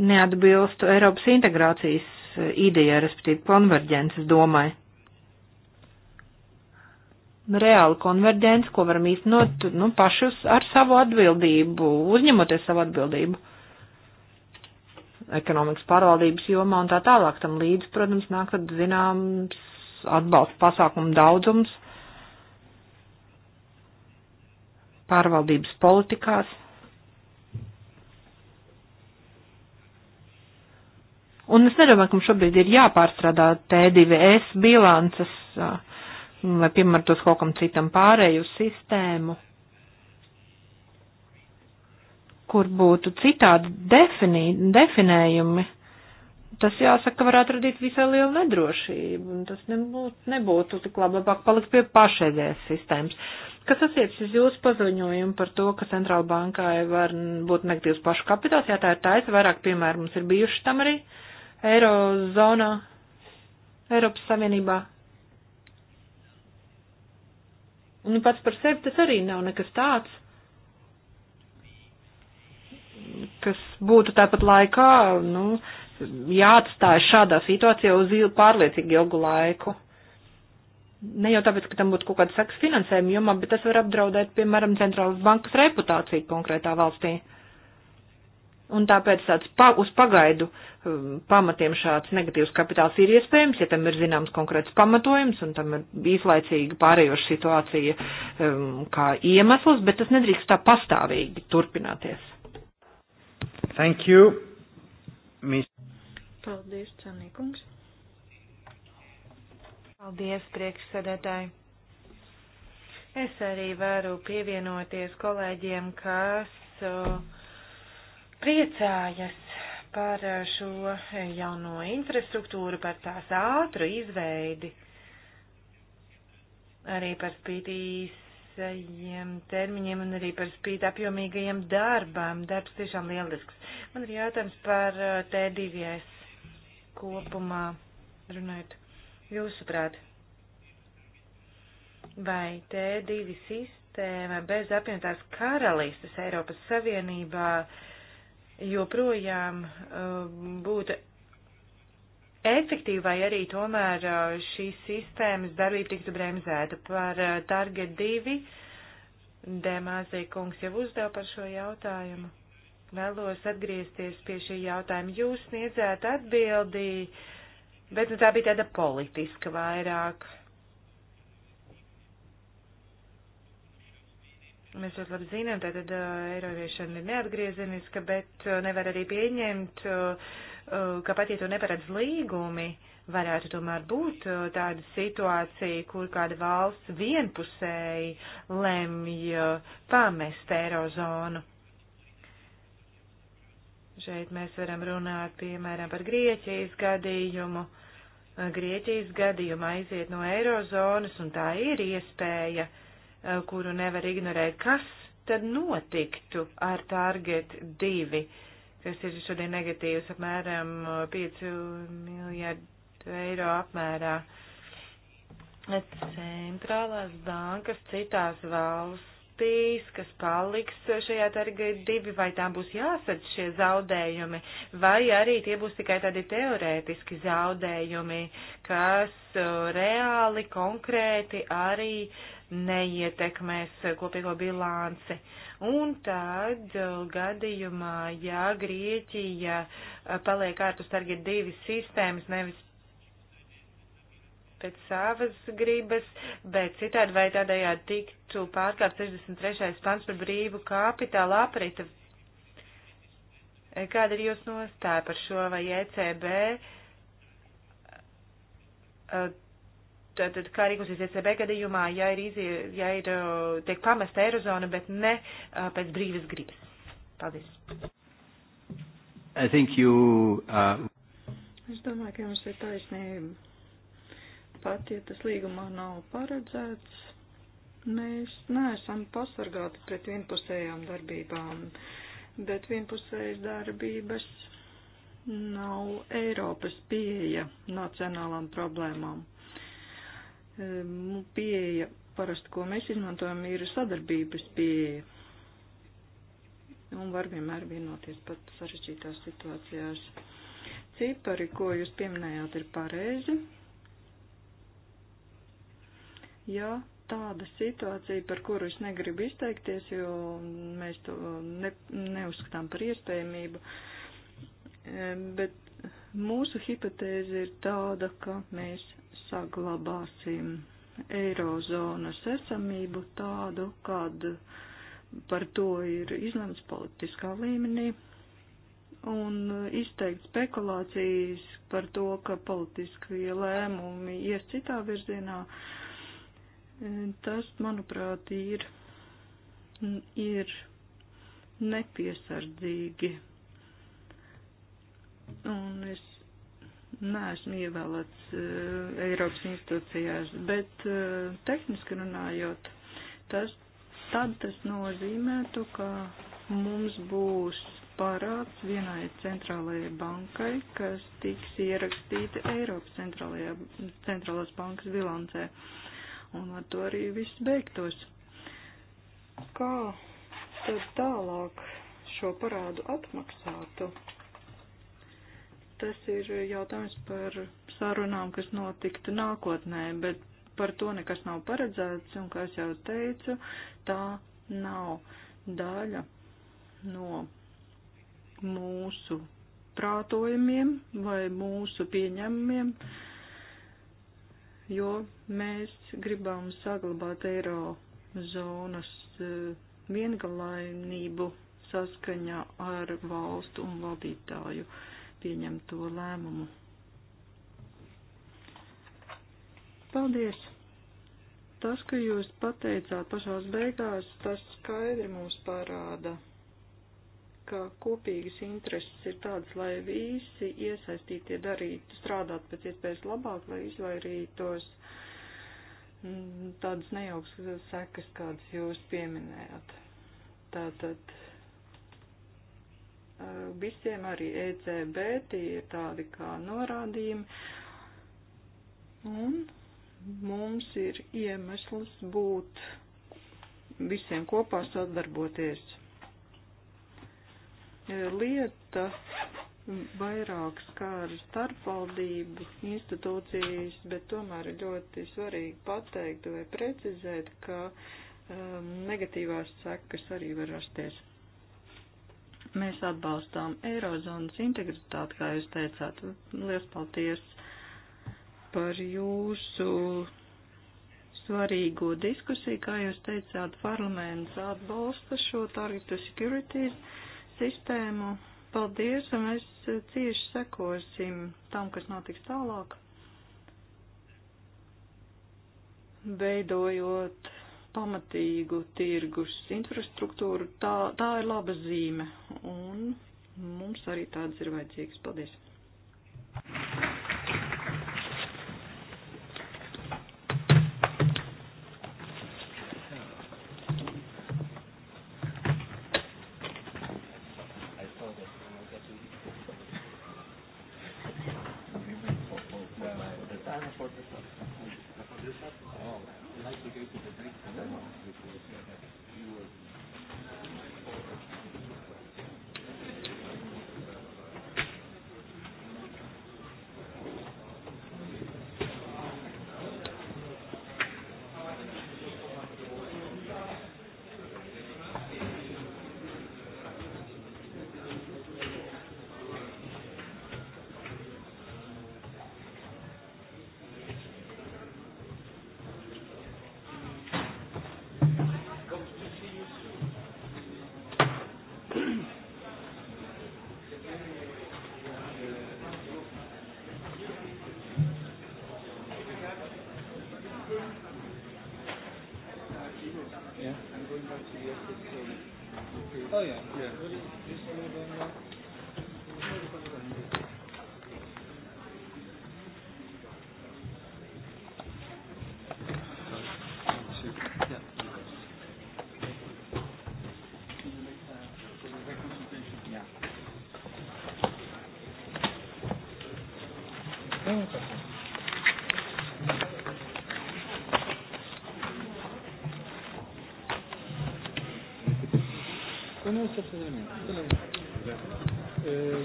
neatbilstu Eiropas integrācijas idejai, respektīvi konverģences domai. Reāli konverģence, ko varam īstenot, nu, paši ar savu atbildību, uzņemoties savu atbildību ekonomikas pārvaldības jomā un tā tālāk. Tam līdz, protams, nāk tad zināms atbalsta pasākumu daudzums pārvaldības politikās. Un es nedomāju, ka mums šobrīd ir jāpārstrādā T2S bilances, lai piemērtos kaut kam citam pārēju sistēmu, kur būtu citādi definī, definējumi. Tas jāsaka, varētu radīt visai lielu nedrošību, un tas nebūtu, nebūtu tik labāk palikt pie pašreizējās sistēmas. Kas attiecas uz jūsu paziņojumu par to, ka centrāla bankai var būt negatīvs pašu kapitāls, jā, tā ir taisa, vairāk piemēru mums ir bijuši tam arī. Uh, Eirozonā, Eiropas Savienībā. Un pats par sevi tas arī nav nekas tāds, kas būtu tāpat laikā, nu, jāatstāj šādā situācijā uz il pārliecīgi ilgu laiku. Ne jau tāpēc, ka tam būtu kaut kāda saks finansējuma jomā, bet tas var apdraudēt, piemēram, centrālas bankas reputāciju konkrētā valstī. Uh, un tāpēc tāds pa, uz pagaidu um, pamatiem šāds negatīvs kapitāls ir iespējams, ja tam ir zināms konkrēts pamatojums un tam ir īslaicīga pārējoša situācija um, kā iemesls, bet tas nedrīkst tā pastāvīgi turpināties. Thank you. Mis Paldies, Cenīkungs. Paldies, priekšsēdētāji. Es arī varu pievienoties kolēģiem, kas uh, priecājas par šo jauno infrastruktūru, par tās ātru izveidi, arī par spīti īsajiem termiņiem un arī par spīti apjomīgajiem darbām. Darbs tiešām lielisks. Man ir jautājums par uh, T2S kopumā runājot. Jūsuprāt, vai T2 sistēma bez apvienotās karalistas Eiropas Savienībā uh, joprojām um, būtu efektīvi vai arī tomēr uh, šīs sistēmas darbība tiktu bremzēta par uh, target 2. Demāzija kungs jau uzdeva par šo jautājumu. Vēlos atgriezties pie šī jautājuma. Jūs sniedzēt atbildi, bet nu, tā bija tāda politiska vairāk. Uh, Mēs ļoti labi zinām, tātad uh, eiroviešana ir neatgriezeniska, bet uh, nevar arī pieņemt, uh, uh, ka pat ja to neparedz līgumi, varētu tomēr būt uh, tāda situācija, kur kāda valsts vienpusēji lemj uh, pamest eirozonu. Šeit mēs varam runāt, piemēram, par Grieķijas gadījumu. Grieķijas gadījuma aiziet no eirozonas, un tā ir iespēja. Uh, Eh, kuru nevar ignorēt. Kas tad notiktu ar Target 2, kas ir šodien negatīvs apmēram 5 eh, miljārdu eiro apmērā? Centrālās bankas citās valstīs, kas paliks šajā Target 2, vai tām būs jāsadz šie zaudējumi, vai arī tie būs tikai tādi teorētiski zaudējumi, kas eh, reāli, konkrēti arī uh, neietekmēs eh, kopīgo bilanci. Un tad eh, gadījumā, ja Grieķija eh, paliek ārpus target divi sistēmas, nevis pēc savas gribas, bet citādi vai tādējādi tiktu pārkāpt 63. pants par brīvu kapitālu aprita. Kāda ir jūs nostāja par šo vai ECB? Tātad, kā rīkosies ECB gadījumā, ja ir, izie, ja ir tiek pamesta eirozona, bet ne pēc brīvas gribas? Paldies. You, uh... Es domāju, ka jums ir taisnība. Pat, ja tas līgumā nav paredzēts, mēs neesam pasargāti pret vienpusējām darbībām, bet vienpusējas darbības nav Eiropas pieeja nacionālām problēmām. Nu, pieeja parasti, ko mēs izmantojam, ir sadarbības pieeja. Un var vienmēr vienoties pat sarežģītās situācijās. Cipari, ko jūs pieminējāt, ir pareizi. Jā, tāda situācija, par kuru es negribu izteikties, jo mēs to ne, neuzskatām par iespējamību. Bet mūsu hipotēze ir tāda, ka mēs saglabāsim eirozonas esamību tādu, kādu par to ir izlemts politiskā līmenī. Un izteikt spekulācijas par to, ka politiskie lēmumi ies citā virzienā, tas, manuprāt, ir, ir nepiesardzīgi. Un es neesmu ievēlēts uh, Eiropas institūcijās, bet uh, tehniski runājot, tas, tad tas nozīmētu, ka mums būs parāds vienai centrālajai bankai, kas tiks ierakstīta Eiropas centrālās bankas bilancē. Un ar to arī viss beigtos. Kā tad tālāk šo parādu atmaksātu? tas ir jautājums par sarunām, kas notiktu nākotnē, bet par to nekas nav paredzēts, un, kā es jau teicu, tā nav daļa no mūsu prātojumiem vai mūsu pieņemumiem, jo mēs gribam saglabāt eiro zonas eh, viengalainību saskaņā ar valstu un valdītāju uh, pieņemto lēmumu. Paldies! Tas, ka jūs pateicāt pašās beigās, tas skaidri mums parāda, ka kopīgas intereses ir tādas, lai visi iesaistītie darītu, strādātu pēc iespējas labāk, lai izvairītos mm, tādas nejauks sekas, kādas jūs pieminējāt. Tātad visiem, arī ECB, tie ir tādi kā norādījumi. Un mums ir iemesls būt visiem kopā sadarboties. Lieta vairāk skāra starpvaldību institūcijas, bet tomēr ir ļoti svarīgi pateikt vai precizēt, ka um, negatīvās sekas arī var rasties. Mēs atbalstām Eirozonas integritāti, kā jūs teicāt. Lielas paldies par jūsu svarīgo diskusiju, kā jūs teicāt, parlaments atbalsta šo targetu securities sistēmu. Paldies, un mēs cieši sekosim tam, kas notiks tālāk. Beidojot pamatīgu tirgus infrastruktūru, tā, tā ir laba zīme, un mums arī tāds ir vajadzīgs. Paldies!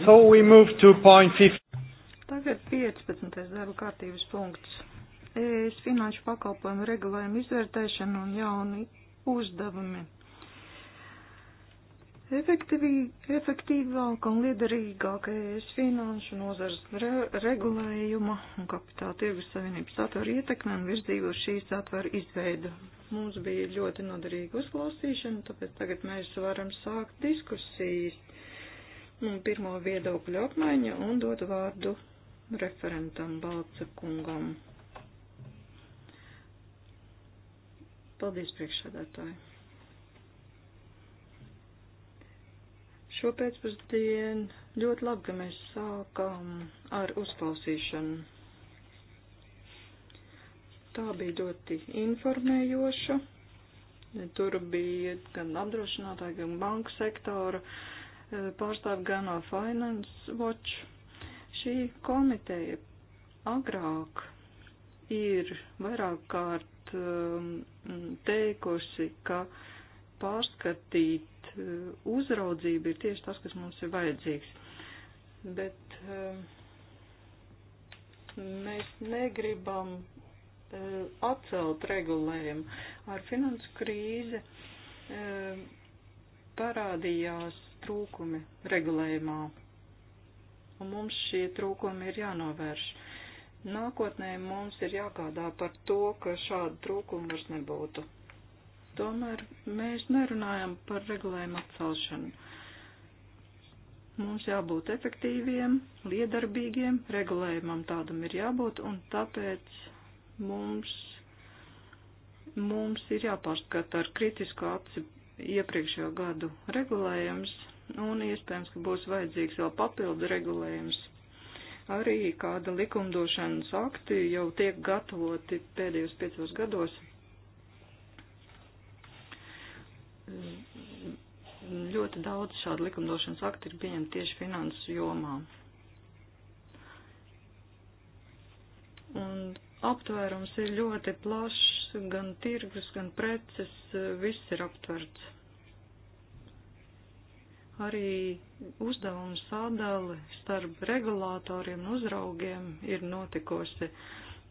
So we move to point 15. Tagad 15. darba kārtības punkts. Es finanšu pakalpojumu regulējumu izvērtēšanu un jauni uzdevumi. Efektīvi, efektīvāk un liederīgāk es finanšu nozars re, regulējuma un kapitāla tirgus savienības satvaru ietekme un virzību uz šīs satvaru izveidu. Mums bija ļoti noderīga uzklausīšana, tāpēc tagad mēs varam sākt diskusijas, pirmo viedokļu apmaiņu un dot vārdu referentam Balca kungam. Paldies, priekšsādātāji. Šo pēcpusdienu ļoti labi, ka mēs sākam ar uzklausīšanu Tā bija ļoti informējoša. Tur bija gan apdrošinātāji, gan banku sektora e, pārstāvi, gan no Finance Watch. Šī komiteja agrāk ir vairāk kārt e, teikusi, ka pārskatīt e, uzraudzību ir tieši tas, kas mums ir vajadzīgs. Bet mēs negribam Eh, atcelt regulējumu. Ar finansu krīzi eh, parādījās trūkumi regulējumā, un mums šie trūkumi ir jānovērš. Nākotnē mums ir jāgādā par to, ka šādu trūkumu vairs nebūtu. Tomēr mēs nerunājam par regulējumu atcelšanu. Mums jābūt efektīviem, liedarbīgiem, regulējumam tādam ir jābūt, un tāpēc mums, mums ir jāpārskata ar kritisku aci iepriekšējo gadu regulējums, un iespējams, ka būs vajadzīgs vēl papildu regulējums. Arī kāda likumdošanas akti jau tiek gatavoti pēdējos piecos gados. Ļoti daudz šādu likumdošanas aktu ir pieņemti tieši finanses jomā. Un aptvērums ir ļoti plašs, gan tirgus, gan preces, viss ir aptverts. Arī uzdevums sādāli starp regulātoriem un uzraugiem ir notikusi,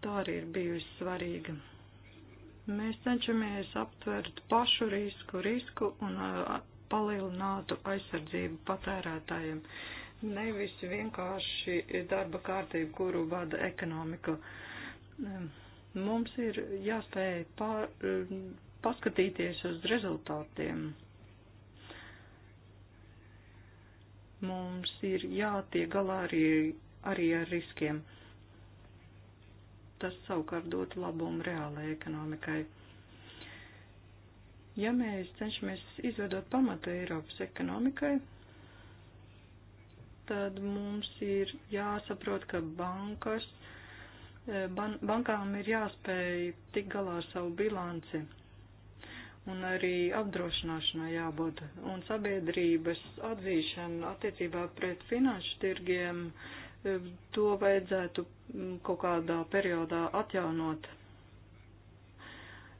tā arī ir bijusi svarīga. Mēs cenšamies aptvert pašu risku, risku un palielinātu aizsardzību patērētājiem, nevis vienkārši darba kārtību, kuru vada ekonomika. Uh, Mums ir jāspēj pār, paskatīties uz rezultātiem. Mums ir jātiek galā arī, arī ar riskiem. Tas savukārt dot labumu reālajai ekonomikai. Ja mēs cenšamies izveidot pamatu Eiropas ekonomikai, tad mums ir jāsaprot, ka bankas Eh, ban bankām ir jāspēj tik galā ar savu bilanci un arī apdrošināšanai jābūt. Un sabiedrības atzīšana attiecībā pret finanšu tirgiem eh, to vajadzētu mm, kaut kādā periodā atjaunot.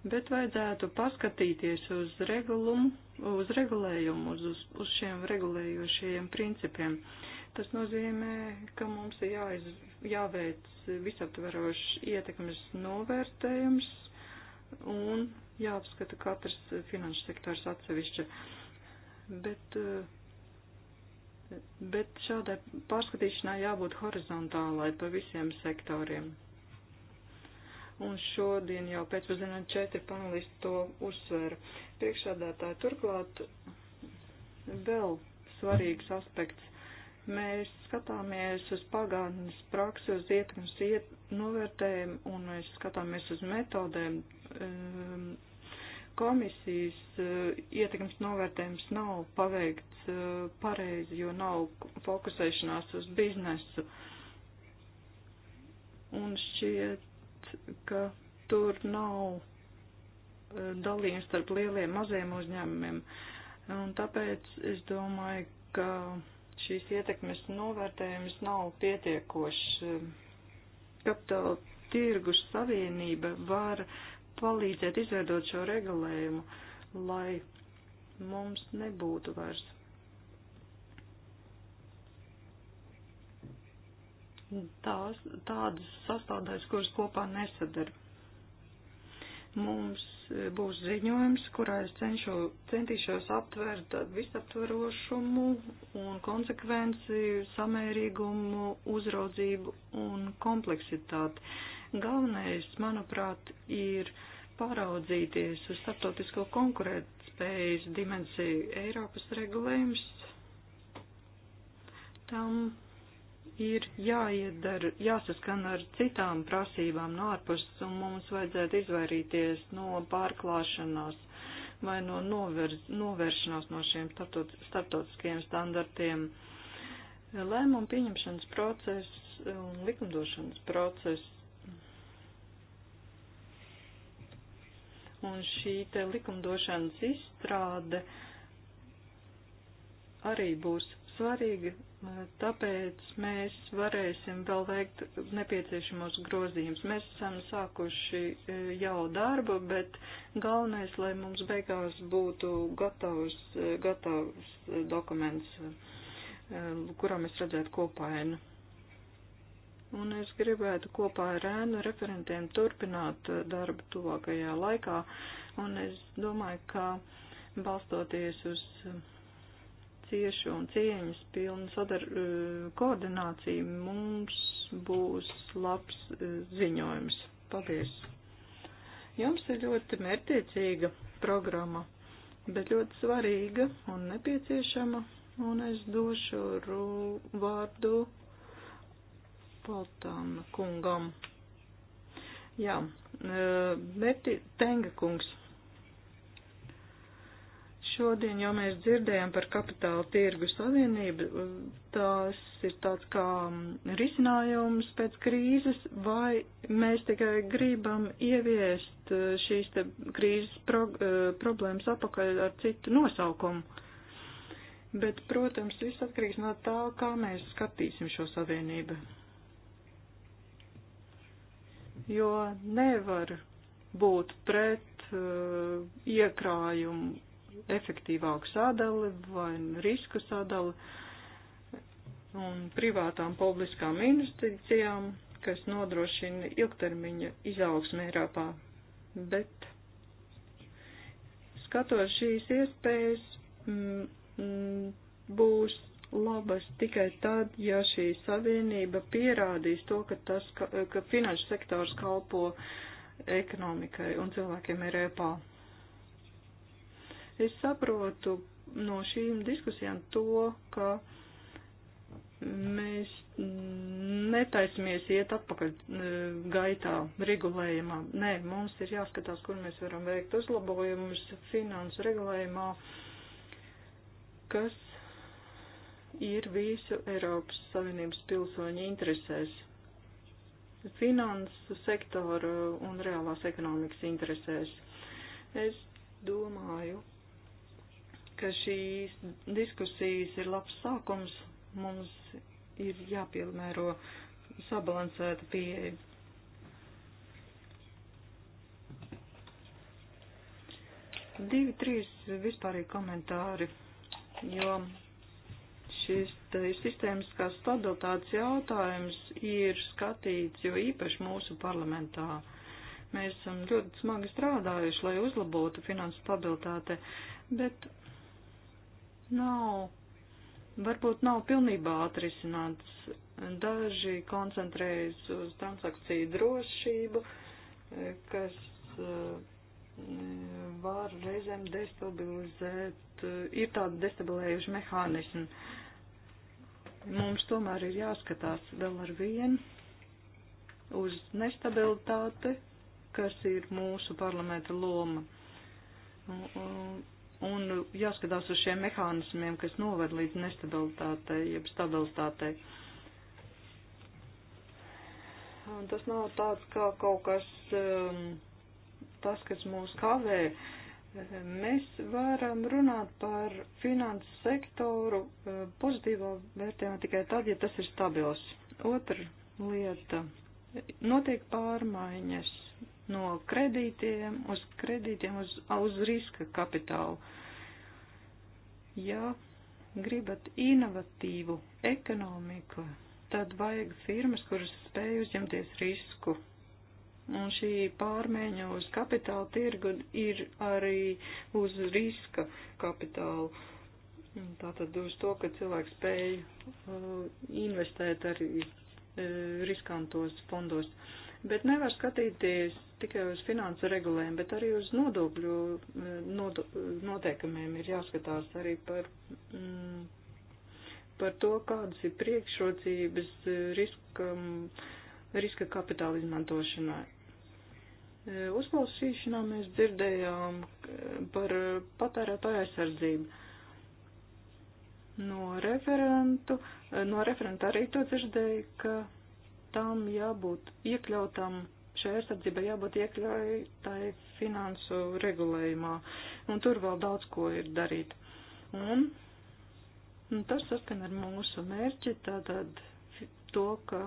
Bet vajadzētu paskatīties uz, regulumu, uz regulējumu, uz, uz šiem regulējošajiem principiem. Uh, Tas nozīmē, ka mums ir jāiz, jāveic visaptverošs ietekmes novērtējums un jāapskata katrs finanšu sektors atsevišķi. Bet, eh, bet šādai pārskatīšanai jābūt horizontālai pa visiem sektoriem. Un šodien jau pēcpazienā četri panelisti to uzsver. Priekšādātāji turklāt vēl svarīgs aspekts Mēs skatāmies uz pagātnes praksi, uz ietekmes iet, novērtējumu un mēs skatāmies uz metodēm. Ehm, komisijas eh, ietekmes novērtējums nav paveikts eh, pareizi, jo nav fokusēšanās uz biznesu. Un šķiet, ka tur nav eh, dalījums starp lieliem maziem uzņēmumiem. Un tāpēc es domāju, ka šīs ietekmes novērtējums nav pietiekošs. Kapitāla tirgus savienība var palīdzēt izveidot šo regulējumu, lai mums nebūtu vairs tās, tādas sastāvdaļas, kuras kopā nesadara. Mums būs ziņojums, kurā es cenšu, centīšos aptvert visaptvarošumu un konsekvenci, samērīgumu, uzraudzību un kompleksitāti. Galvenais, manuprāt, ir pāraudzīties uz starptautisko konkurētspējas dimensiju Eiropas regulējums. Tam ir jāiedara, jāsaskan ar citām prasībām no ārpus, un mums vajadzētu izvairīties no pārklāšanās vai no nover, novēršanās no šiem starptautiskajiem standartiem. Lēmumu pieņemšanas process un likumdošanas process un šī te likumdošanas izstrāde arī būs svarīga Tāpēc mēs varēsim vēl veikt nepieciešamos grozījumus. Mēs esam sākuši e, jau darbu, bet galvenais, lai mums beigās būtu gatavs, e, gatavs e, dokuments, kurā mēs redzētu kopā ēnu. Un es gribētu kopā ar ēnu referentiem turpināt darbu tuvākajā laikā, un es domāju, ka balstoties uz ciešu un cieņas pilnu sadar, e, koordināciju mums būs labs e, ziņojums. Paldies! Jums ir ļoti mērtiecīga programma, bet ļoti svarīga un nepieciešama, un es došu vārdu Paltām kungam. Jā, e, Mērti Tenga kungs. Šodien jau mēs dzirdējam par kapitāla tirgu savienību. Tās ir tāds kā risinājums pēc krīzes, vai mēs tikai gribam ieviest šīs te krīzes pro, eh, problēmas apakaļ ar citu nosaukumu. Bet, protams, viss atkarīgs no tā, kā mēs skatīsim šo savienību. Jo nevar būt pret uh, iekrājumu efektīvāku sadali vai risku sadali un privātām publiskām investīcijām, kas nodrošina ilgtermiņa izaugsmē Eiropā. Bet skatot šīs iespējas, m, mm, m, mm, būs labas tikai tad, ja šī savienība pierādīs to, ka, tas, ka, ka finanšu sektors kalpo ekonomikai un cilvēkiem Eiropā. Es saprotu no šīm diskusijām to, ka mēs netaisamies iet atpakaļ e, gaitā regulējumā. Nē, mums ir jāskatās, kur mēs varam veikt uzlabojumus finansu regulējumā, kas ir visu Eiropas Savienības pilsoņu interesēs. Finansu sektora un reālās ekonomikas interesēs. Es domāju, ka šīs diskusijas ir labs sākums. Mums ir jāpielmēro sabalansēta pieeja. Divi, trīs vispārīgi komentāri, jo šis sistēmiskās stabilitātes jautājums ir skatīts jo īpaši mūsu parlamentā. Mēs esam ļoti smagi strādājuši, lai uzlabotu finansu stabilitāte, bet nav, varbūt nav pilnībā atrisināts. Daži koncentrējas uz transakciju drošību, kas eh, var reizēm destabilizēt, ir tādi destabilējuši mehānismi. Mums tomēr ir jāskatās vēl ar vienu uz nestabilitāti, kas ir mūsu parlamenta loma. Un, un, un jāskatās uz šiem mehānismiem, kas noved līdz nestabilitātei, jeb stabilitātei. Un tas nav tāds kā kaut kas, um, tas, kas mūs kavē. Mēs varam runāt par finansu sektoru uh, pozitīvā vērtējumā tikai tad, ja tas ir stabils. Otra lieta - notiek pārmaiņas no kredītiem uz kredītiem uz, uz riska kapitālu. Ja gribat inovatīvu ekonomiku, tad vajag firmas, kuras spēj uzņemties risku. Un šī pārmaiņa uz kapitāla tirgu ir arī uz riska kapitālu. Tātad uz to, ka cilvēks spēj uh, investēt arī uh, riskantos fondos. Uh, Bet nevar skatīties tikai uz finansu regulējumu, bet arī uz nodokļu eh, nodo, noteikumiem ir jāskatās arī par, mm, par to, kādas ir priekšrocības eh, riska, mm, riska kapitāla izmantošanai. Eh, uzklausīšanā mēs dzirdējām par patērētāju aizsardzību. No referentu, no referenta arī to dzirdēju, ka tam jābūt iekļautam, šai aizsardzībai jābūt iekļautai finansu regulējumā, un tur vēl daudz ko ir darīt. Un, un tas saskan ar mūsu mērķi, tātad to, ka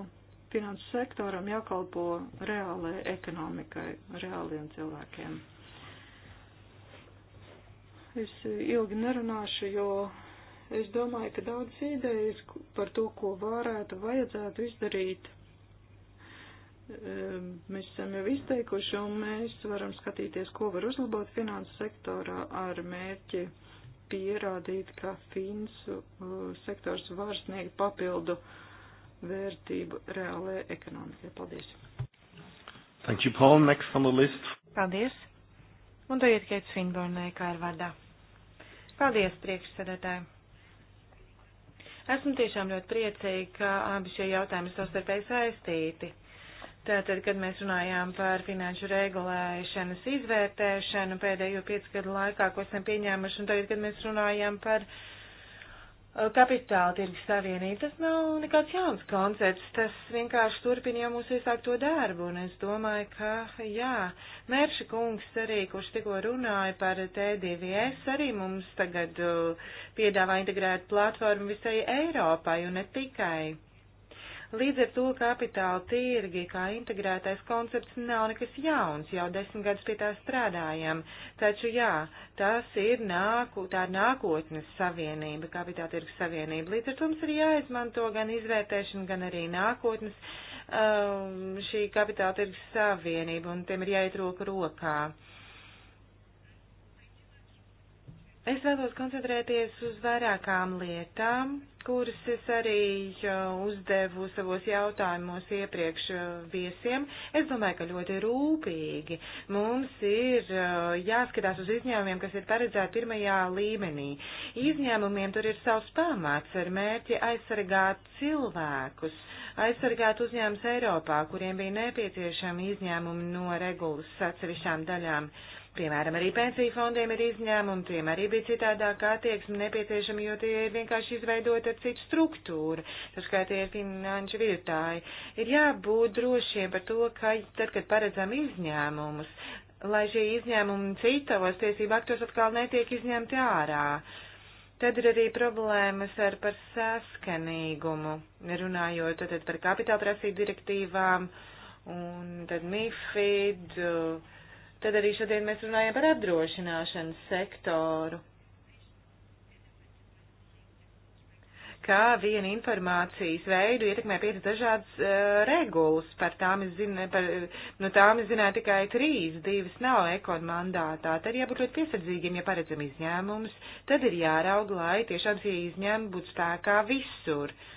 finansu sektoram jākalpo reālajai ekonomikai, reāliem cilvēkiem es ilgi nerunāšu, jo es domāju, ka daudzas idejas par to, ko varētu, vajadzētu izdarīt, mēs esam jau izteikuši, un mēs varam skatīties, ko var uzlabot finansu sektorā ar mērķi pierādīt, ka finansu sektors var sniegt papildu vērtību reālajai ekonomikai. Paldies! Thank you, Paul. Next on the list. Paldies! Un tagad Keits Finbornai kā ir vārdā. Paldies, priekšsēdētāji! Esmu tiešām ļoti priecīga, ka abi šie jautājumi savstarpēji saistīti. Tātad, kad mēs runājām par finanšu regulēšanas izvērtēšanu pēdējo piecu gadu laikā, ko esam pieņēmuši, un tagad, kad mēs runājām par uh, kapitāla tirgus savienību, tas nav nekāds jauns koncepts, tas vienkārši turpina jau mūsu iesākto darbu, un es domāju, ka, jā, Mērša kungs arī, kurš tikko runāja par T2S, arī mums tagad uh, piedāvā integrēt platformu visai Eiropai un ne tikai. Līdz ar to kapitāla tirgi kā integrētais koncepts nav nekas jauns, jau desmit gadus pie tā strādājam. Taču jā, tas ir nāku, tā ir nākotnes savienība, kapitāla tirgus savienība. Līdz ar to mums ir jāizmanto gan izvērtēšana, gan arī nākotnes um, šī kapitāla tirgus savienība, un tiem ir jāiet roka rokā. Es vēlos koncentrēties uz vairākām lietām kuras es arī uh, uzdevu savos jautājumos iepriekš uh, viesiem. Es domāju, ka ļoti rūpīgi mums ir uh, jāskatās uz izņēmumiem, kas ir paredzēti pirmajā līmenī. Izņēmumiem tur ir savs pamats ar mērķi aizsargāt cilvēkus, aizsargāt uzņēmums Eiropā, kuriem bija nepieciešami izņēmumi no regulas atsevišķām daļām. Piemēram, arī pensiju fondiem ir izņēmumi, tiem arī bija citādāka attieksme nepieciešama, jo tie ir vienkārši izveidoti cita struktūra, tas kā tie ir finanšu vidutāji. Ir jābūt drošiem par to, ka tad, kad paredzam izņēmumus, lai šie izņēmumi citos tiesību aktos atkal netiek izņemti ārā. Tad ir arī problēmas ar par saskanīgumu, runājot tad par kapitāla prasību direktīvām un tad MIFID. Tad arī šodien mēs runājam par apdrošināšanas sektoru. ka viena informācijas veidu ietekmē piecas dažādas uh, regulas. Par tām es zinu, par, no nu, tām es zināju tikai trīs, divas nav ekonu mandātā. Tad jābūt ļoti piesardzīgiem, ja paredzam izņēmumus, tad ir jāraug, lai tiešām šie izņēmumi būtu spēkā visur. Uh,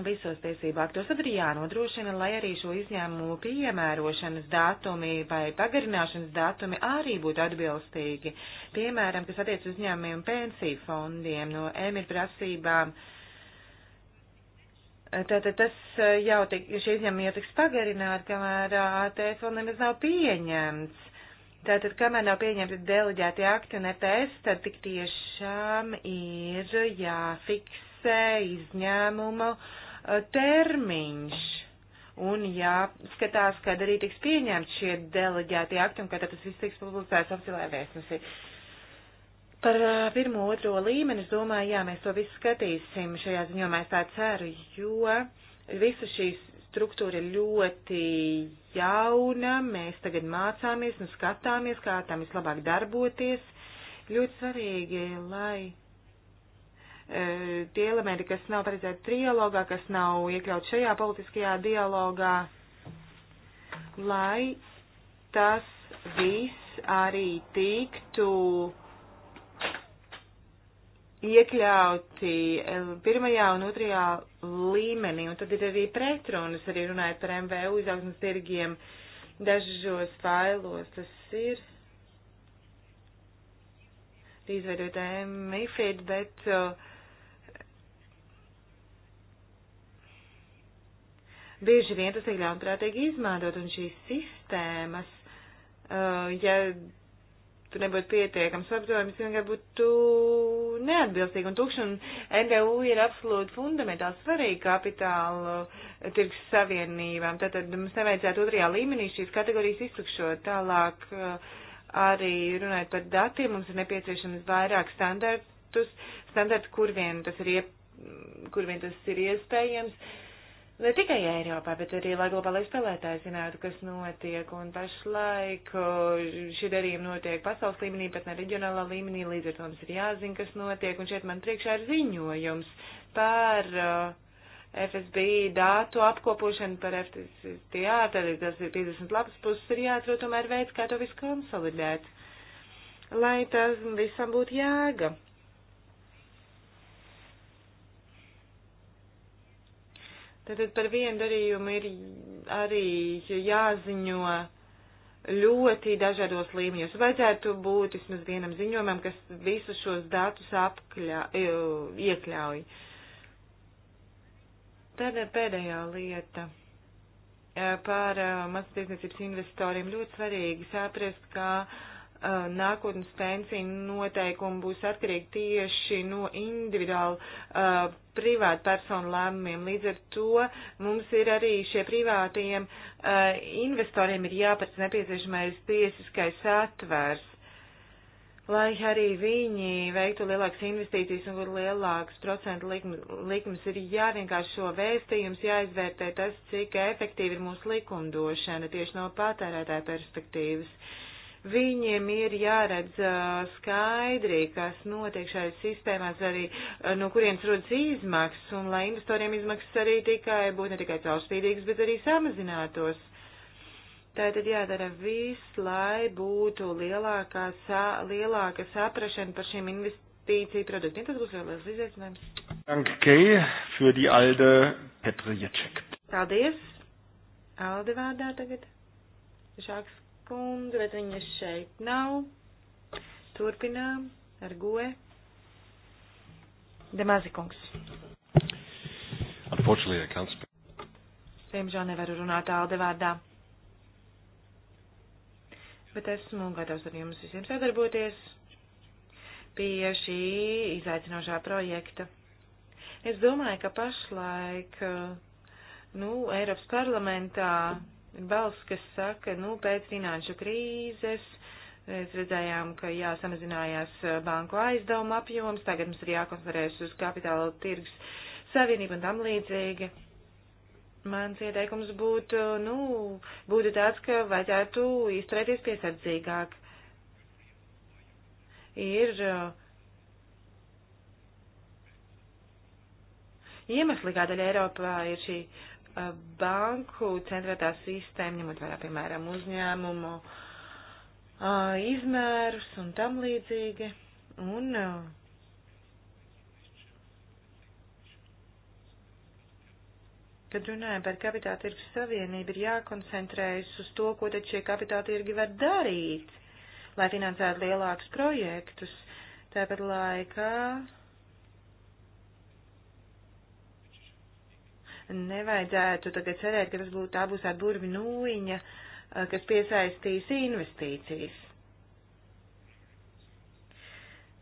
visos tiesību aktos tad ir jānodrošina, lai arī šo izņēmumu piemērošanas datumi vai pagarināšanas datumi arī būtu atbilstīgi. Piemēram, kas attiec uzņēmumiem pensiju fondiem no emir prasībām. Tātad tas eh, jau tik, šie izņēmumi jau tiks pagarināti, kamēr eh, ATF vēl nemaz nav pieņemts. Tātad, kamēr nav pieņemti deleģēti akti un ETS, tad tik tiešām ir jāfiksē izņēmumu uh, Eh, termiņš. Un jāskatās, kad arī tiks pieņemti šie deleģētie akti un kad tas viss tiks publicēts oficiālajā vēstnesī. Par eh, pirmo, otro līmeni, es domāju, jā, mēs to visu skatīsim šajā ziņojumā, es tā ceru, jo visa šī struktūra ir ļoti jauna, mēs tagad mācāmies un skatāmies, kā tam vislabāk darboties. Ļoti svarīgi, lai E, tie elementi, kas nav paredzēti trialogā, kas nav iekļauts šajā politiskajā dialogā, lai tas viss arī tiktu iekļauti e, pirmajā un otrajā līmenī. Un tad ir arī pretrunas, arī runājot par MVU izaugsmas tirgiem dažos failos. Tas ir izveidot MIFID, bet uh, bieži vien tas tiek ļaunprātīgi izmantot, un šīs sistēmas, uh, ja tur nebūtu pietiekams apdzīvojums, vienkārši būtu neatbilstīgi un tukši, un NDU ir absolūti fundamentāli svarīgi kapitāla tirgus savienībām, tātad mums nevajadzētu otrajā līmenī šīs kategorijas iztukšot tālāk. Uh, arī runājot par datiem, mums ir nepieciešams vairāk standartus, standarti, kur vien tas ir, ie, kur vien tas ir iespējams. Uh, ne tikai Eiropā, bet arī, lai globālais spēlētājs zinātu, kas notiek. Un pašlaik šī darījuma notiek pasaules līmenī, pat ne reģionālā līmenī, līdz ar to mums ir jāzina, kas notiek. Un šeit man priekšā ir ziņojums par FSB dātu apkopošanu par FTCA, tad tas ir 50 lapas puses, ir jāatrod tomēr veids, kā to visu konsolidēt, lai tas visam būtu jēga. Tad par vienu darījumu ir arī jāziņo ļoti dažādos līmeņos. Vajadzētu būt vismaz vienam ziņojumam, kas visus šos datus apkļa, e, iekļauj. Tad pēdējā lieta e, par e, mazatiesniecības investoriem ļoti svarīgi saprast, ka uh, Eh, nākotnes pensiju noteikumi būs atkarīgi tieši no individuāli uh, eh, privātu personu lēmumiem. Līdz ar to mums ir arī šie privātajiem uh, investoriem ir jāpats nepieciešamais tiesiskais atvērs, lai arī viņi veiktu lielākas investīcijas un lielākas procentu likmes ir jāvienkāršo vēstījums, jāizvērtē tas, cik efektīvi ir mūsu likumdošana tieši no patērētāja perspektīvas. Uh, Viņiem ir jāredz skaidri, kas notiek šajās sistēmās, arī no kurienes rodas izmaksas, un lai investoriem izmaksas arī tikai būtu ne tikai caurspīdīgas, bet arī samazinātos. Tātad jādara viss, lai būtu lielākā, sa, lielāka saprašana par šiem investīciju produktiem. Tas būs vēl liels izaicinājums. Danke, Kei, für die Alde Petra Ječek. Paldies. Alde vārdā tagad. Žāks kundu, bet viņa šeit nav. Turpinām ar goe. Demazi kungs. Unfortunately, I can't speak. Diemžēl nevaru runāt ālde vārdā. Bet esmu gatavs ar jums visiem sadarboties pie šī izaicinošā projekta. Es domāju, ka pašlaik, uh, nu, Eiropas parlamentā Ir balss, kas saka, nu, pēc finanšu krīzes mēs redzējām, ka jāsamazinājās banku aizdevuma apjoms, tagad mums ir jākoncentrēs uz kapitāla tirgus savienību un tam līdzīgi. Mans ieteikums būtu, nu, būtu tāds, ka vajadzētu izturēties piesardzīgāk. Ir uh, iemesli, kādēļ Eiropā ir šī uh, banku centrētā sistēma, ņemot vērā, piemēram, uzņēmumu izmērus un tam līdzīgi. Un kad runājam par kapitāla tirgus savienību, ir jākoncentrējas uz to, ko tad šie kapitāla tirgi var darīt, lai finansētu lielākus projektus. Tāpat laikā nevajadzētu tagad cerēt, ka tas būtu tā būs tā burvi nūjiņa, eh, kas piesaistīs investīcijas.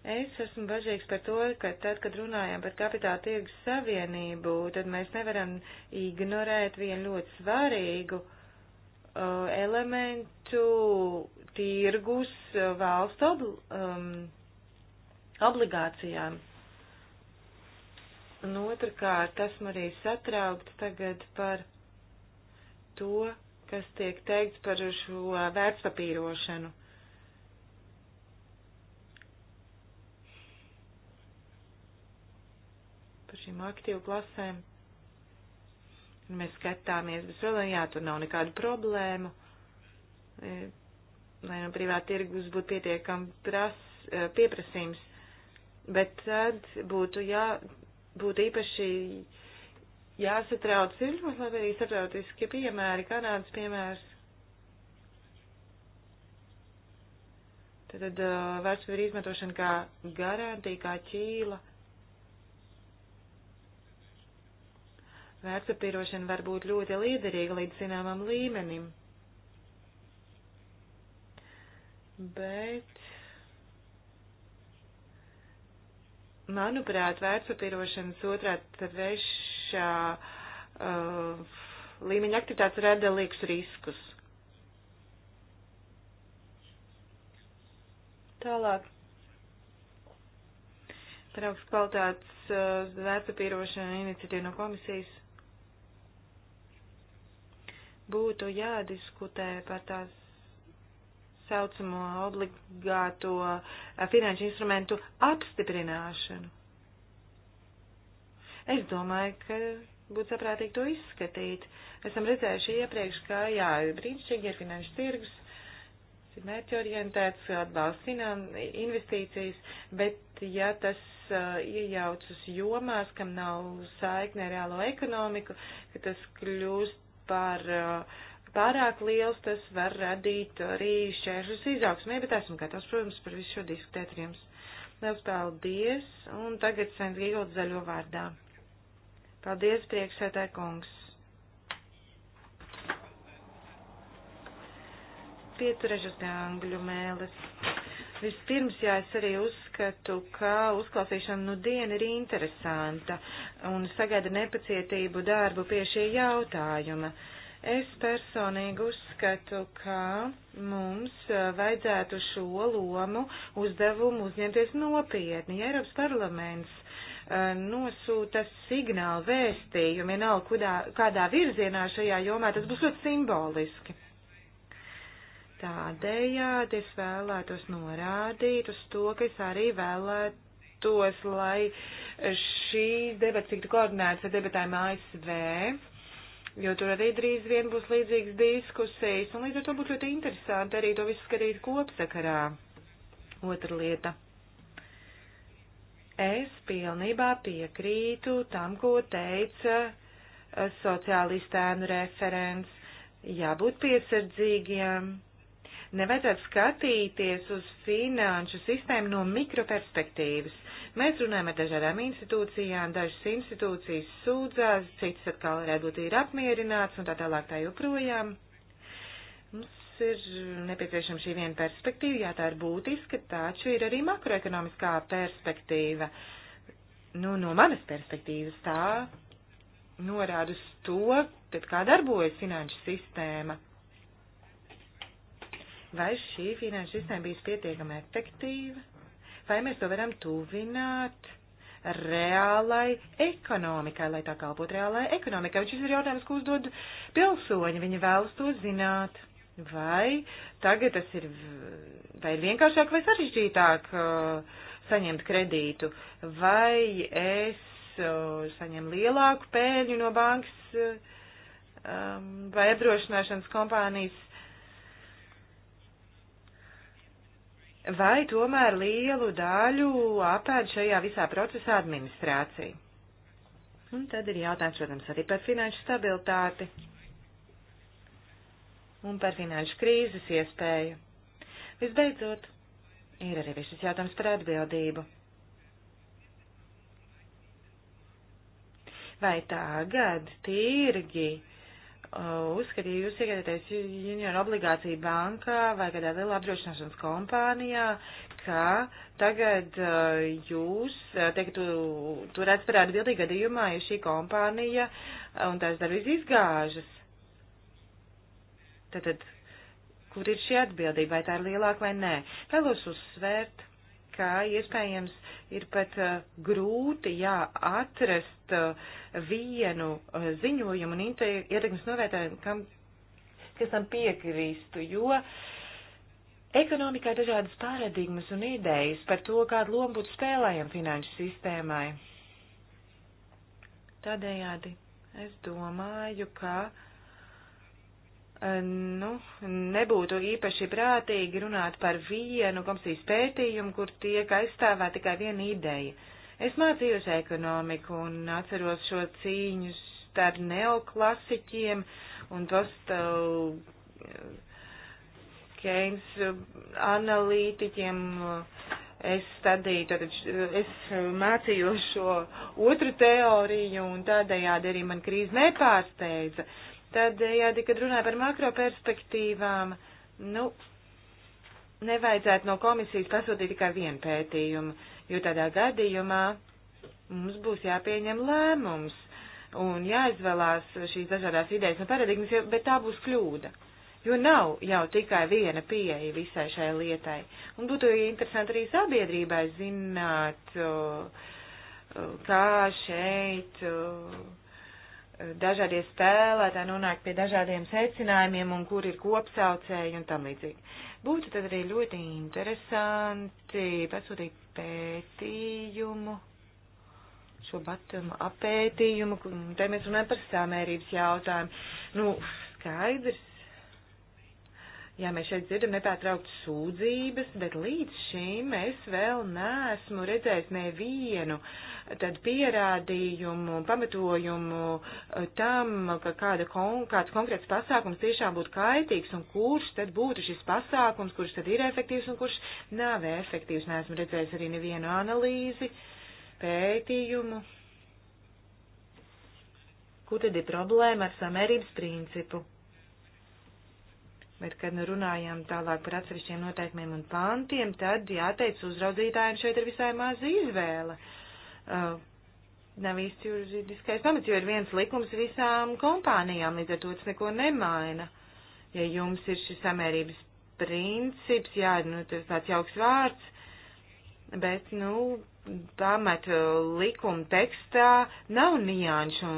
Es esmu bažīgs par to, ka tad, kad runājam par kapitāla tirgus savienību, tad mēs nevaram ignorēt vienu ļoti svarīgu uh, elementu tirgus eh, valstu ob, um, obligācijām. Un otrkārt, esmu arī satraukts tagad par to, kas tiek teikts par šo vērtspapīrošanu. Par šīm aktīvu klasēm. Un mēs skatāmies, bet vēl, jā, tur nav nekādu problēmu. E, lai no privāta tirgus būtu pietiekami e, pieprasījums. Bet tad būtu jā, būtu īpaši jāsatrauc, ir ļoti labi arī starptautiskie piemēri, Kanādas piemērs. Tad uh, vērtspapīra izmantošana kā garantija, kā ķīla. Vērtspapīrošana var būt ļoti liederīga līdz zināmam līmenim. Bet Manuprāt, vērtspapīrošanas otrā, trešā uh, līmeņa aktivitātes rada liekas riskus. Tālāk. Par augstu kvalitātes uh, vērtspapīrošana iniciatīva no komisijas būtu jādiskutē par tās saucamo obligāto eh, finanšu instrumentu apstiprināšanu. Es domāju, ka būtu saprātīgi to izskatīt. Esam redzējuši iepriekš, ka jā, brīnišķīgi ir finanšu tirgus, ir mērķorientēts, atbalsta investīcijas, bet ja tas uh, iejaucas jomās, kam nav saikne reālo ekonomiku, ka tas kļūst par uh, pārāk liels, tas var radīt arī šķēršus izaugsmē, bet esmu gatavs, protams, par visu šo diskutēt ar jums. Liels paldies, un tagad Sēns Gīgols zaļo vārdā. Paldies, priekšsētāj kungs. Pieturēžas pie angļu mēles. Vispirms, jā, es arī uzskatu, ka uzklausīšana nu diena ir interesanta un sagaida nepacietību darbu pie šī jautājuma. Uh, Es personīgi uzskatu, ka mums eh, vajadzētu šo lomu uzdevumu uzņemties nopietni. Ja Eiropas parlaments eh, nosūta signālu vēstījumu, vienalga, kudā, kādā virzienā šajā jomā, tas būs ļoti simboliski. Tādējādi es vēlētos norādīt uz to, ka es arī vēlētos, lai šīs debats tiktu koordinētas ar debatēm ASV jo tur arī drīz vien būs līdzīgas diskusijas, un līdz ar to būtu ļoti interesanti arī to visu skatīt kopsakarā. Otra lieta. Es pilnībā piekrītu tam, ko teica eh, sociālistēnu referents. Jābūt piesardzīgiem. Nevajadzētu skatīties uz finanšu sistēmu no mikroperspektīvas. Mēs runājam ar dažādām institūcijām, dažas institūcijas sūdzās, citas atkal varētu būt ir apmierināts un tā tālāk tā joprojām. Mums ir nepieciešama šī viena perspektīva, jā, tā ir būtiska, taču ir arī makroekonomiskā perspektīva. Nu, no manas perspektīvas tā norāda uz to, tad kā darbojas finanšu sistēma. Vai šī finanšu sistēma bijis pietiekami efektīva? vai mēs to varam tuvināt reālai ekonomikai, lai tā kalpot reālai ekonomikai. Un šis ir jautājums, ko uzdod pilsoņi, viņi vēlas to zināt. Vai tagad tas ir, vai ir vienkāršāk vai sarežģītāk uh, saņemt kredītu, vai es uh, saņemu lielāku pēļņu no bankas, uh, um, vai apdrošināšanas kompānijas vai tomēr lielu daļu apēd šajā visā procesā administrācija. Un tad ir jautājums, protams, arī par finanšu stabilitāti un par finanšu krīzes iespēju. Visbeidzot, ir arī viss jautājums par atbildību. Vai tagad tirgi Uh, uzskatīja, ja jūs iegādāties junioru obligāciju bankā vai kādā lielā apdrošināšanas kompānijā, ka tagad uh, jūs uh, teikt, turēts par atbildīgu gadījumā, ja šī kompānija un tās darbības izgāžas. Tātad, kur ir šī atbildība, vai tā ir lielāka vai nē? Vēlos uzsvērt ka iespējams ir pat uh, grūti jā, atrast uh, vienu uh, ziņojumu un ietekmes novērtējumu, kam, kas tam piekrīstu, jo ekonomikā ir dažādas paradigmas un idejas par to, kādu lomu būtu spēlējam finanšu sistēmai. Tādējādi es domāju, ka uh, Eh, nu, nebūtu īpaši prātīgi runāt par vienu komisijas pētījumu, kur tiek aizstāvā tikai viena ideja. Es mācījos ekonomiku un atceros šo cīņu starp neoklasiķiem un tos Keins eh, analītiķiem. Es stadīju, tad es mācījos šo otru teoriju un tādējādi arī man krīze nepārsteidza. Uh, Tādējādi, eh, kad runāju par makro perspektīvām, nu, nevajadzētu no komisijas pasūtīt tikai vienu pētījumu, jo tādā gadījumā mums būs jāpieņem lēmums un jāizvēlās šīs dažādās idejas un paradigmas, bet tā būs kļūda. Jo nav jau tikai viena pieeja visai šai lietai. Un būtu interesanti arī sabiedrībai zināt, kā šeit dažādie spēlētāji nonāk pie dažādiem secinājumiem un kur ir kopsaucēji un tam līdzīgi. Būtu tad arī ļoti interesanti pasūtīt pētījumu, šo batumu apētījumu, te mēs runājam par samērības jautājumu. Nu, skaidrs, Jā, mēs šeit dzirdam nepārtraukt sūdzības, bet līdz šim es vēl neesmu redzējis nevienu tad pierādījumu, pamatojumu eh, tam, ka kāda kon, kāds konkrēts pasākums tiešām būtu kaitīgs un kurš tad būtu šis pasākums, kurš tad ir efektīvs un kurš nav efektīvs. Neesmu redzējis arī nevienu analīzi, pētījumu. Kur tad ir problēma ar samērības principu? Bet, kad nu runājam tālāk par atsevišķiem noteikumiem un pantiem, tad jāteic uzraudzītājiem šeit ir visai maza izvēle. Uh, nav īsti juridiskais pamats, jo ir viens likums visām kompānijām, līdz ar to tas neko nemaina. Ja jums ir šis samērības princips, jā, nu, tas tāds jauks vārds, bet, nu, pamat likuma tekstā nav nianšu.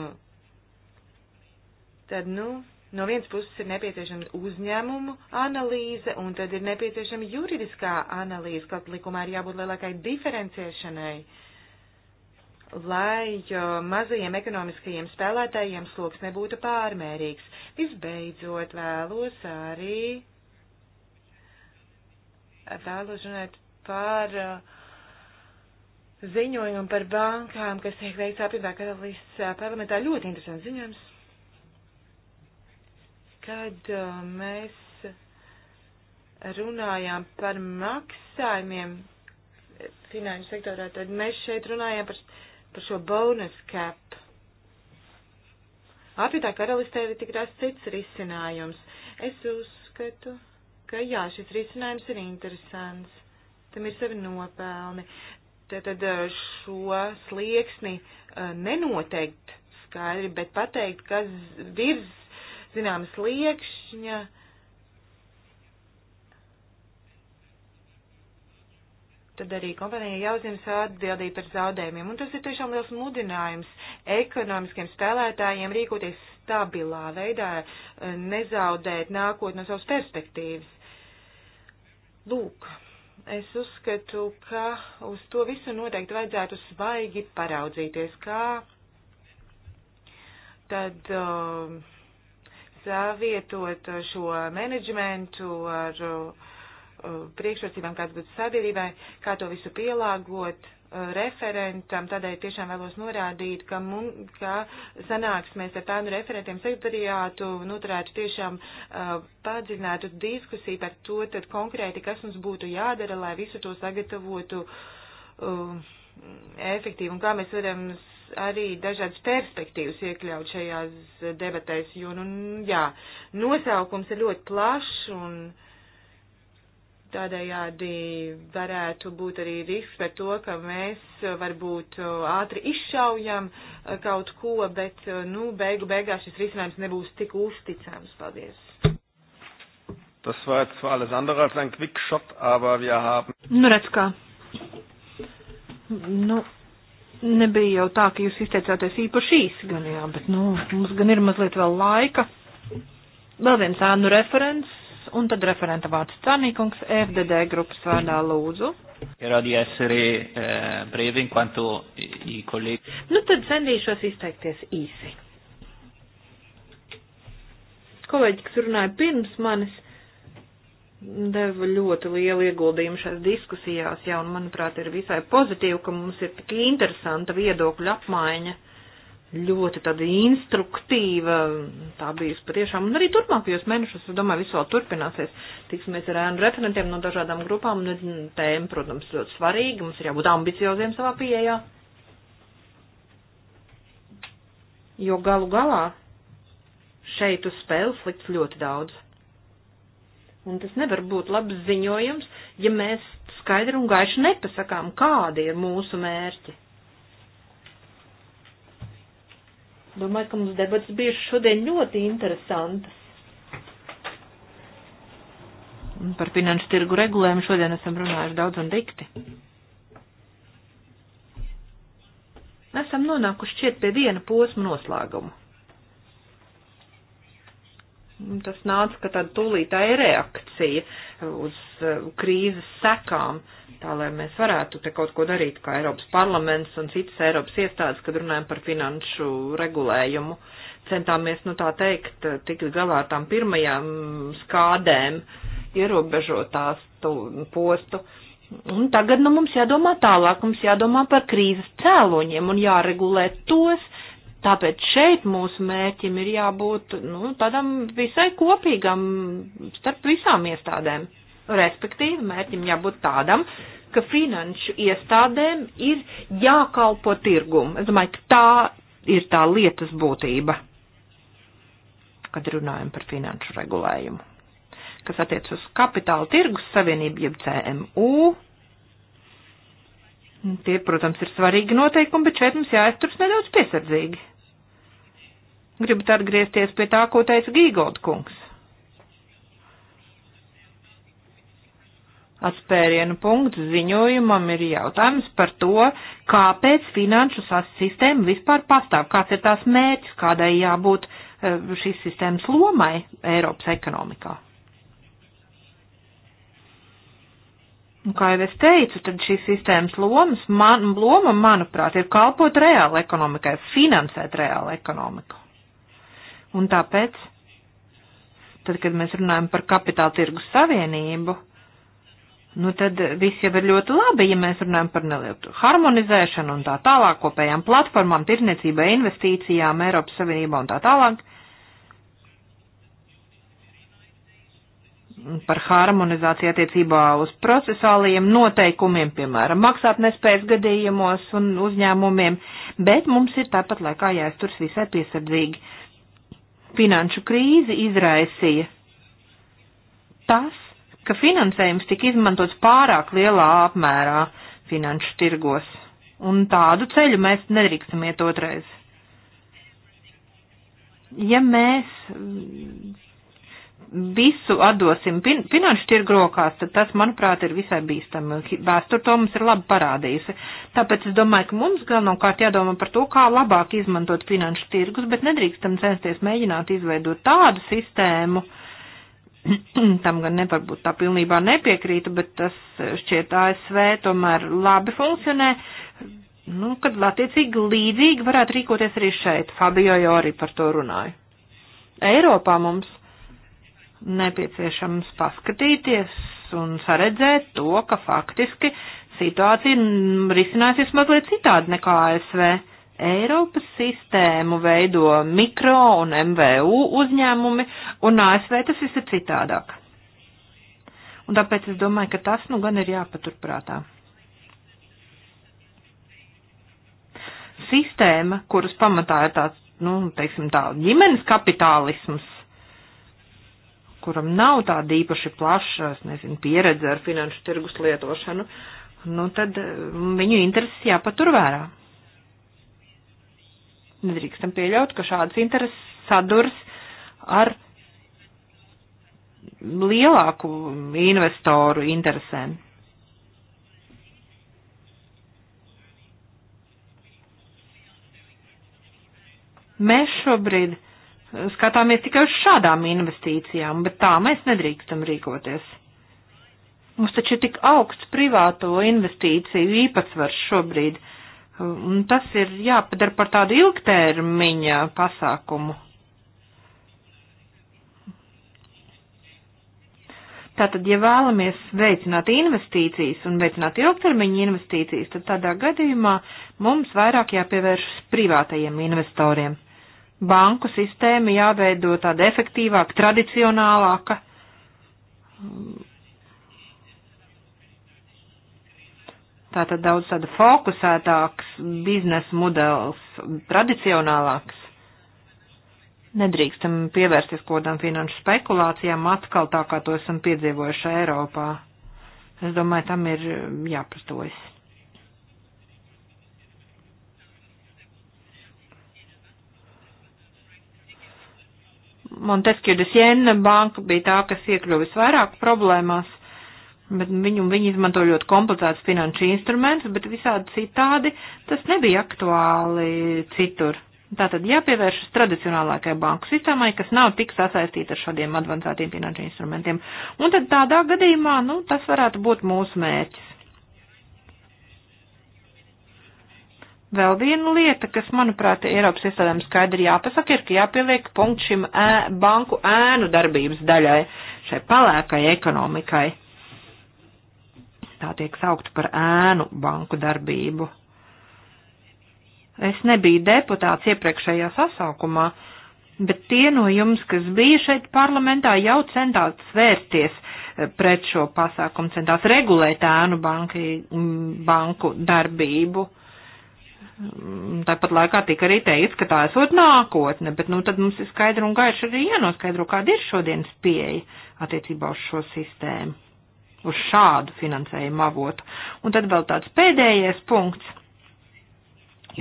Tad, nu, no vienas puses ir nepieciešama uzņēmumu analīze, un tad ir nepieciešama juridiskā analīze, kaut likumā ir jābūt lielākai diferenciēšanai, lai mazajiem ekonomiskajiem spēlētājiem sloks nebūtu pārmērīgs. Visbeidzot, vēlos arī vēlos runāt par uh, ziņojumu par bankām, kas tiek veikts apvienotā karalists uh, parlamentā. Ļoti interesants ziņojums. Kad uh, mēs runājām par maksājumiem finanšu sektorā, tad mēs šeit runājām par, par šo bonus cap. Apjūtā karalistē ir tik rāsts cits risinājums. Es uzskatu, ka jā, šis risinājums ir interesants. Tam ir savi nopelni. Tad uh, šo slieksni uh, nenoteikt skaidri, bet pateikt, kas virz zināmas liekšņa. Tad arī kompānija jāuzņems atbildība par zaudējumiem, un tas ir tiešām liels mudinājums ekonomiskiem spēlētājiem rīkoties stabilā veidā, nezaudēt nākotnē no savas perspektīvas. Lūk, es uzskatu, ka uz to visu noteikti vajadzētu svaigi paraudzīties, kā tad. Uh, savietot šo menedžmentu ar uh, priekšrocībām, kāds būtu sabiedrībai, kā to visu pielāgot uh, referentam, tādēļ tiešām vēlos norādīt, ka, mun, ka sanāksmēs ar tādu referentiem sekretariātu noturētu tiešām uh, padziļinātu diskusiju par to, tad konkrēti, kas mums būtu jādara, lai visu to sagatavotu uh, efektīvi un kā mēs varam arī dažādas perspektīvas iekļaut šajās debatēs, jo, nu, jā, nosaukums ir ļoti plašs un tādējādi varētu būt arī risks par to, ka mēs varbūt ātri izšaujam kaut ko, bet, nu, beigu beigās šis risinājums nebūs tik uzticams. Paldies! Tas war jetzt zwar alles andere als ein Quickshot, aber wir haben. Nu, redz kā. Nu, nebija jau tā, ka jūs izteicāties īpaši īsi, gan jā, bet, nu, mums gan ir mazliet vēl laika. Vēl viens ēnu referents, un tad referenta vārds Cānīkungs, FDD grupas vārdā lūdzu. Eh, nu, tad centīšos izteikties īsi. Kolēģi, kas runāja pirms manis deva ļoti lielu ieguldījumu šajās diskusijās, jā, un manuprāt ir visai pozitīvi, ka mums ir tik interesanta viedokļa apmaiņa, ļoti tāda instruktīva, tā bijusi patiešām, un arī turpmākajos mēnešos, es domāju, visu vēl turpināsies, tiksimies ar ēnu referentiem no dažādām grupām, un tēma, protams, ļoti svarīga, mums ir jābūt ambicioziem savā pieejā, jo galu galā šeit uz spēles liks ļoti daudz. Un tas nevar būt labs ziņojums, ja mēs skaidri un gaiši nepasakām, kādi ir mūsu mērķi. Domāju, ka mums debats bija šodien ļoti interesantas. Un par finanšu tirgu regulējumu šodien esam runājuši daudz un dikti. Esam nonākuši šķiet pie viena posma noslēguma. Tas nāca, ka tāda tūlītāja reakcija uz eh, krīzes sekām, tā lai mēs varētu te kaut ko darīt, kā Eiropas parlaments un citas Eiropas iestādes, kad runājam par finanšu regulējumu. Centāmies, nu tā teikt, tikt galā ar tām pirmajām skādēm, ierobežotās postu. Un tagad nu, mums jādomā tālāk, mums jādomā par krīzes cēloņiem un jāregulē tos, Tāpēc šeit mūsu mērķim ir jābūt nu, tādam visai kopīgam starp visām iestādēm. Respektīvi, mērķim jābūt tādam, ka finanšu iestādēm ir jākalpo tirgumu. Es domāju, ka tā ir tā lietas būtība, kad runājam par finanšu regulējumu. Kas attiec uz kapitāla tirgus savienību, jeb CMU, Tie, protams, ir svarīgi noteikumi, bet šeit mums jāizturas nedaudz piesardzīgi. Gribat atgriezties pie tā, ko teica Gīgold kungs. Atspērienu punkts ziņojumam ir jautājums par to, kāpēc finanšu sistēma vispār pastāv, kāds ir tās mērķis, kādai jābūt e, šīs sistēmas lomai Eiropas ekonomikā. Un kā jau es teicu, tad šīs sistēmas lomas, man, loma, manuprāt, ir kalpot reāli ekonomikai, finansēt reāli ekonomiku. Un tāpēc, tad, kad mēs runājam par kapitāla tirgus savienību, nu tad viss jau ir ļoti labi, ja mēs runājam par nelielu harmonizēšanu un tā tālāk kopējām platformām, tirniecībai, investīcijām, Eiropas Savienībā un tā tālāk. Par harmonizāciju attiecībā uz procesuālajiem noteikumiem, piemēram, maksātnespējas gadījumos un uzņēmumiem, bet mums ir tāpat laikā jāizturas visai piesardzīgi finanšu krīzi izraisīja tas, ka finansējums tika izmantots pārāk lielā apmērā finanšu tirgos, un tādu ceļu mēs nedrīkstam iet otrais. Ja mēs visu atdosim fin finanšu tirgu rokās, tad tas, manuprāt, ir visai bīstami. Vēstur to mums ir labi parādījusi. Tāpēc es domāju, ka mums galvenokārt jādomā par to, kā labāk izmantot finanšu tirgus, bet nedrīkstam censties mēģināt izveidot tādu sistēmu, (clears throat) tam gan ne varbūt tā pilnībā nepiekrītu, bet tas šķiet ASV tomēr labi funkcionē, nu, kad attiecīgi līdzīgi varētu rīkoties arī šeit. Fabio jau arī par to runāja. Eiropā mums nepieciešams paskatīties un saredzēt to, ka faktiski situācija risināsies mazliet citādi nekā ASV. Eiropas sistēmu veido mikro un MVU uzņēmumi, un ASV tas viss ir citādāk. Un tāpēc es domāju, ka tas nu gan ir jāpaturprātā. Sistēma, kuras pamatā ir tāds, nu, teiksim tā, ģimenes kapitālisms, kuram nav tāda īpaši plaša, es nezinu, pieredze ar finanšu tirgus lietošanu, nu tad eh, viņu intereses jāpatur vērā. Nedrīkstam pieļaut, ka šādas intereses sadurs ar lielāku investoru interesēm. Mēs šobrīd skatāmies tikai uz šādām investīcijām, bet tā mēs nedrīkstam rīkoties. Mums taču ir tik augsts privāto investīciju īpatsvars šobrīd, un tas ir jāpadara par tādu ilgtermiņa pasākumu. Tātad, ja vēlamies veicināt investīcijas un veicināt ilgtermiņa investīcijas, tad tādā gadījumā mums vairāk jāpievēršas privātajiem investoriem banku sistēma jāveido tāda efektīvāka, tradicionālāka. Tātad daudz tāda fokusētāks biznesa modelis, tradicionālāks. Nedrīkstam pievērsties kodam finanšu spekulācijām atkal tā, kā to esam piedzīvojuši Eiropā. Es domāju, tam ir jāprastojas. Montesquieu de Siena banka bija tā, kas iekļuva visvairāk problēmās, bet viņu, viņi izmanto ļoti komplicētus finanšu instrumentus, bet visādi citādi tas nebija aktuāli citur. Tātad jāpievēršas tradicionālākai banku sistēmai, kas nav tik sasaistīta ar šādiem advancētiem finanšu instrumentiem. Un tad tādā gadījumā, nu, tas varētu būt mūsu mērķis. Vēl viena lieta, kas, manuprāt, Eiropas iestādēm skaidri jāpasaka, ir, ka jāpieliek punkts šim ē, banku ēnu darbības daļai, šai palēkai ekonomikai. Tā tiek saukta par ēnu banku darbību. Es nebiju deputāts iepriekšējā sasaukumā, bet tie no jums, kas bija šeit parlamentā, jau centās svērsties pret šo pasākumu, centās regulēt ēnu banki, banku darbību Mm, tāpat laikā tika arī teikts, ka tā esot nākotne, bet nu tad mums ir skaidri un gaiši arī jānoskaidro, kāda ir šodienas pieeja attiecībā uz šo sistēmu, uz šādu finansējumu avotu. Un tad vēl tāds pēdējais punkts.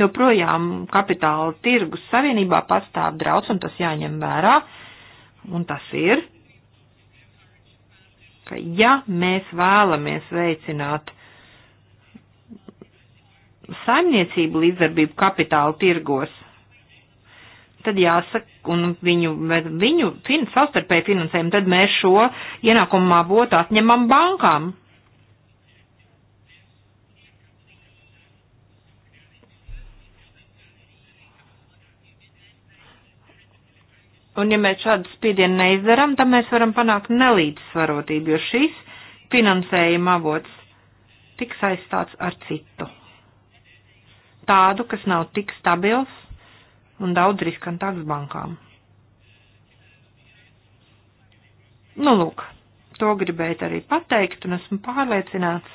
Joprojām kapitāla tirgus savienībā pastāv draudz, un tas jāņem vērā, un tas ir, ka ja mēs vēlamies veicināt saimniecību līdzdarbību kapitāla tirgos, tad jāsaka, un viņu, viņu fin, savstarpēji finansējumu, tad mēs šo ienākumu avotu atņemam bankām. Un ja mēs šādu spiedienu neizdaram, tad mēs varam panākt nelīdzsvarotību, jo šis finansējuma avots tiks aizstāts ar citu tādu, kas nav tik stabils un daudz riskantāks bankām. Nu, lūk, to gribēju arī pateikt, un esmu pārliecināts,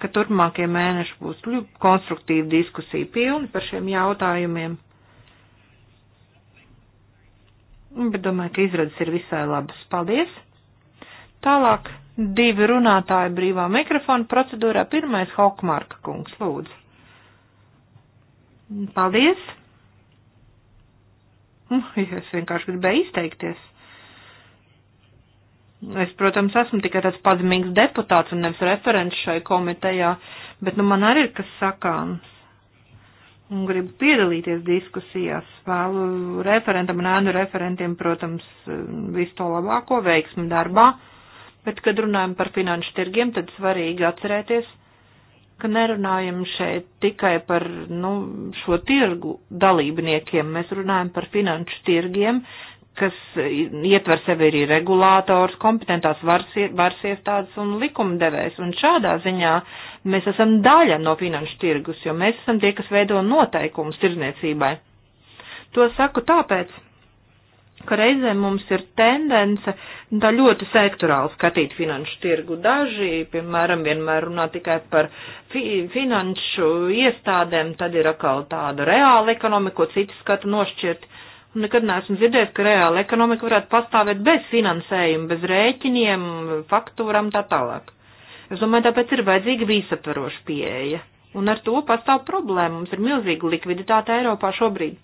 ka turpmākie mēneši būs konstruktīva diskusija pilni par šiem jautājumiem. Bet domāju, ka izredzes ir visai labas. Paldies! Tālāk divi runātāji brīvā mikrofona procedūrā. Pirmais Hokmarka kungs, lūdzu. Paldies! Nu, es vienkārši gribēju izteikties. Es, protams, esmu tikai tāds pazīmīgs deputāts un nevis referents šai komitejā, bet nu man arī ir kas sakāms. Un gribu piedalīties diskusijās, vēlu referentam un ēnu referentiem, protams, visu to labāko veiksmi darbā, bet, kad runājam par finanšu tirgiem, tad svarīgi atcerēties, ka nerunājam šeit tikai par nu, šo tirgu dalībniekiem, mēs runājam par finanšu tirgiem, kas ietver sevi arī regulātors, kompetentās varas iestādes un likumdevējs. Un šādā ziņā mēs esam daļa no finanšu tirgus, jo mēs esam tie, kas veido noteikumus tirzniecībai. To saku tāpēc, ka reizē mums ir tendence tā ļoti sektorāli skatīt finanšu tirgu. Daži, piemēram, vienmēr runā tikai par fi finanšu iestādēm, tad ir atkal tāda reāla ekonomika, ko citi skata nošķirt. Un nekad neesmu dzirdējis, ka reāla ekonomika varētu pastāvēt bez finansējuma, bez rēķiniem, faktūram tā tālāk. Es domāju, tāpēc ir vajadzīga visaptvaroša pieeja. Un ar to pastāv problēma. Mums ir milzīga likviditāte Eiropā šobrīd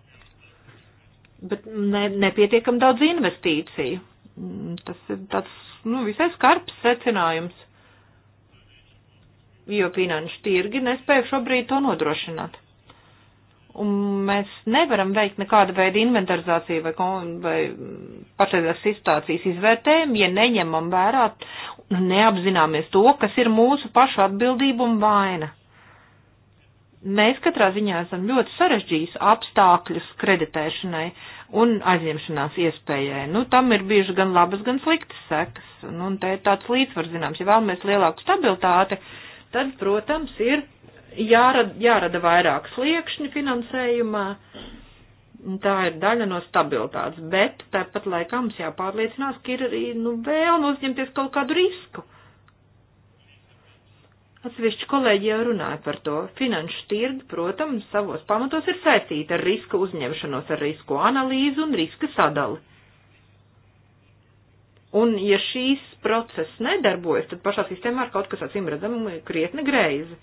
bet ne, nepietiekam daudz investīciju. Mm, tas ir tāds, nu, visai skarbs secinājums, jo finanšu tirgi nespēja šobrīd to nodrošināt. Un mēs nevaram veikt nekādu veidu inventarizāciju vai, vai pašreizās situācijas izvērtējumu, ja neņemam vērā, neapzināmies to, kas ir mūsu pašu atbildība un vaina mēs katrā ziņā esam ļoti sarežģījis apstākļus kreditēšanai un aizņemšanās iespējai. Nu, tam ir bieži gan labas, gan sliktas sekas. Nu, un te ir tāds līdzsvars, zināms, ja vēlamies lielāku stabilitāti, tad, protams, ir jārada, jārada vairāk sliekšņu finansējumā. Tā ir daļa no stabilitātes, bet tāpat laikā mums jāpārliecinās, ka ir arī, nu, vēlme uzņemties kaut kādu risku. Atsevišķi kolēģi jau runāja par to. Finanšu tirgi, protams, savos pamatos ir saistīti ar riska uzņemšanos, ar risku analīzi un riska sadali. Un ja šīs process nedarbojas, tad pašā sistēmā ir kaut kas acīm redzami krietni greizi.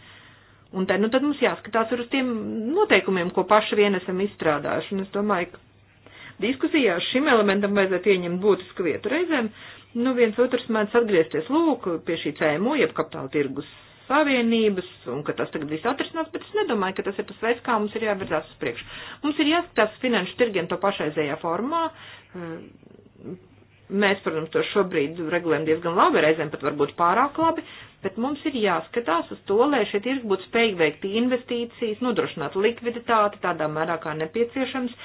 Un te, nu, tad mums jāskatās ar uz tiem noteikumiem, ko paši vien esam izstrādājuši. Un es domāju, ka diskusijās šim elementam vajadzētu ieņemt būtisku vietu reizēm. Nu, viens otrs mēdz atgriezties lūk pie šī cēmo, jeb kapitāla tirgus Savienības un ka tas tagad viss atrisinās, bet es nedomāju, ka tas ir tas veids, kā mums ir jāvirzās uz priekšu. Mums ir jāskatās finanšu tirgiem to pašreizējā formā. Eh, mēs, protams, to šobrīd regulējam diezgan labi, reizēm pat varbūt pārāk labi, bet mums ir jāskatās uz to, lai šie tirgi būtu spējīgi veikt investīcijas, nodrošināt likviditāti tādā mērā, kā nepieciešams,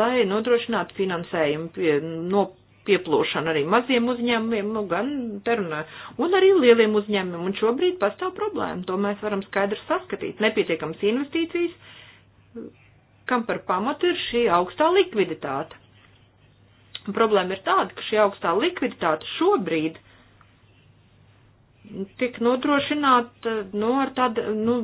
lai nodrošinātu finansējumu pie, no pieplūšanu arī maziem uzņēmumiem, nu, gan terunā, un arī lieliem uzņēmumiem, un šobrīd pastāv problēma, to mēs varam skaidri saskatīt. Nepietiekams investīcijas, kam par pamatu ir šī augstā likviditāte. Un problēma ir tāda, ka šī augstā likviditāte šobrīd tiek nodrošināta, nu, ar tādu, nu,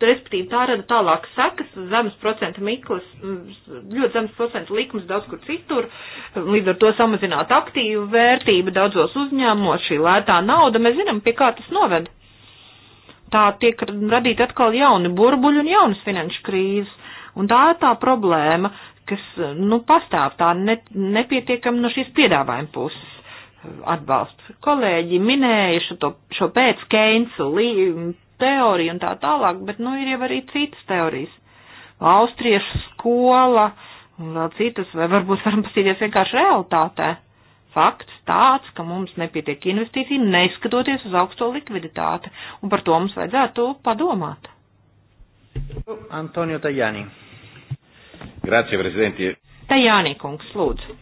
respektīvi tā rada tālāk sekas, zemes procentu miklas, ļoti zemes procentu likmes daudz kur citur, līdz ar to samazināt aktīvu vērtību daudzos uzņēmumos, šī lētā nauda, mēs zinām, pie kā tas noved. Tā tiek radīta atkal jauni burbuļi un jaunas finanšu krīzes, un tā ir tā problēma, kas, nu, pastāv tā ne, nepietiekam no šīs piedāvājuma puses atbalstu. Kolēģi minēja šo, to, šo pēc Keinsu teoriju un tā tālāk, bet nu ir jau arī citas teorijas. Austriešu skola un vēl citas, vai varbūt varam pasīties vienkārši realitātē. Fakts tāds, ka mums nepietiek investīcija, neskatoties uz augsto likviditāti, un par to mums vajadzētu padomāt. Antonio Tajani. Grazie, prezidenti. Tajani kungs, lūdzu.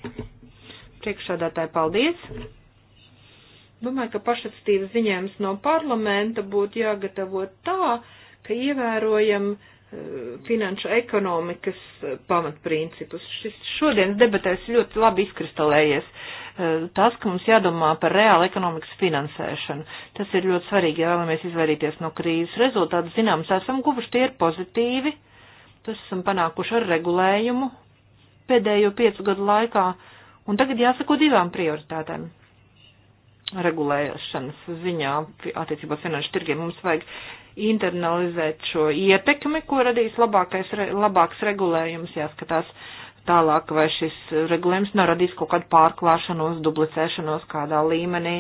Priekšādātāji, paldies! Domāju, ka pašatstības ziņojums no parlamenta būtu jāgatavo tā, ka ievērojam eh, finanšu ekonomikas eh, pamatprincipus. Šis šodienas debatēs ļoti labi izkristalizējies eh, tas, ka mums jādomā par reālu ekonomikas finansēšanu. Tas ir ļoti svarīgi, ja vēlamies izvairīties no krīzes. Rezultāti, zināms, esam guvuši, tie ir pozitīvi. Tas esam panākuši ar regulējumu. Pēdējo piecu gadu laikā uh, Un tagad jāsako divām prioritātēm regulēšanas ziņā attiecībā uz finanšu tirgiem. Mums vajag internalizēt šo ietekmi, ko radīs labākais, labāks regulējums, jāskatās tālāk, vai šis regulējums neradīs kaut kādu pārklāšanos, dublicēšanos kādā līmenī.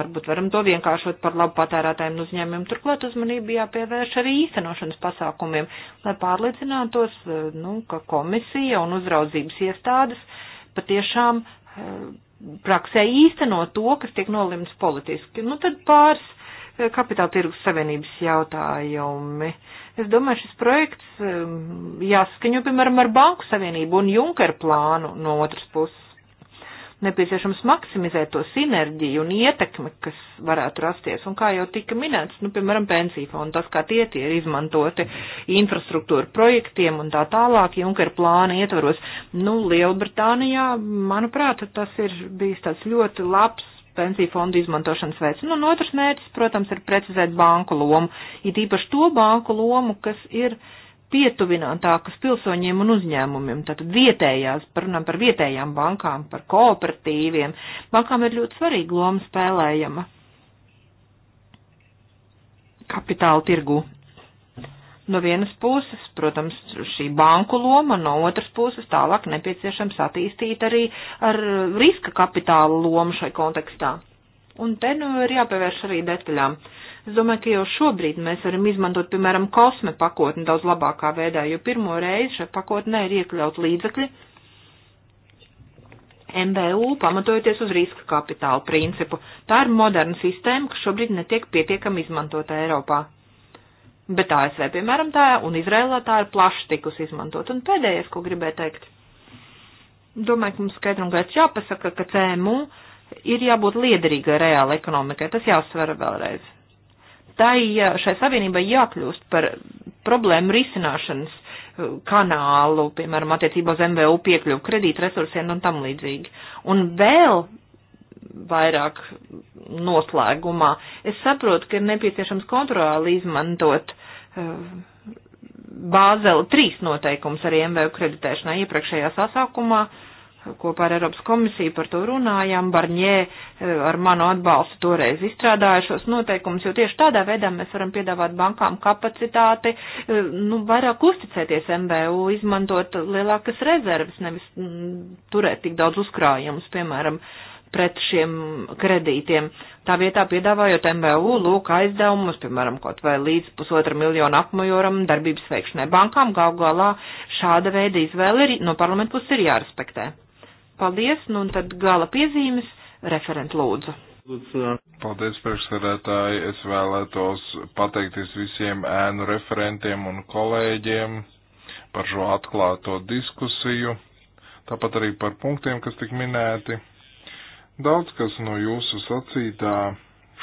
Varbūt varam to vienkāršot par labu patērētājiem un uzņēmumiem. Turklāt uzmanību jāpievērš arī īstenošanas pasākumiem, lai pārliecinātos, eh, nu, ka komisija un uzraudzības iestādes patiešām eh, praksē īstenot to, kas tiek nolimts politiski. Nu, tad pāris eh, kapitāla tirgus savienības jautājumi. Es domāju, šis projekts eh, jāsaskaņo, piemēram, ar Banku savienību un Junker plānu no otras puses nepieciešams maksimizēt to sinerģiju un ietekmi, kas varētu rasties. Un kā jau tika minēts, nu, piemēram, pensiju fonda, tas, kā tie tie ir izmantoti infrastruktūra projektiem un tā tālāk, Junker plāna ietvaros, nu, Lielbritānijā, manuprāt, tas ir bijis tāds ļoti labs pensiju fondu izmantošanas veids. Un, nu, un otrs mērķis, protams, ir precizēt banku lomu, it īpaši to banku lomu, kas ir uh, pietuvinātākas pilsoņiem un uzņēmumiem. Tātad vietējās, parunām par vietējām bankām, par kooperatīviem. Bankām ir ļoti svarīga loma spēlējama kapitāla tirgu. No vienas puses, protams, šī banku loma, no otras puses tālāk nepieciešams attīstīt arī ar riska kapitāla lomu šai kontekstā. Un te nu ir jāpievērš arī detaļām. Uh, Es domāju, ka jau šobrīd mēs varam izmantot, piemēram, kosme pakotni daudz labākā veidā, jo pirmo reizi šai pakotnē ir iekļaut līdzekļi MBU pamatojoties uz riska kapitāla principu. Tā ir moderna sistēma, kas šobrīd netiek pietiekami izmantota Eiropā. Bet ASV, piemēram, tā un Izrēlā tā ir plaši tikusi izmantot. Un pēdējais, ko gribēju teikt. Domāju, ka mums skaidri un gaits jāpasaka, ka CMU ir jābūt liederīgai reāla ekonomikai. Tas jāsver vēlreiz tai šai savienībai jākļūst par problēmu risināšanas eh, kanālu, piemēram, attiecībā uz MVU piekļuvu kredītresursiem un tam līdzīgi. Un vēl vairāk noslēgumā. Es saprotu, ka ir nepieciešams kontroli izmantot uh, Bāzela 3 noteikums arī MVU kreditēšanai iepriekšējā sasaukumā. Uh, kopā ar Eiropas komisiju par to runājām, Barņē eh, ar manu atbalstu toreiz izstrādāja šos noteikumus, jo tieši tādā veidā mēs varam piedāvāt bankām kapacitāti, eh, nu, vairāk uzticēties MBU, izmantot lielākas rezerves, nevis mm, turēt tik daudz uzkrājumus, piemēram, pret šiem kredītiem. Tā vietā piedāvājot MBU lūk aizdevumus, piemēram, kaut vai līdz pusotra miljona apmajoram darbības veikšanai bankām, gal galā šāda veida izvēle ir, no parlamenta puses ir jārespektē. Paldies, nu un tad gala piezīmes referent lūdzu. Paldies, priekšsēdētāji. Es vēlētos pateikties visiem ēnu referentiem un kolēģiem par šo atklāto diskusiju, tāpat arī par punktiem, kas tik minēti. Daudz kas no jūsu sacītā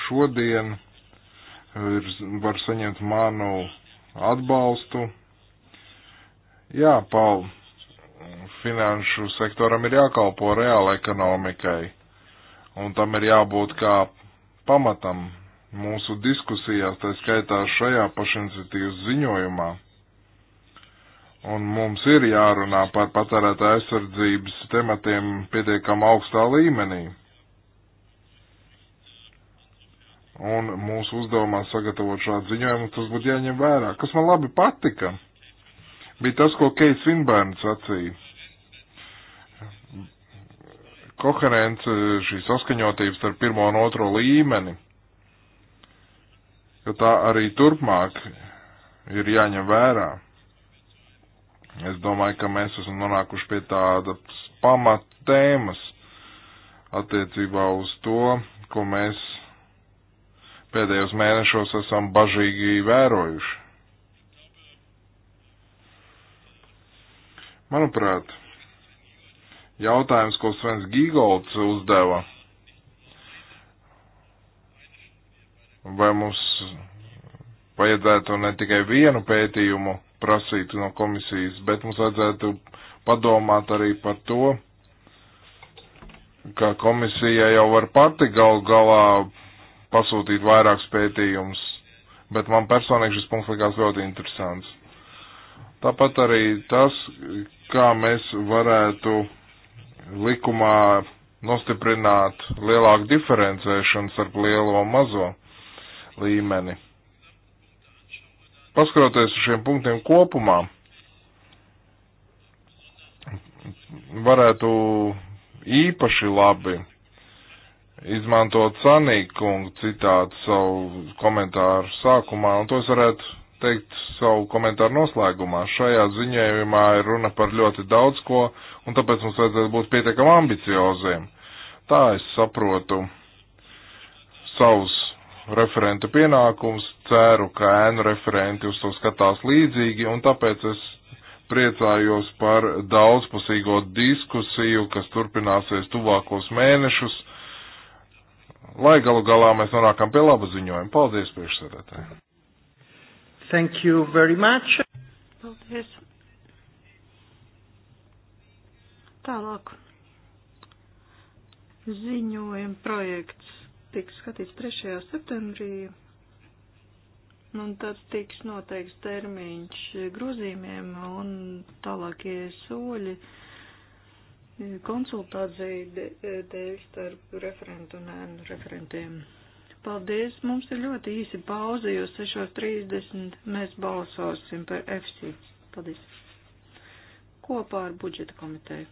šodien ir, var saņemt manu atbalstu. Jā, Paul, finanšu sektoram ir jākalpo reāla ekonomikai, un tam ir jābūt kā pamatam mūsu diskusijās, tā skaitā šajā pašiniciatīvas ziņojumā. Un mums ir jārunā par patērētā aizsardzības tematiem pietiekam augstā līmenī. Un mūsu uzdevumā sagatavot šādu ziņojumu, tas būtu jāņem vērā. Kas man labi patika, bija tas, ko Keits Vinbērns sacīja. Koherence, šī saskaņotības starp pirmo un otro līmeni, jo tā arī turpmāk ir jāņem vērā. Es domāju, ka mēs esam nonākuši pie tādas pamat tēmas attiecībā uz to, ko mēs pēdējos mēnešos esam bažīgi vērojuši. Manuprāt, jautājums, ko Svens Gīgolds uzdeva, vai mums vajadzētu ne tikai vienu pētījumu prasīt no komisijas, bet mums vajadzētu padomāt arī par to, ka komisija jau var pati gal galā pasūtīt vairākus pētījumus, bet man personīgi šis punkts likās ļoti interesants. Tāpat arī tas, kā mēs varētu likumā nostiprināt lielāku diferencēšanu starp lielo un mazo līmeni. Paskatoties uz šiem punktiem kopumā, varētu īpaši labi izmantot Sanīku un citātu savu komentāru sākumā, un tos varētu teikt savu komentāru noslēgumā. Šajā ziņojumā ir runa par ļoti daudz ko, un tāpēc mums vajadzētu būt pietiekam ambicioziem. Tā es saprotu savus referenta pienākums, ceru, ka ēnu referenti uz to skatās līdzīgi, un tāpēc es priecājos par daudzpusīgo diskusiju, kas turpināsies tuvākos mēnešus, lai galu galā mēs nonākam pie laba ziņojuma. Paldies, priekšsēdētāji! Thank you very much. Paldies. Tālāk. Ziņojuma projekts tiks skatīts 3. septembrī, un tad tiks noteikts termiņš grozījumiem un tālākie soļi konsultāciju dēļ starp referentu un referentiem. Paldies, mums ir ļoti īsi pauze, jo 6.30 mēs balsosim par FC. Paldies. Kopā ar budžeta komiteju.